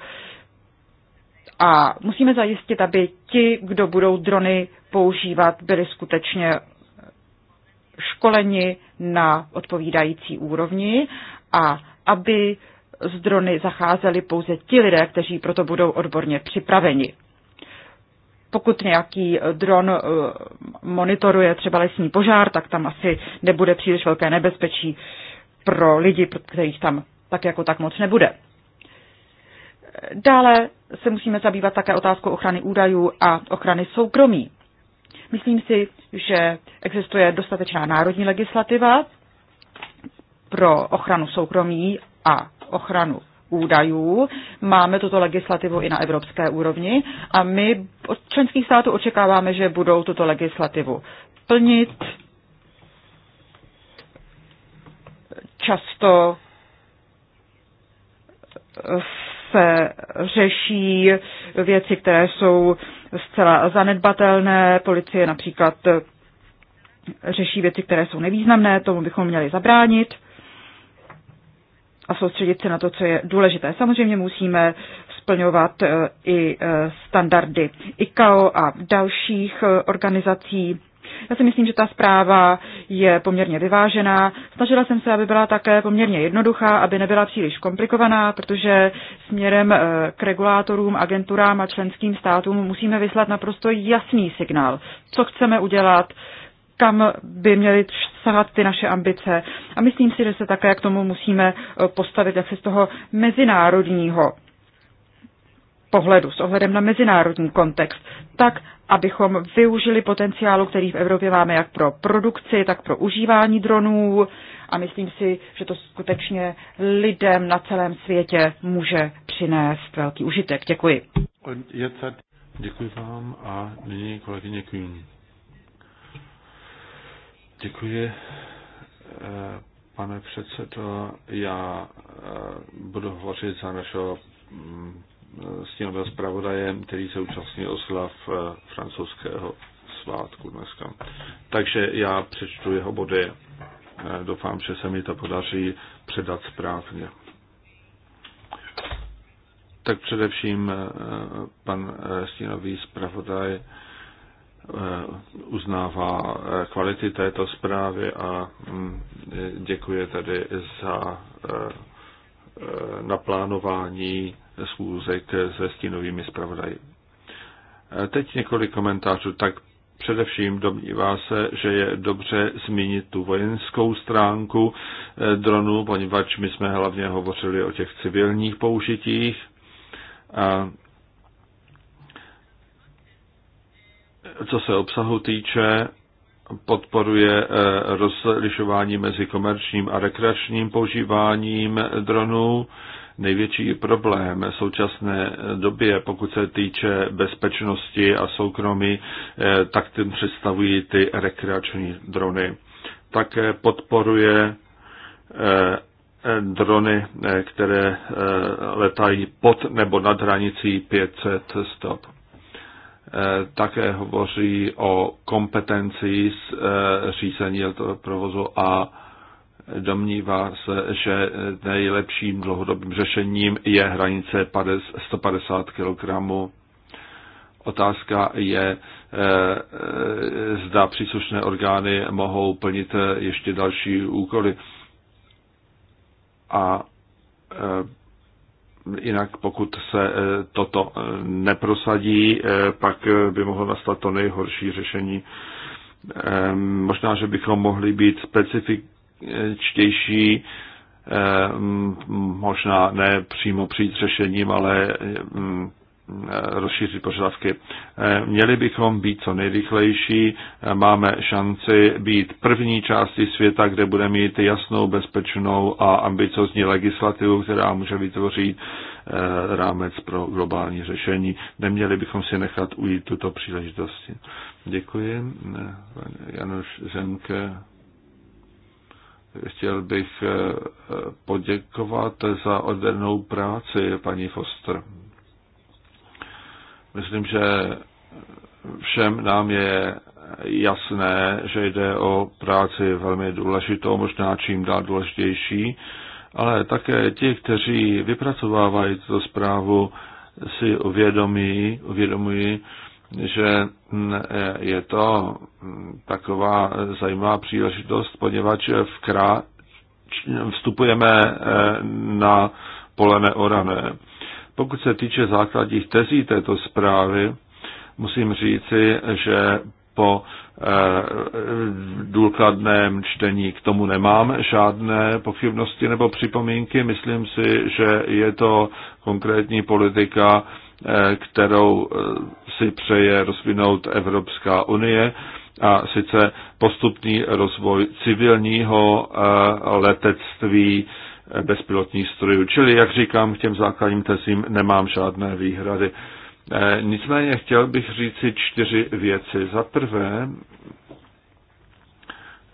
a musíme zajistit, aby ti, kdo budou drony používat, byli skutečně školeni na odpovídající úrovni a aby z drony zacházeli pouze ti lidé, kteří proto budou odborně připraveni. Pokud nějaký dron eh, monitoruje třeba lesní požár, tak tam asi nebude příliš velké nebezpečí pro lidi, pro kterých tam tak jako tak moc nebude. Dále se musíme zabývat také otázkou ochrany údajů a ochrany soukromí. Myslím si, že existuje dostatečná národní legislativa pro ochranu soukromí a ochranu údajů. Máme tuto legislativu i na evropské úrovni a my od členských států očekáváme, že budou tuto legislativu plnit. Často se řeší věci, které jsou zcela zanedbatelné. Policie například řeší věci, které jsou nevýznamné, tomu bychom měli zabránit a soustředit se na to, co je důležité. Samozřejmě musíme splňovat eh, i eh, standardy ICAO a dalších eh, organizací. Já si myslím, že ta zpráva je poměrně vyvážená. Snažila jsem se, aby byla také poměrně jednoduchá, aby nebyla příliš komplikovaná, protože směrem eh, k regulátorům, agenturám a členským státům musíme vyslat naprosto jasný signál, co chceme udělat, kam by měly sahat ty naše ambice. A myslím si, že se také k tomu musíme eh, postavit jak se z toho mezinárodního pohledu, s ohledem na mezinárodní kontext, tak, abychom využili potenciálu, který v Evropě máme jak pro produkci, tak pro užívání dronů a myslím si, že to skutečně lidem na celém světě může přinést velký užitek. Děkuji. Děkuji vám a nyní kolegyně Kuhn. Děkuji, eh, pane předsedo. Já eh, budu hovořit za našeho mm, E, s tím zpravodajem, který se účastní oslav e, francouzského svátku dneska. Takže já přečtu jeho body. E, doufám, že se mi to podaří předat správně. Tak především pan stínový zpravodaj uznává kvality této zprávy a mm, děkuje tedy za plánování schůzek se stínovými zpravodaji. Teď několik komentářů. Tak především domnívá se, že je dobře zmínit tu vojenskou stránku dronů, poněvadž my jsme hlavně hovořili o těch civilních použitích. A co se obsahu týče, podporuje eh, rozlišování mezi komerčním a rekreačním používáním dronů. Největší problém v současné době, pokud se týče bezpečnosti a soukromí, eh, tak tím představují ty rekreační drony. Také podporuje eh, drony, které letají pod nebo nad hranicí 500 stop. Eh, také hovoří o kompetenci z eh, řízení provozu a domnívá se, že nejlepším dlouhodobým řešením je hranice 150 kg. Otázka je, eh, zda příslušné orgány mohou plnit ještě další úkoly. A jinak pokud se e, toto e, neprosadí, e, pak by mohlo nastat to nejhorší řešení. Možná, že bychom mohli být specifičtější, možná ne přímo přijít s řešením, ale Eh, rozšířit požadavky. Eh, měli bychom být co nejrychlejší, eh, máme šanci být první části světa, kde bude mít jasnou, bezpečnou a ambiciozní legislativu, která může vytvořit rámec pro globální řešení. Neměli bychom si nechat ujít tuto příležitost. Děkuji. Janoš Zemke chtěl bych poděkovat za odvednou práci paní Foster. Myslím, že všem nám je jasné, že jde o práci velmi důležitou, možná čím dál důležitější, ale také ti, kteří vypracovávají tuto zprávu, si uvědomí, uvědomují, že je to taková zajímavá příležitost, poněvadž krá vstupujeme eh, na pole neorané. Pokud se týče základních tezí této zprávy, musím říci, že po eh, důkladném čtení k tomu nemám žádné pochybnosti nebo připomínky. Myslím si, že je to konkrétní politika, eh, kterou eh, si přeje rozvinout Evropská unie a sice postupný rozvoj civilního letectví bezpilotních strojů. Čili, jak říkám, k těm základním tezím nemám žádné výhrady. Eh, nicméně chtěl bych říci čtyři věci. Za prvé,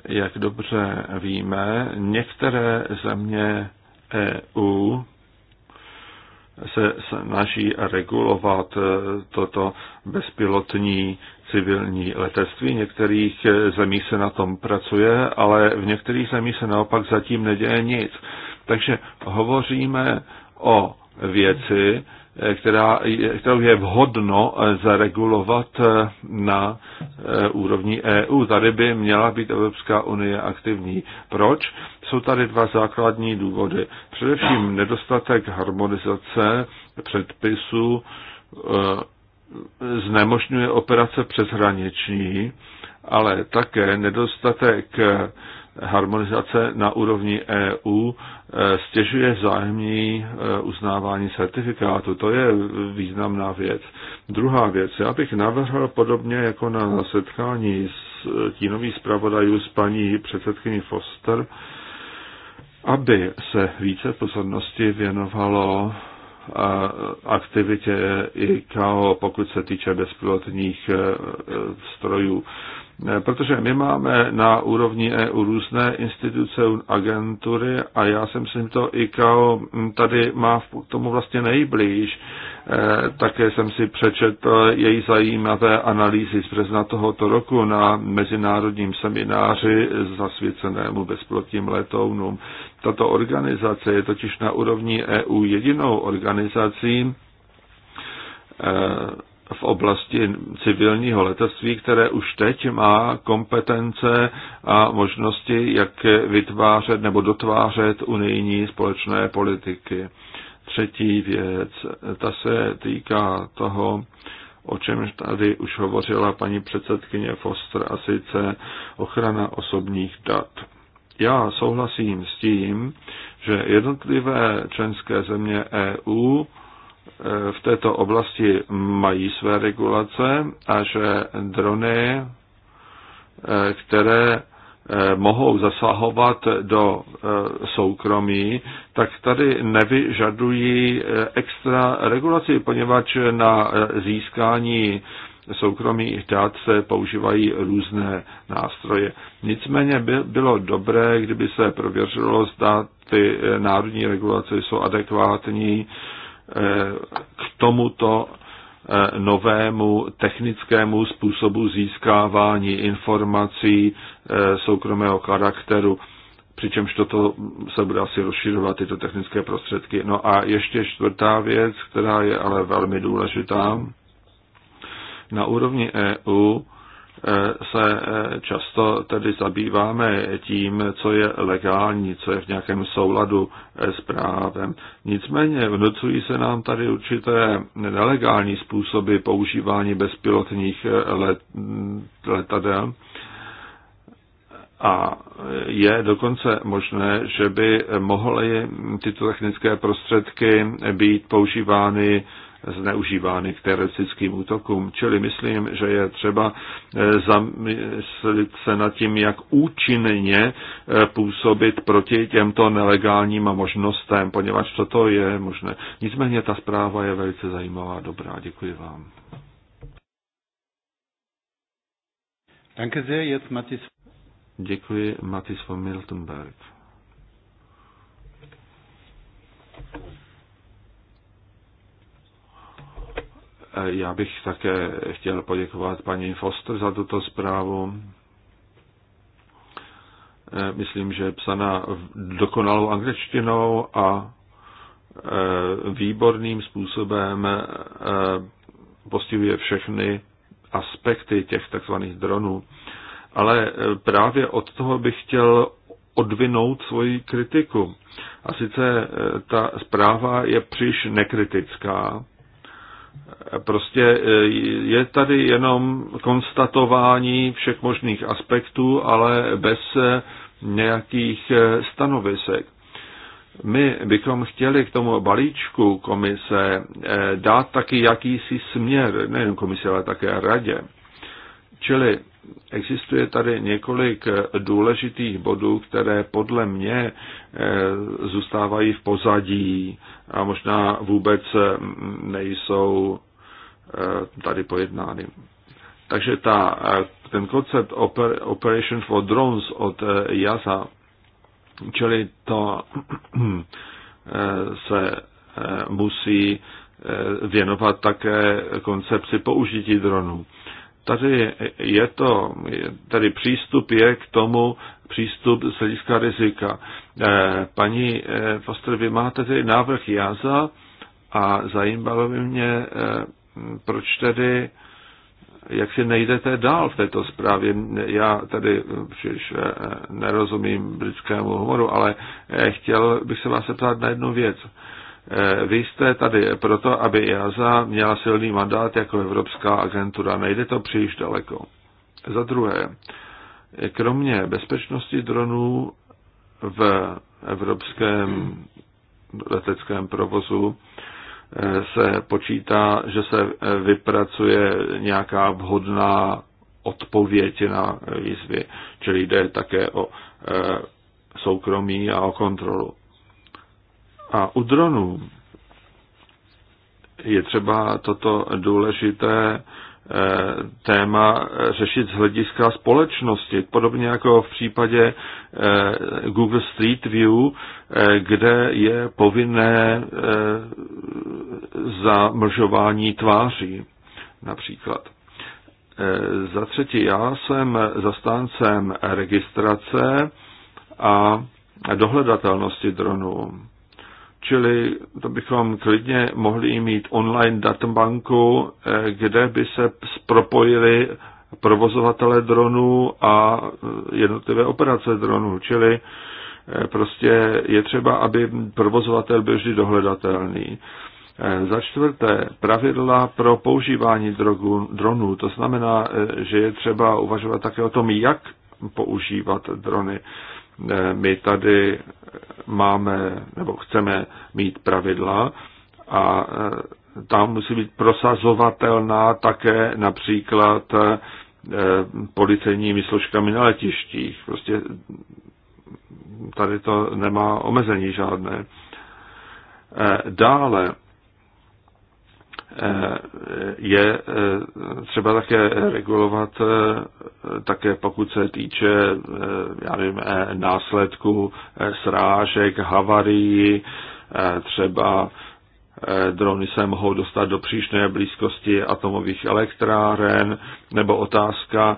jak dobře víme, některé země EU se snaží regulovat eh, toto bezpilotní civilní letectví. V některých zemích se na tom pracuje, ale v některých zemích se naopak zatím neděje nic. Takže hovoříme o věci, která, kterou je vhodno zaregulovat na eh, úrovni EU. Tady by měla být Evropská unie aktivní. Proč? Jsou tady dva základní důvody. Především nedostatek harmonizace předpisů eh, znemožňuje operace přeshraniční, ale také nedostatek harmonizace na úrovni EU e, stěžuje vzájemní e, uznávání certifikátu. To je významná věc. Druhá věc, já bych navrhl podobně jako na setkání s e, tínových zpravodajů s paní předsedkyní Foster, aby se více pozornosti věnovalo aktivitě ICAO, pokud se týče bezpilotních strojů. Eh, protože my máme na úrovni EU různé instituce, agentury a já si myslím, to ICAO hm, tady má k tomu vlastně nejblíž. Eh, také jsem si přečetl její zajímavé analýzy z března tohoto roku na mezinárodním semináři zasvěcenému bezplotním letounům. Tato organizace je totiž na úrovni EU jedinou organizací, eh, v oblasti civilního letectví, které už teď má kompetence a možnosti, jak vytvářet nebo dotvářet unijní společné politiky. Třetí věc, ta se týká toho, o čem tady už hovořila paní předsedkyně Foster, a sice ochrana osobních dat. Já souhlasím s tím, že jednotlivé členské země EU v této oblasti mají své regulace a že drony, eh, které eh, mohou zasahovat do eh, soukromí, tak tady nevyžadují extra regulaci, poněvadž na získání soukromých dat se používají různé nástroje. Nicméně by bylo dobré, kdyby se prověřilo, zda ty národní regulace jsou adekvátní k tomuto eh, novému technickému způsobu získávání informací eh, soukromého charakteru, přičemž toto se bude asi rozširovat tyto technické prostředky. No a ještě čtvrtá věc, která je ale velmi důležitá. Na úrovni EU se eh, často tedy zabýváme tím, co je legální, co je v nějakém souladu eh, s právem. Nicméně vnucují se nám tady určité nelegální způsoby používání bezpilotních eh, let, letadel a je dokonce možné, že by mohly tyto technické prostředky být používány zneužívány k teroristickým útokům. Čili myslím, že je třeba eh, zamyslit se nad tím, jak účinně eh, působit proti těmto nelegálním možnostem, poněvadž toto je možné. Nicméně ta zpráva je velice zajímavá, dobrá. Děkuji vám. Danke sehr, jetzt Matis. Děkuji, Matis von Miltenberg. Já bych také chtěl poděkovat paní Foster za tuto zprávu. Myslím, že je psaná dokonalou angličtinou a e, výborným způsobem e, postihuje všechny aspekty těch takzvaných dronů. Ale e, právě od toho bych chtěl odvinout svoji kritiku. A sice ta zpráva je příliš nekritická Prostě e, je tady jenom konstatování všech možných aspektů, ale bez e, nějakých e, stanovisek. My bychom chtěli k tomu balíčku komise dát taky jakýsi směr, nejen komise, ale také radě. Čili existuje tady několik důležitých bodů, které podle mě eh, zůstávají v pozadí a možná vůbec eh, nejsou eh, tady pojednány. Takže ta, ten koncept Oper, Operation for Drones od JASA, čili to se musí věnovat také koncepci použití dronů. Tady je to, tady přístup je k tomu přístup z hlediska rizika. Eh, paní eh, Foster, vy máte tedy návrh JAZA a zajímalo by mě, eh, proč tedy jak si nejdete dál v této zprávě. Já tady příliš nerozumím britskému humoru, ale chtěl bych se vás zeptat na jednu věc. Eh, vy jste tady proto, aby EASA měla silný mandát jako Evropská agentura. Nejde to příliš daleko. Za druhé, kromě bezpečnosti dronů v evropském leteckém provozu eh, se počítá, že se eh, vypracuje nějaká vhodná odpověď na výzvy, čili jde také o soukromí a o kontrolu. A u dronů je třeba toto důležité eh, téma řešit z hlediska společnosti. Podobně jako v případě eh, Google Street View, eh, kde je povinné zamlžování tváří například. Za třetí, já jsem zastáncem registrace a dohledatelnosti dronů. Čili to bychom klidně mohli mít online databanku, eh, kde by se propojili provozovatele dronů a eh, jednotlivé operace dronů. Čili eh, prostě je třeba, aby provozovatel byl vždy dohledatelný. Za čtvrté, pravidla pro používání drogu, dronů. To znamená, že je třeba uvažovat také o tom, jak používat drony. Eh, my tady máme, nebo chceme mít pravidla a eh, tam musí být prosazovatelná také například eh, policejními složkami na letištích. Prostě tady to nemá omezení žádné. Dále Eh, je eh, třeba také regulovat, eh, také pokud se týče já nevím, následku srážek, havarií, třeba drony se mohou dostat do příšné blízkosti atomových elektráren, nebo otázka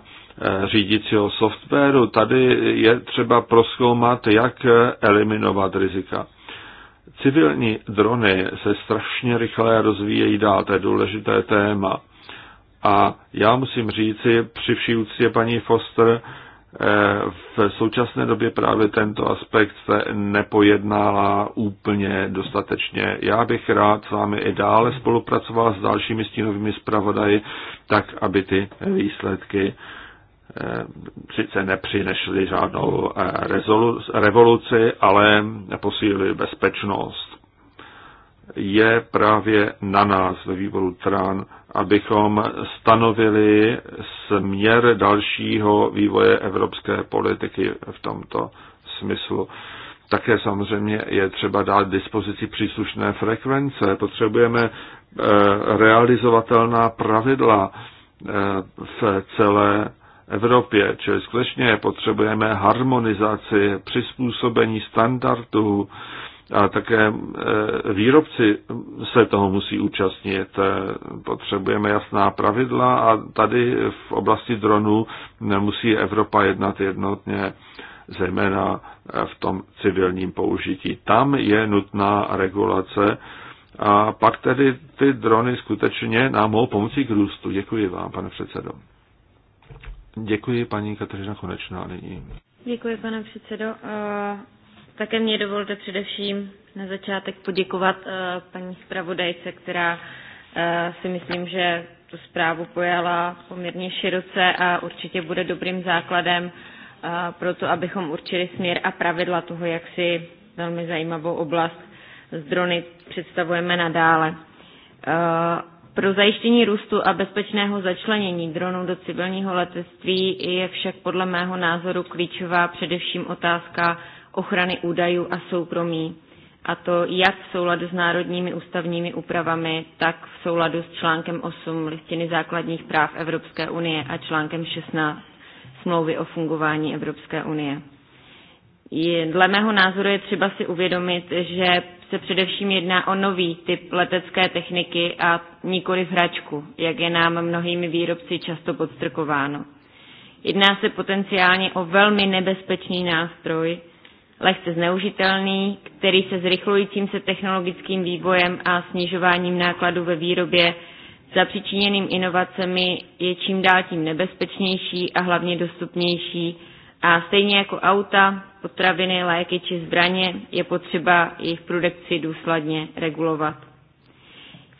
řídícího softwaru. Tady je třeba proskoumat, jak eliminovat rizika. Civilní drony se strašně rychle rozvíjejí dál, to je důležité téma. A já musím říci, při vší úctě paní Foster, eh, v současné době právě tento aspekt se nepojednala úplně dostatečně. Já bych rád s vámi i dále spolupracoval s dalšími stínovými zpravodaji, tak aby ty výsledky sice nepřinešli žádnou eh, revoluci, ale posílili bezpečnost. Je právě na nás ve výboru TRAN, abychom stanovili směr dalšího vývoje evropské politiky v tomto smyslu. Také samozřejmě je třeba dát dispozici příslušné frekvence. Potřebujeme eh, realizovatelná pravidla eh, v celé Evropě, čili skutečně potřebujeme harmonizaci, přizpůsobení standardů a také e, výrobci se toho musí účastnit. E, potřebujeme jasná pravidla a tady v oblasti dronů musí Evropa jednat jednotně, zejména e, v tom civilním použití. Tam je nutná regulace a pak tedy ty drony skutečně nám mohou pomoci k růstu. Děkuji vám, pane předsedo. Děkuji paní Kateřina Konečná nyní. Děkuji, pane předsedo. Také mě dovolte především na začátek poděkovat paní zpravodajce, která si myslím, že tu zprávu pojala poměrně široce a určitě bude dobrým základem pro to, abychom určili směr a pravidla toho, jak si velmi zajímavou oblast z drony představujeme nadále. Pro zajištění růstu a bezpečného začlenění dronů do civilního letectví je však podle mého názoru klíčová především otázka ochrany údajů a soukromí, a to jak v souladu s národními ústavními úpravami, tak v souladu s článkem 8 listiny základních práv Evropské unie a článkem 16 smlouvy o fungování Evropské unie. Dle mého názoru je třeba si uvědomit, že se především jedná o nový typ letecké techniky a nikoli v hračku, jak je nám mnohými výrobci často podstrkováno. Jedná se potenciálně o velmi nebezpečný nástroj, lehce zneužitelný, který se zrychlujícím se technologickým vývojem a snižováním nákladů ve výrobě zapříčiněným inovacemi je čím dál tím nebezpečnější a hlavně dostupnější a stejně jako auta, potraviny, léky či zbraně, je potřeba jejich produkci důsledně regulovat.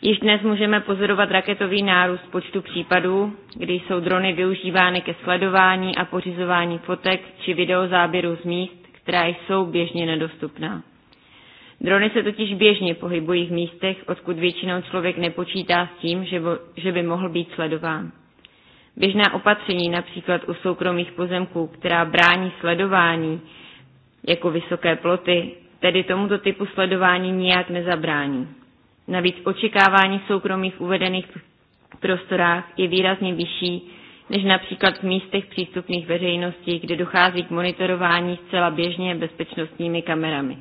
Již dnes můžeme pozorovat raketový nárůst počtu případů, kdy jsou drony využívány ke sledování a pořizování fotek či videozáběrů z míst, která jsou běžně nedostupná. Drony se totiž běžně pohybují v místech, odkud většinou člověk nepočítá s tím, že by mohl být sledován. Běžná opatření například u soukromých pozemků, která brání sledování, jako vysoké ploty, tedy tomuto typu sledování nijak nezabrání. Navíc očekávání soukromých uvedených prostorách je výrazně vyšší než například v místech přístupných veřejnosti, kde dochází k monitorování zcela běžně bezpečnostními kamerami.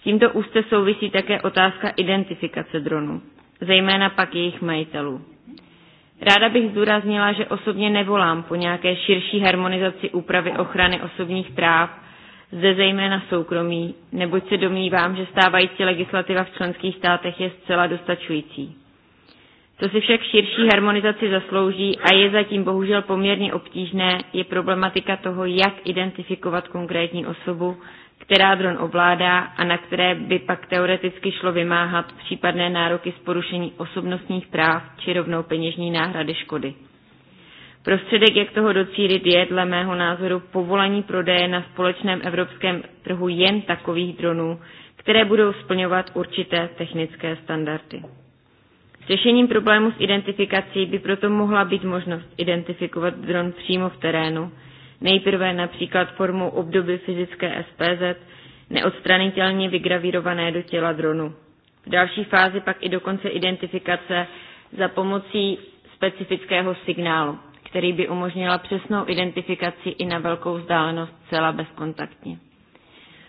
S tímto úste souvisí také otázka identifikace dronů, zejména pak jejich majitelů. Ráda bych zdůraznila, že osobně nevolám po nějaké širší harmonizaci úpravy ochrany osobních práv zde zejména soukromí, neboť se domnívám, že stávající legislativa v členských státech je zcela dostačující. Co si však širší harmonizaci zaslouží a je zatím bohužel poměrně obtížné, je problematika toho, jak identifikovat konkrétní osobu, která dron ovládá a na které by pak teoreticky šlo vymáhat případné nároky z porušení osobnostních práv či rovnou peněžní náhrady škody. Prostředek, jak toho docílit, je dle mého názoru povolení prodeje na společném evropském trhu jen takových dronů, které budou splňovat určité technické standardy. Řešením problému s identifikací by proto mohla být možnost identifikovat dron přímo v terénu, nejprve například formou obdoby fyzické SPZ, neodstranitelně vygravírované do těla dronu. V další fázi pak i dokonce identifikace za pomocí specifického signálu který by umožnila přesnou identifikaci i na velkou vzdálenost zcela bezkontaktně.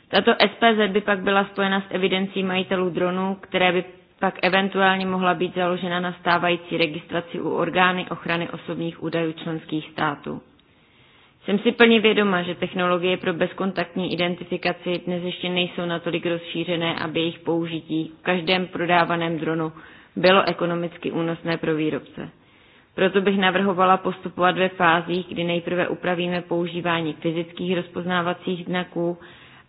Tato SPZ by pak byla spojena s evidencí majitelů dronů, které by pak eventuálně mohla být založena na stávající registraci u orgány ochrany osobních údajů členských států. Jsem si plně vědoma, že technologie pro bezkontaktní identifikaci dnes ještě nejsou natolik rozšířené, aby jejich použití v každém prodávaném dronu bylo ekonomicky únosné pro výrobce. Proto bych navrhovala postupovat ve fázích, kdy nejprve upravíme používání fyzických rozpoznávacích znaků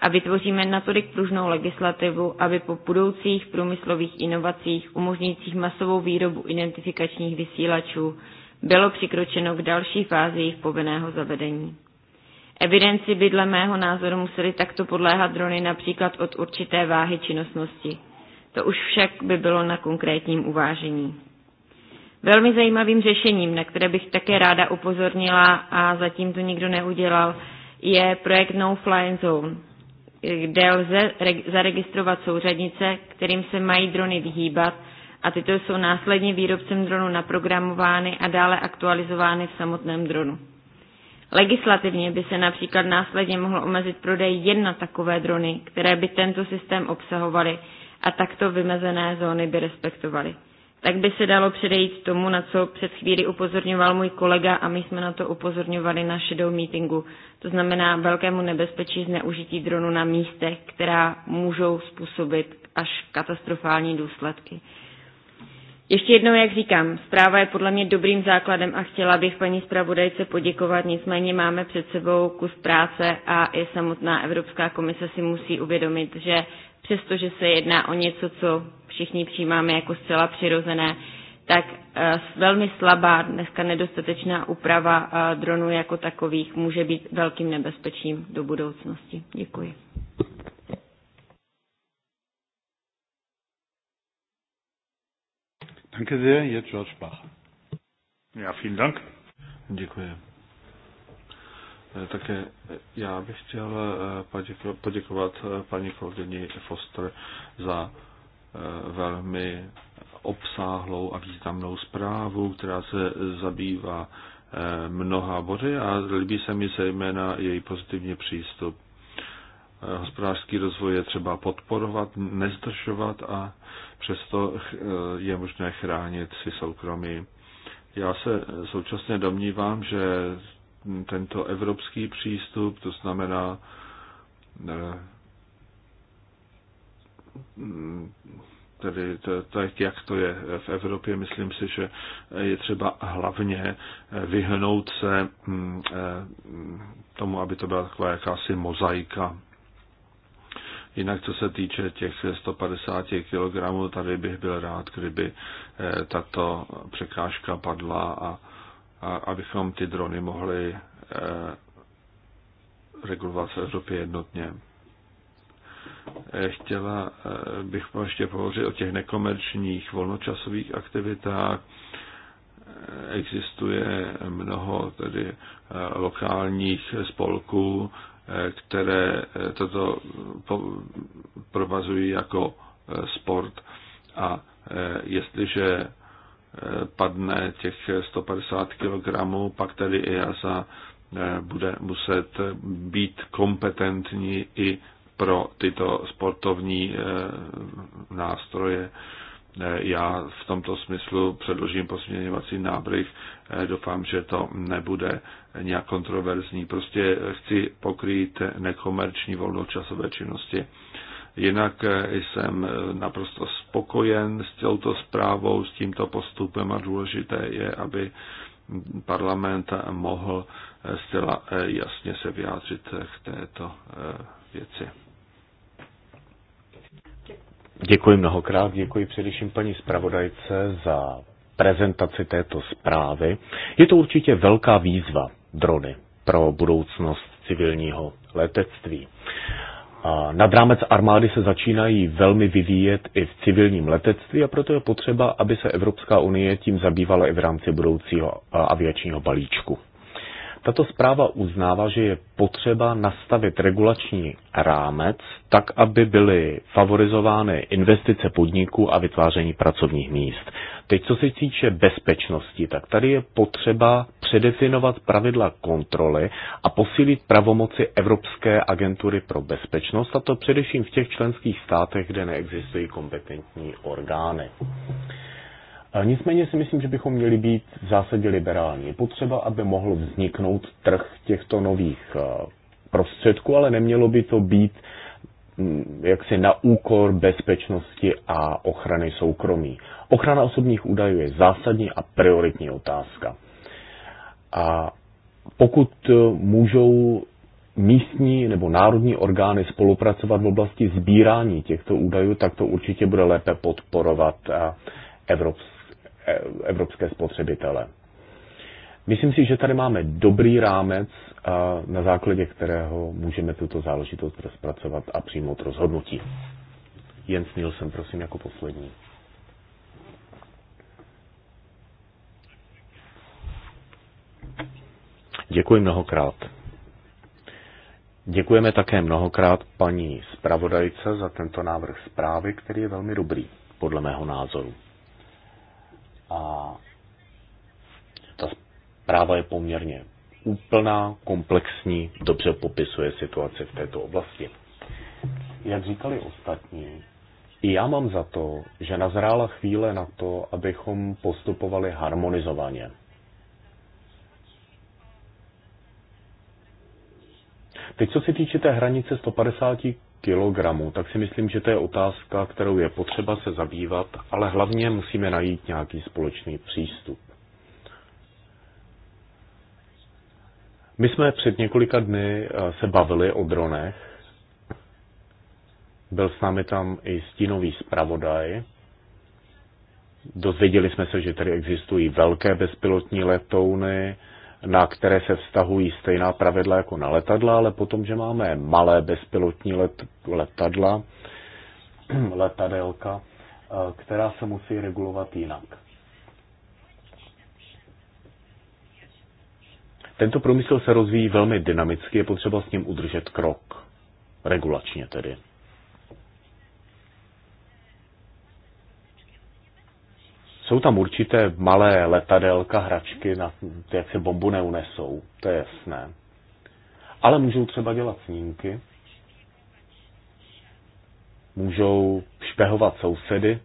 a vytvoříme natolik pružnou legislativu, aby po budoucích průmyslových inovacích umožňujících masovou výrobu identifikačních vysílačů bylo přikročeno k další fázi jejich povinného zavedení. Evidenci by dle mého názoru museli takto podléhat drony například od určité váhy činnostnosti. To už však by bylo na konkrétním uvážení. Velmi zajímavým řešením, na které bych také ráda upozornila a zatím to nikdo neudělal, je projekt No Fly Zone, kde lze zaregistrovat souřadnice, kterým se mají drony vyhýbat a tyto jsou následně výrobcem dronu naprogramovány a dále aktualizovány v samotném dronu. Legislativně by se například následně mohlo omezit prodej jen na takové drony, které by tento systém obsahovaly a takto vymezené zóny by respektovaly tak by se dalo předejít tomu, na co před chvíli upozorňoval můj kolega a my jsme na to upozorňovali na shadow meetingu. To znamená velkému nebezpečí zneužití dronu na místech, která můžou způsobit až katastrofální důsledky. Ještě jednou, jak říkám, zpráva je podle mě dobrým základem a chtěla bych paní zpravodajce poděkovat, nicméně máme před sebou kus práce a i samotná Evropská komise si musí uvědomit, že přestože se jedná o něco, co všichni přijímáme jako zcela přirozené, tak eh, velmi slabá, dneska nedostatečná úprava eh, dronů jako takových může být velkým nebezpečím do budoucnosti. Děkuji. Danke sehr, jetzt George Bach. Ja, vielen Dank. Děkuji. Eh, také já bych chtěl poděkovat paní kolegyni Foster za Eh, velmi obsáhlou a významnou zprávu, která se zabývá eh, mnoha body a líbí se mi zejména její pozitivní přístup. Eh, hospodářský rozvoj je třeba podporovat, nezdržovat a přesto je možné chránit si soukromí. Já se současně domnívám, že tento evropský přístup, to znamená Mm, tedy tak, jak to je v Evropě, myslím si, že je třeba hlavně vyhnout se mm, eh, mm, tomu, aby to byla taková jakási mozaika. Jinak, co se týče těch 150 kg, tady bych byl rád, kdyby eh, tato překážka padla a, a abychom ty drony mohli eh, regulovat v Evropě jednotně. Eh, chtěla eh, bych ještě pohořit o těch nekomerčních volnočasových aktivitách. Eh, existuje mnoho tedy lokálních spolků, které toto provazují jako sport a jestliže padne těch 150 kg, pak tedy EASA bude muset být kompetentní i pro tyto sportovní eh, nástroje. Eh, já v tomto smyslu předložím posměňovací návrh. Eh, doufám, že to nebude nějak kontroverzní. Prostě chci pokrýt nekomerční volnočasové činnosti. Jinak jsem naprosto spokojen s touto zprávou, s tímto postupem a důležité je, aby parlament mohl zcela jasně se vyjádřit k této věci. Děkuji mnohokrát, děkuji především paní zpravodajce za prezentaci této zprávy. Je to určitě velká výzva drony pro budoucnost civilního letectví. Nad rámec armády se začínají velmi vyvíjet i v civilním letectví a proto je potřeba, aby se Evropská unie tím zabývala i v rámci budoucího aviačního balíčku. Tato zpráva uznává, že je potřeba nastavit regulační rámec tak, aby byly favorizovány investice podniků a vytváření pracovních míst. Teď, co se týče bezpečnosti, tak tady je potřeba předefinovat pravidla kontroly a posílit pravomoci Evropské agentury pro bezpečnost, a to především v těch členských státech, kde neexistují kompetentní orgány. Nicméně si myslím, že bychom měli být v zásadě liberální. Je potřeba, aby mohl vzniknout trh těchto nových eh, prostředků, ale nemělo by to být mm, jaksi na úkor bezpečnosti a ochrany soukromí. Ochrana osobních údajů je zásadní a prioritní otázka. A pokud eh, můžou místní nebo národní orgány spolupracovat v oblasti sbírání těchto údajů, tak to určitě bude lépe podporovat eh, evropské Eh, evropské spotřebitele. Myslím si, že tady máme dobrý rámec, eh, na základě kterého můžeme tuto záležitost rozpracovat a přijmout rozhodnutí. Jens Nielsen, prosím, jako poslední. Děkuji mnohokrát. Děkujeme také mnohokrát paní zpravodajce za tento návrh zprávy, který je velmi dobrý, podle mého názoru a ta zpráva je poměrně úplná, komplexní, dobře popisuje situaci v této oblasti. Jak říkali ostatní, i já mám za to, že nazrála chvíle na to, abychom postupovali harmonizovaně. Teď, co se týče té hranice 150 kilogramů, tak si myslím, že to je otázka, kterou je potřeba se zabývat, ale hlavně musíme najít nějaký společný přístup. My jsme před několika dny eh, se bavili o dronech. Byl s námi tam i stínový zpravodaj. Dozvěděli jsme se, že tady existují velké bezpilotní letouny, na které se vztahují stejná pravidla jako na letadla, ale potom, že máme malé bezpilotní let, letadla, letadelka, eh, která se musí regulovat jinak. Tento průmysl se rozvíjí velmi dynamicky, je potřeba s ním udržet krok. Regulačně tedy. Jsou tam určité malé letadélka, hračky, na, jak se bombu neunesou, to je jasné. Ale můžou třeba dělat snímky, můžou špehovat sousedy.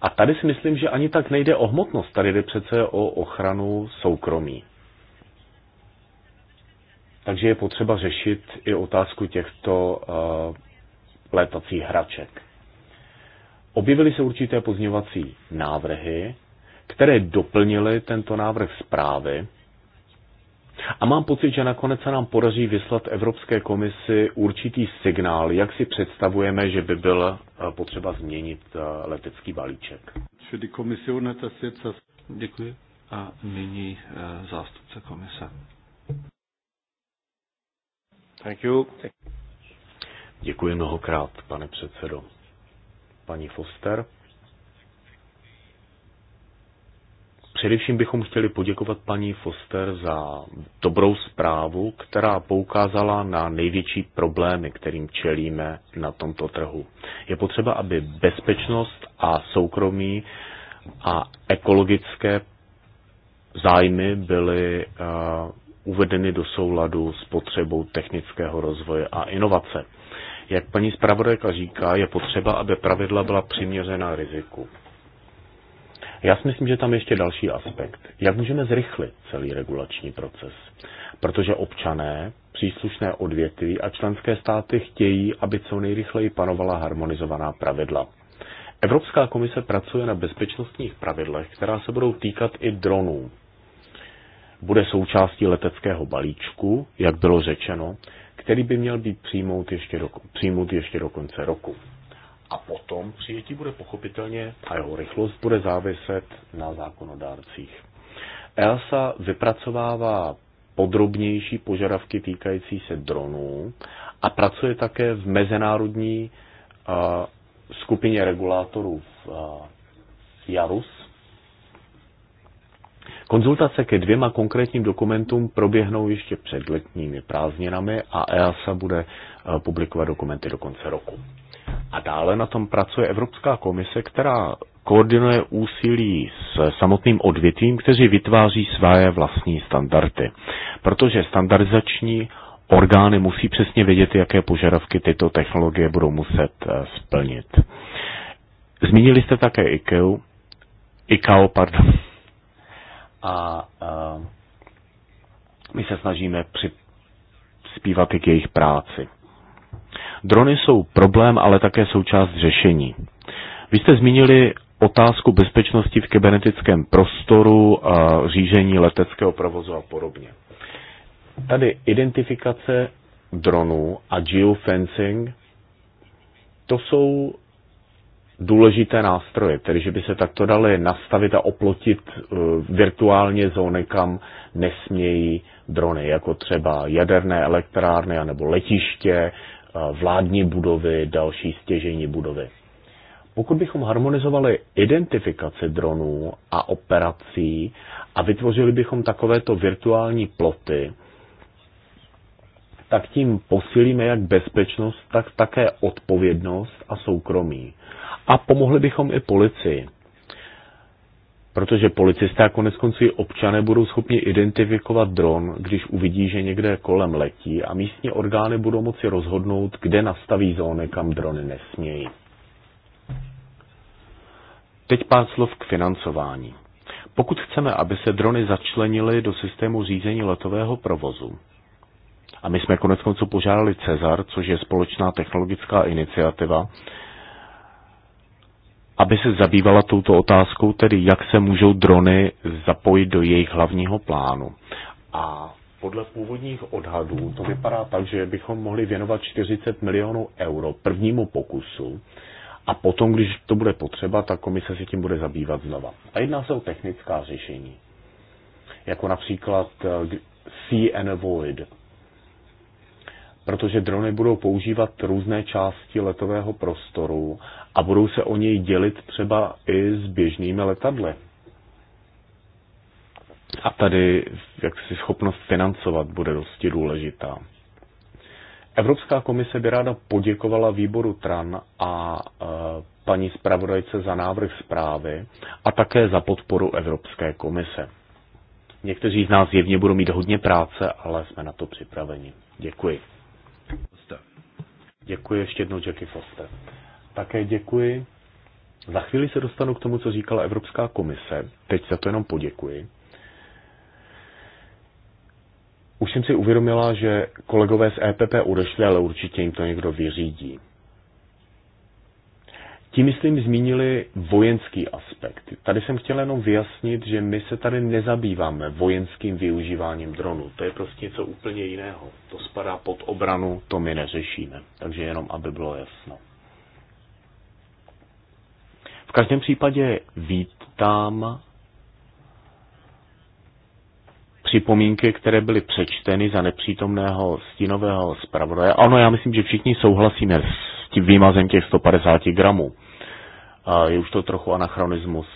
A tady si myslím, že ani tak nejde o hmotnost, tady jde přece o ochranu soukromí. Takže je potřeba řešit i otázku těchto uh, létacích hraček. Objevily se určité pozměňovací návrhy, které doplnily tento návrh zprávy. A mám pocit, že nakonec se nám podaří vyslat Evropské komisi určitý signál, jak si představujeme, že by byl eh, potřeba změnit eh, letecký balíček. Děkuji. A nyní eh, zástupce komise. Thank you. Děkuji mnohokrát, pane předsedo paní Foster. Především bychom chtěli poděkovat paní Foster za dobrou zprávu, která poukázala na největší problémy, kterým čelíme na tomto trhu. Je potřeba, aby bezpečnost a soukromí a ekologické zájmy byly eh, uvedeny do souladu s potřebou technického rozvoje a inovace. Jak paní zpravodajka říká, je potřeba, aby pravidla byla přiměřená riziku. Já si myslím, že tam ještě další aspekt. Jak můžeme zrychlit celý regulační proces? Protože občané, příslušné odvětví a členské státy chtějí, aby co nejrychleji panovala harmonizovaná pravidla. Evropská komise pracuje na bezpečnostních pravidlech, která se budou týkat i dronů. Bude součástí leteckého balíčku, jak bylo řečeno, který by měl být přijmout ještě do, přijmout ještě do konce roku. A potom přijetí bude pochopitelně a jeho rychlost bude záviset na zákonodárcích. EASA vypracovává podrobnější požadavky týkající se dronů a pracuje také v mezinárodní uh, skupině regulátorů v uh, JARUS, Konzultace ke dvěma konkrétním dokumentům proběhnou ještě před letními prázdninami a EASA bude e, publikovat dokumenty do konce roku. A dále na tom pracuje Evropská komise, která koordinuje úsilí s samotným odvětvím, kteří vytváří své vlastní standardy. Protože standardizační orgány musí přesně vědět, jaké požadavky tyto technologie budou muset e, splnit. Zmínili jste také IKEA, ICAO, pardon, a eh, my se snažíme přispívat k jejich práci. Drony jsou problém, ale také součást řešení. Vy jste zmínili otázku bezpečnosti v kybernetickém prostoru, a řízení leteckého provozu a podobně. Tady identifikace dronů a geofencing, to jsou důležité nástroje, tedy že by se takto dali nastavit a oplotit eh, virtuálně zóny, kam nesmějí drony, jako třeba jaderné elektrárny, nebo letiště, eh, vládní budovy, další stěžení budovy. Pokud bychom harmonizovali identifikaci dronů a operací a vytvořili bychom takovéto virtuální ploty, tak tím posílíme jak bezpečnost, tak také odpovědnost a soukromí. A pomohli bychom i policii. Protože policisté a konec konců občané budou schopni identifikovat dron, když uvidí, že někde kolem letí a místní orgány budou moci rozhodnout, kde nastaví zóny, kam drony nesmějí. Teď pár slov k financování. Pokud chceme, aby se drony začlenily do systému řízení letového provozu, a my jsme konec konců požádali Cezar, což je společná technologická iniciativa, aby se zabývala touto otázkou, tedy jak se můžou drony zapojit do jejich hlavního plánu. A podle původních odhadů to vypadá tak, že bychom mohli věnovat 40 milionů euro prvnímu pokusu a potom, když to bude potřeba, tak komise se tím bude zabývat znova. A jedná se o technická řešení, jako například see eh, and avoid, protože drony budou používat různé části letového prostoru a budou se o něj dělit třeba i s běžnými letadly. A tady jak si schopnost financovat bude dosti důležitá. Evropská komise by ráda poděkovala výboru TRAN a e, paní zpravodajce za návrh zprávy a také za podporu Evropské komise. Někteří z nás jevně budou mít hodně práce, ale jsme na to připraveni. Děkuji. Děkuji ještě jednou Jackie Foster. Také děkuji. Za chvíli se dostanu k tomu, co říkala Evropská komise. Teď za to jenom poděkuji. Už jsem si uvědomila, že kolegové z EPP odešli, ale určitě jim to někdo vyřídí. Tím, myslím, zmínili vojenský aspekt. Tady jsem chtěl jenom vyjasnit, že my se tady nezabýváme vojenským využíváním dronu. To je prostě něco úplně jiného. To spadá pod obranu, to my neřešíme. Takže jenom, aby bylo jasno. V každém případě vítám připomínky, které byly přečteny za nepřítomného stínového zpravodaje. Ano, já myslím, že všichni souhlasíme s tím výmazem těch 150 gramů. Je už to trochu anachronismus.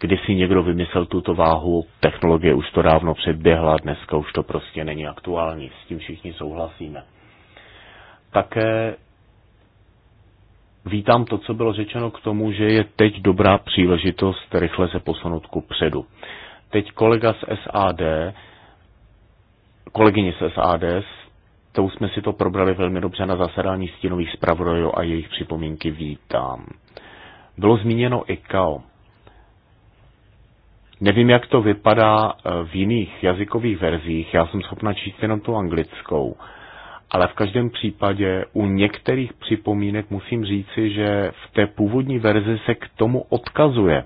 Když si někdo vymyslel tuto váhu, technologie už to dávno předběhla, dneska už to prostě není aktuální, s tím všichni souhlasíme. Také vítám to, co bylo řečeno k tomu, že je teď dobrá příležitost rychle se posunout ku předu. Teď kolega z SAD, kolegyně z SAD tou jsme si to probrali velmi dobře na zasedání stínových zpravodajů a jejich připomínky vítám. Bylo zmíněno ICAO. Nevím, jak to vypadá eh, v jiných jazykových verzích, já jsem schopna číst jenom tu anglickou, ale v každém případě u některých připomínek musím říci, že v té původní verzi se k tomu odkazuje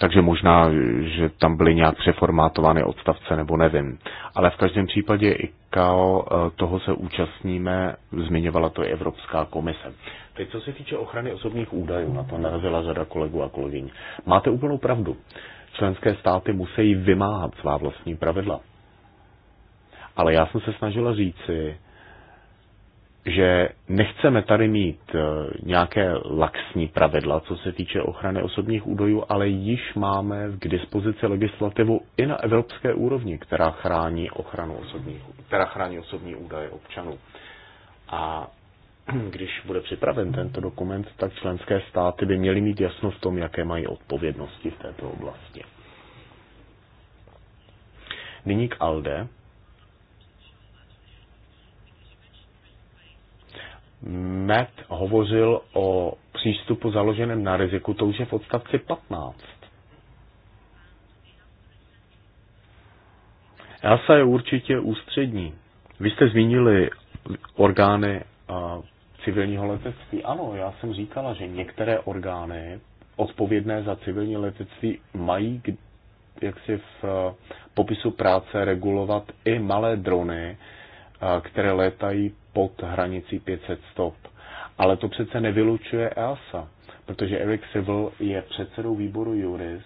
takže možná, že tam byly nějak přeformátovány odstavce, nebo nevím. Ale v každém případě ICAO e, toho se účastníme, zmiňovala to i Evropská komise. Teď co se týče ochrany osobních údajů, na to narazila řada kolegů a kolegyň. Máte úplnou pravdu. Členské státy musí vymáhat svá vlastní pravidla. Ale já jsem se snažila říci, že nechceme tady mít e, nějaké laxní pravidla, co se týče ochrany osobních údajů, ale již máme k dispozici legislativu i na evropské úrovni, která chrání ochranu osobních, která chrání osobní údaje občanů. A když bude připraven tento dokument, tak členské státy by měly mít jasno v tom, jaké mají odpovědnosti v této oblasti. Nyní k ALDE. Met hovořil o přístupu založeném na riziku, to už je v odstavci 15. Elsa je určitě ústřední. Vy jste zmínili orgány civilního letectví. Ano, já jsem říkala, že některé orgány odpovědné za civilní letectví mají jaksi v e, popisu práce regulovat i malé drony, které létají pod hranicí 500 stop. Ale to přece nevylučuje EASA, protože Eric Civil je předsedou výboru Juris,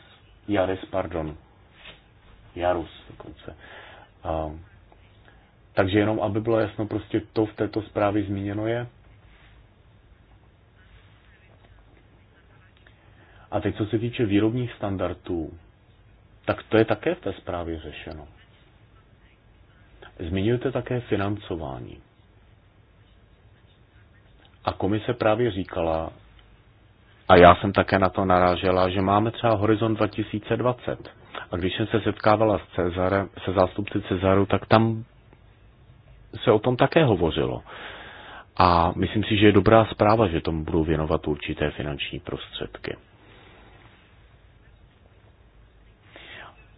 Jaris, pardon, Jarus dokonce. Uh, takže jenom, aby bylo jasno, prostě to v této zprávě zmíněno je. A teď, co se týče výrobních standardů, tak to je také v té zprávě řešeno. Zmiňujete také financování. A komise právě říkala, a já jsem také na to narážela, že máme třeba horizont 2020. A když jsem se setkávala s Cezarem, se zástupci Cezaru, tak tam se o tom také hovořilo. A myslím si, že je dobrá zpráva, že tomu budou věnovat určité finanční prostředky.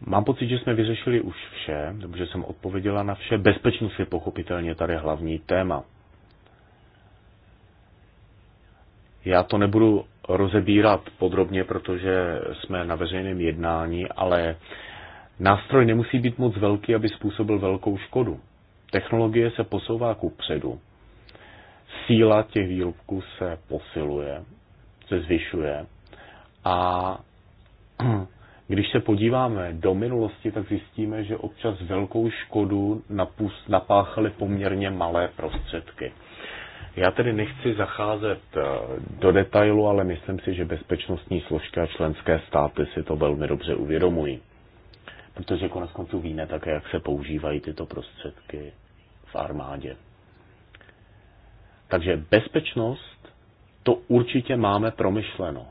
Mám pocit, že jsme vyřešili už vše, že jsem odpověděla na vše. Bezpečnost je pochopitelně tady hlavní téma. Já to nebudu rozebírat podrobně, protože jsme na veřejném jednání, ale nástroj nemusí být moc velký, aby způsobil velkou škodu. Technologie se posouvá ku předu. Síla těch výrobků se posiluje, se zvyšuje. A když se podíváme do minulosti, tak zjistíme, že občas velkou škodu napáchaly poměrně malé prostředky. Já tedy nechci zacházet eh, do detailu, ale myslím si, že bezpečnostní složky a členské státy si to velmi dobře uvědomují. Protože konec konců víme také, jak se používají tyto prostředky v armádě. Takže bezpečnost, to určitě máme promyšleno.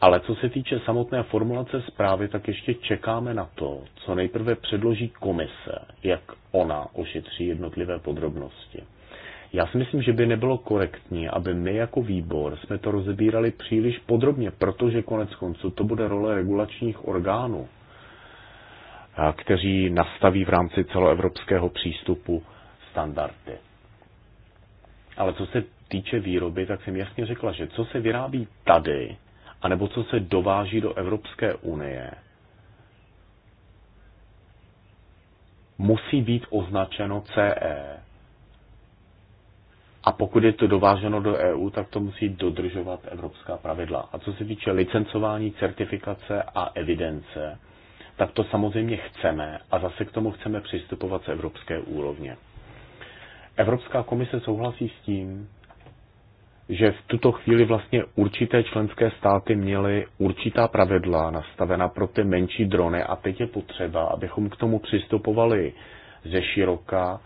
Ale co se týče samotné formulace zprávy, tak ještě čekáme na to, co nejprve předloží komise, jak ona ošetří jednotlivé podrobnosti. Já si myslím, že by nebylo korektní, aby my jako výbor jsme to rozebírali příliš podrobně, protože konec konců to bude role regulačních orgánů, kteří nastaví v rámci celoevropského přístupu standardy. Ale co se týče výroby, tak jsem jasně řekla, že co se vyrábí tady, anebo co se dováží do Evropské unie, musí být označeno CE a pokud je to dováženo do EU, tak to musí dodržovat evropská pravidla. A co se týče licencování, certifikace a evidence, tak to samozřejmě chceme a zase k tomu chceme přistupovat z evropské úrovně. Evropská komise souhlasí s tím, že v tuto chvíli vlastně určité členské státy měly určitá pravidla nastavena pro ty menší drony a teď je potřeba, abychom k tomu přistupovali ze široka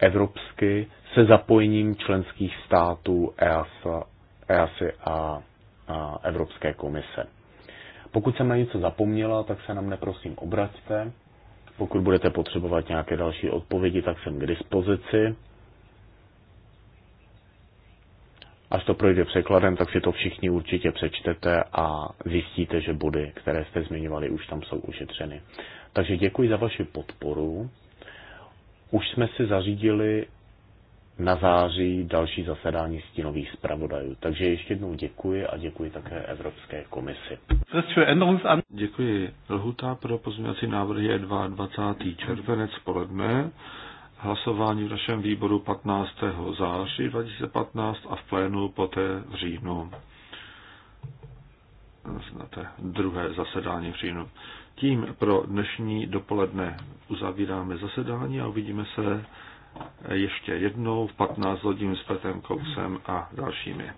evropsky se zapojením členských států EASA, EASA a, a Evropské komise. Pokud jsem na něco zapomněla, tak se na mne prosím obraťte. Pokud budete potřebovat nějaké další odpovědi, tak jsem k dispozici. Až to projde překladem, tak si to všichni určitě přečtete a zjistíte, že body, které jste zmiňovali, už tam jsou ušetřeny. Takže děkuji za vaši podporu. Už jsme si zařídili na září další zasedání stínových zpravodajů. Takže ještě jednou děkuji a děkuji také Evropské komisi. Děkuji. Lhuta pro pozměňovací návrhy je 22. červenec poledne. Hlasování v našem výboru 15. září 2015 a v plénu poté v říjnu. Znáte druhé zasedání v říjnu. Tím pro dnešní dopoledne uzavíráme zasedání a uvidíme se ještě jednou v 15 hodin s Petrem Kousem a dalšími.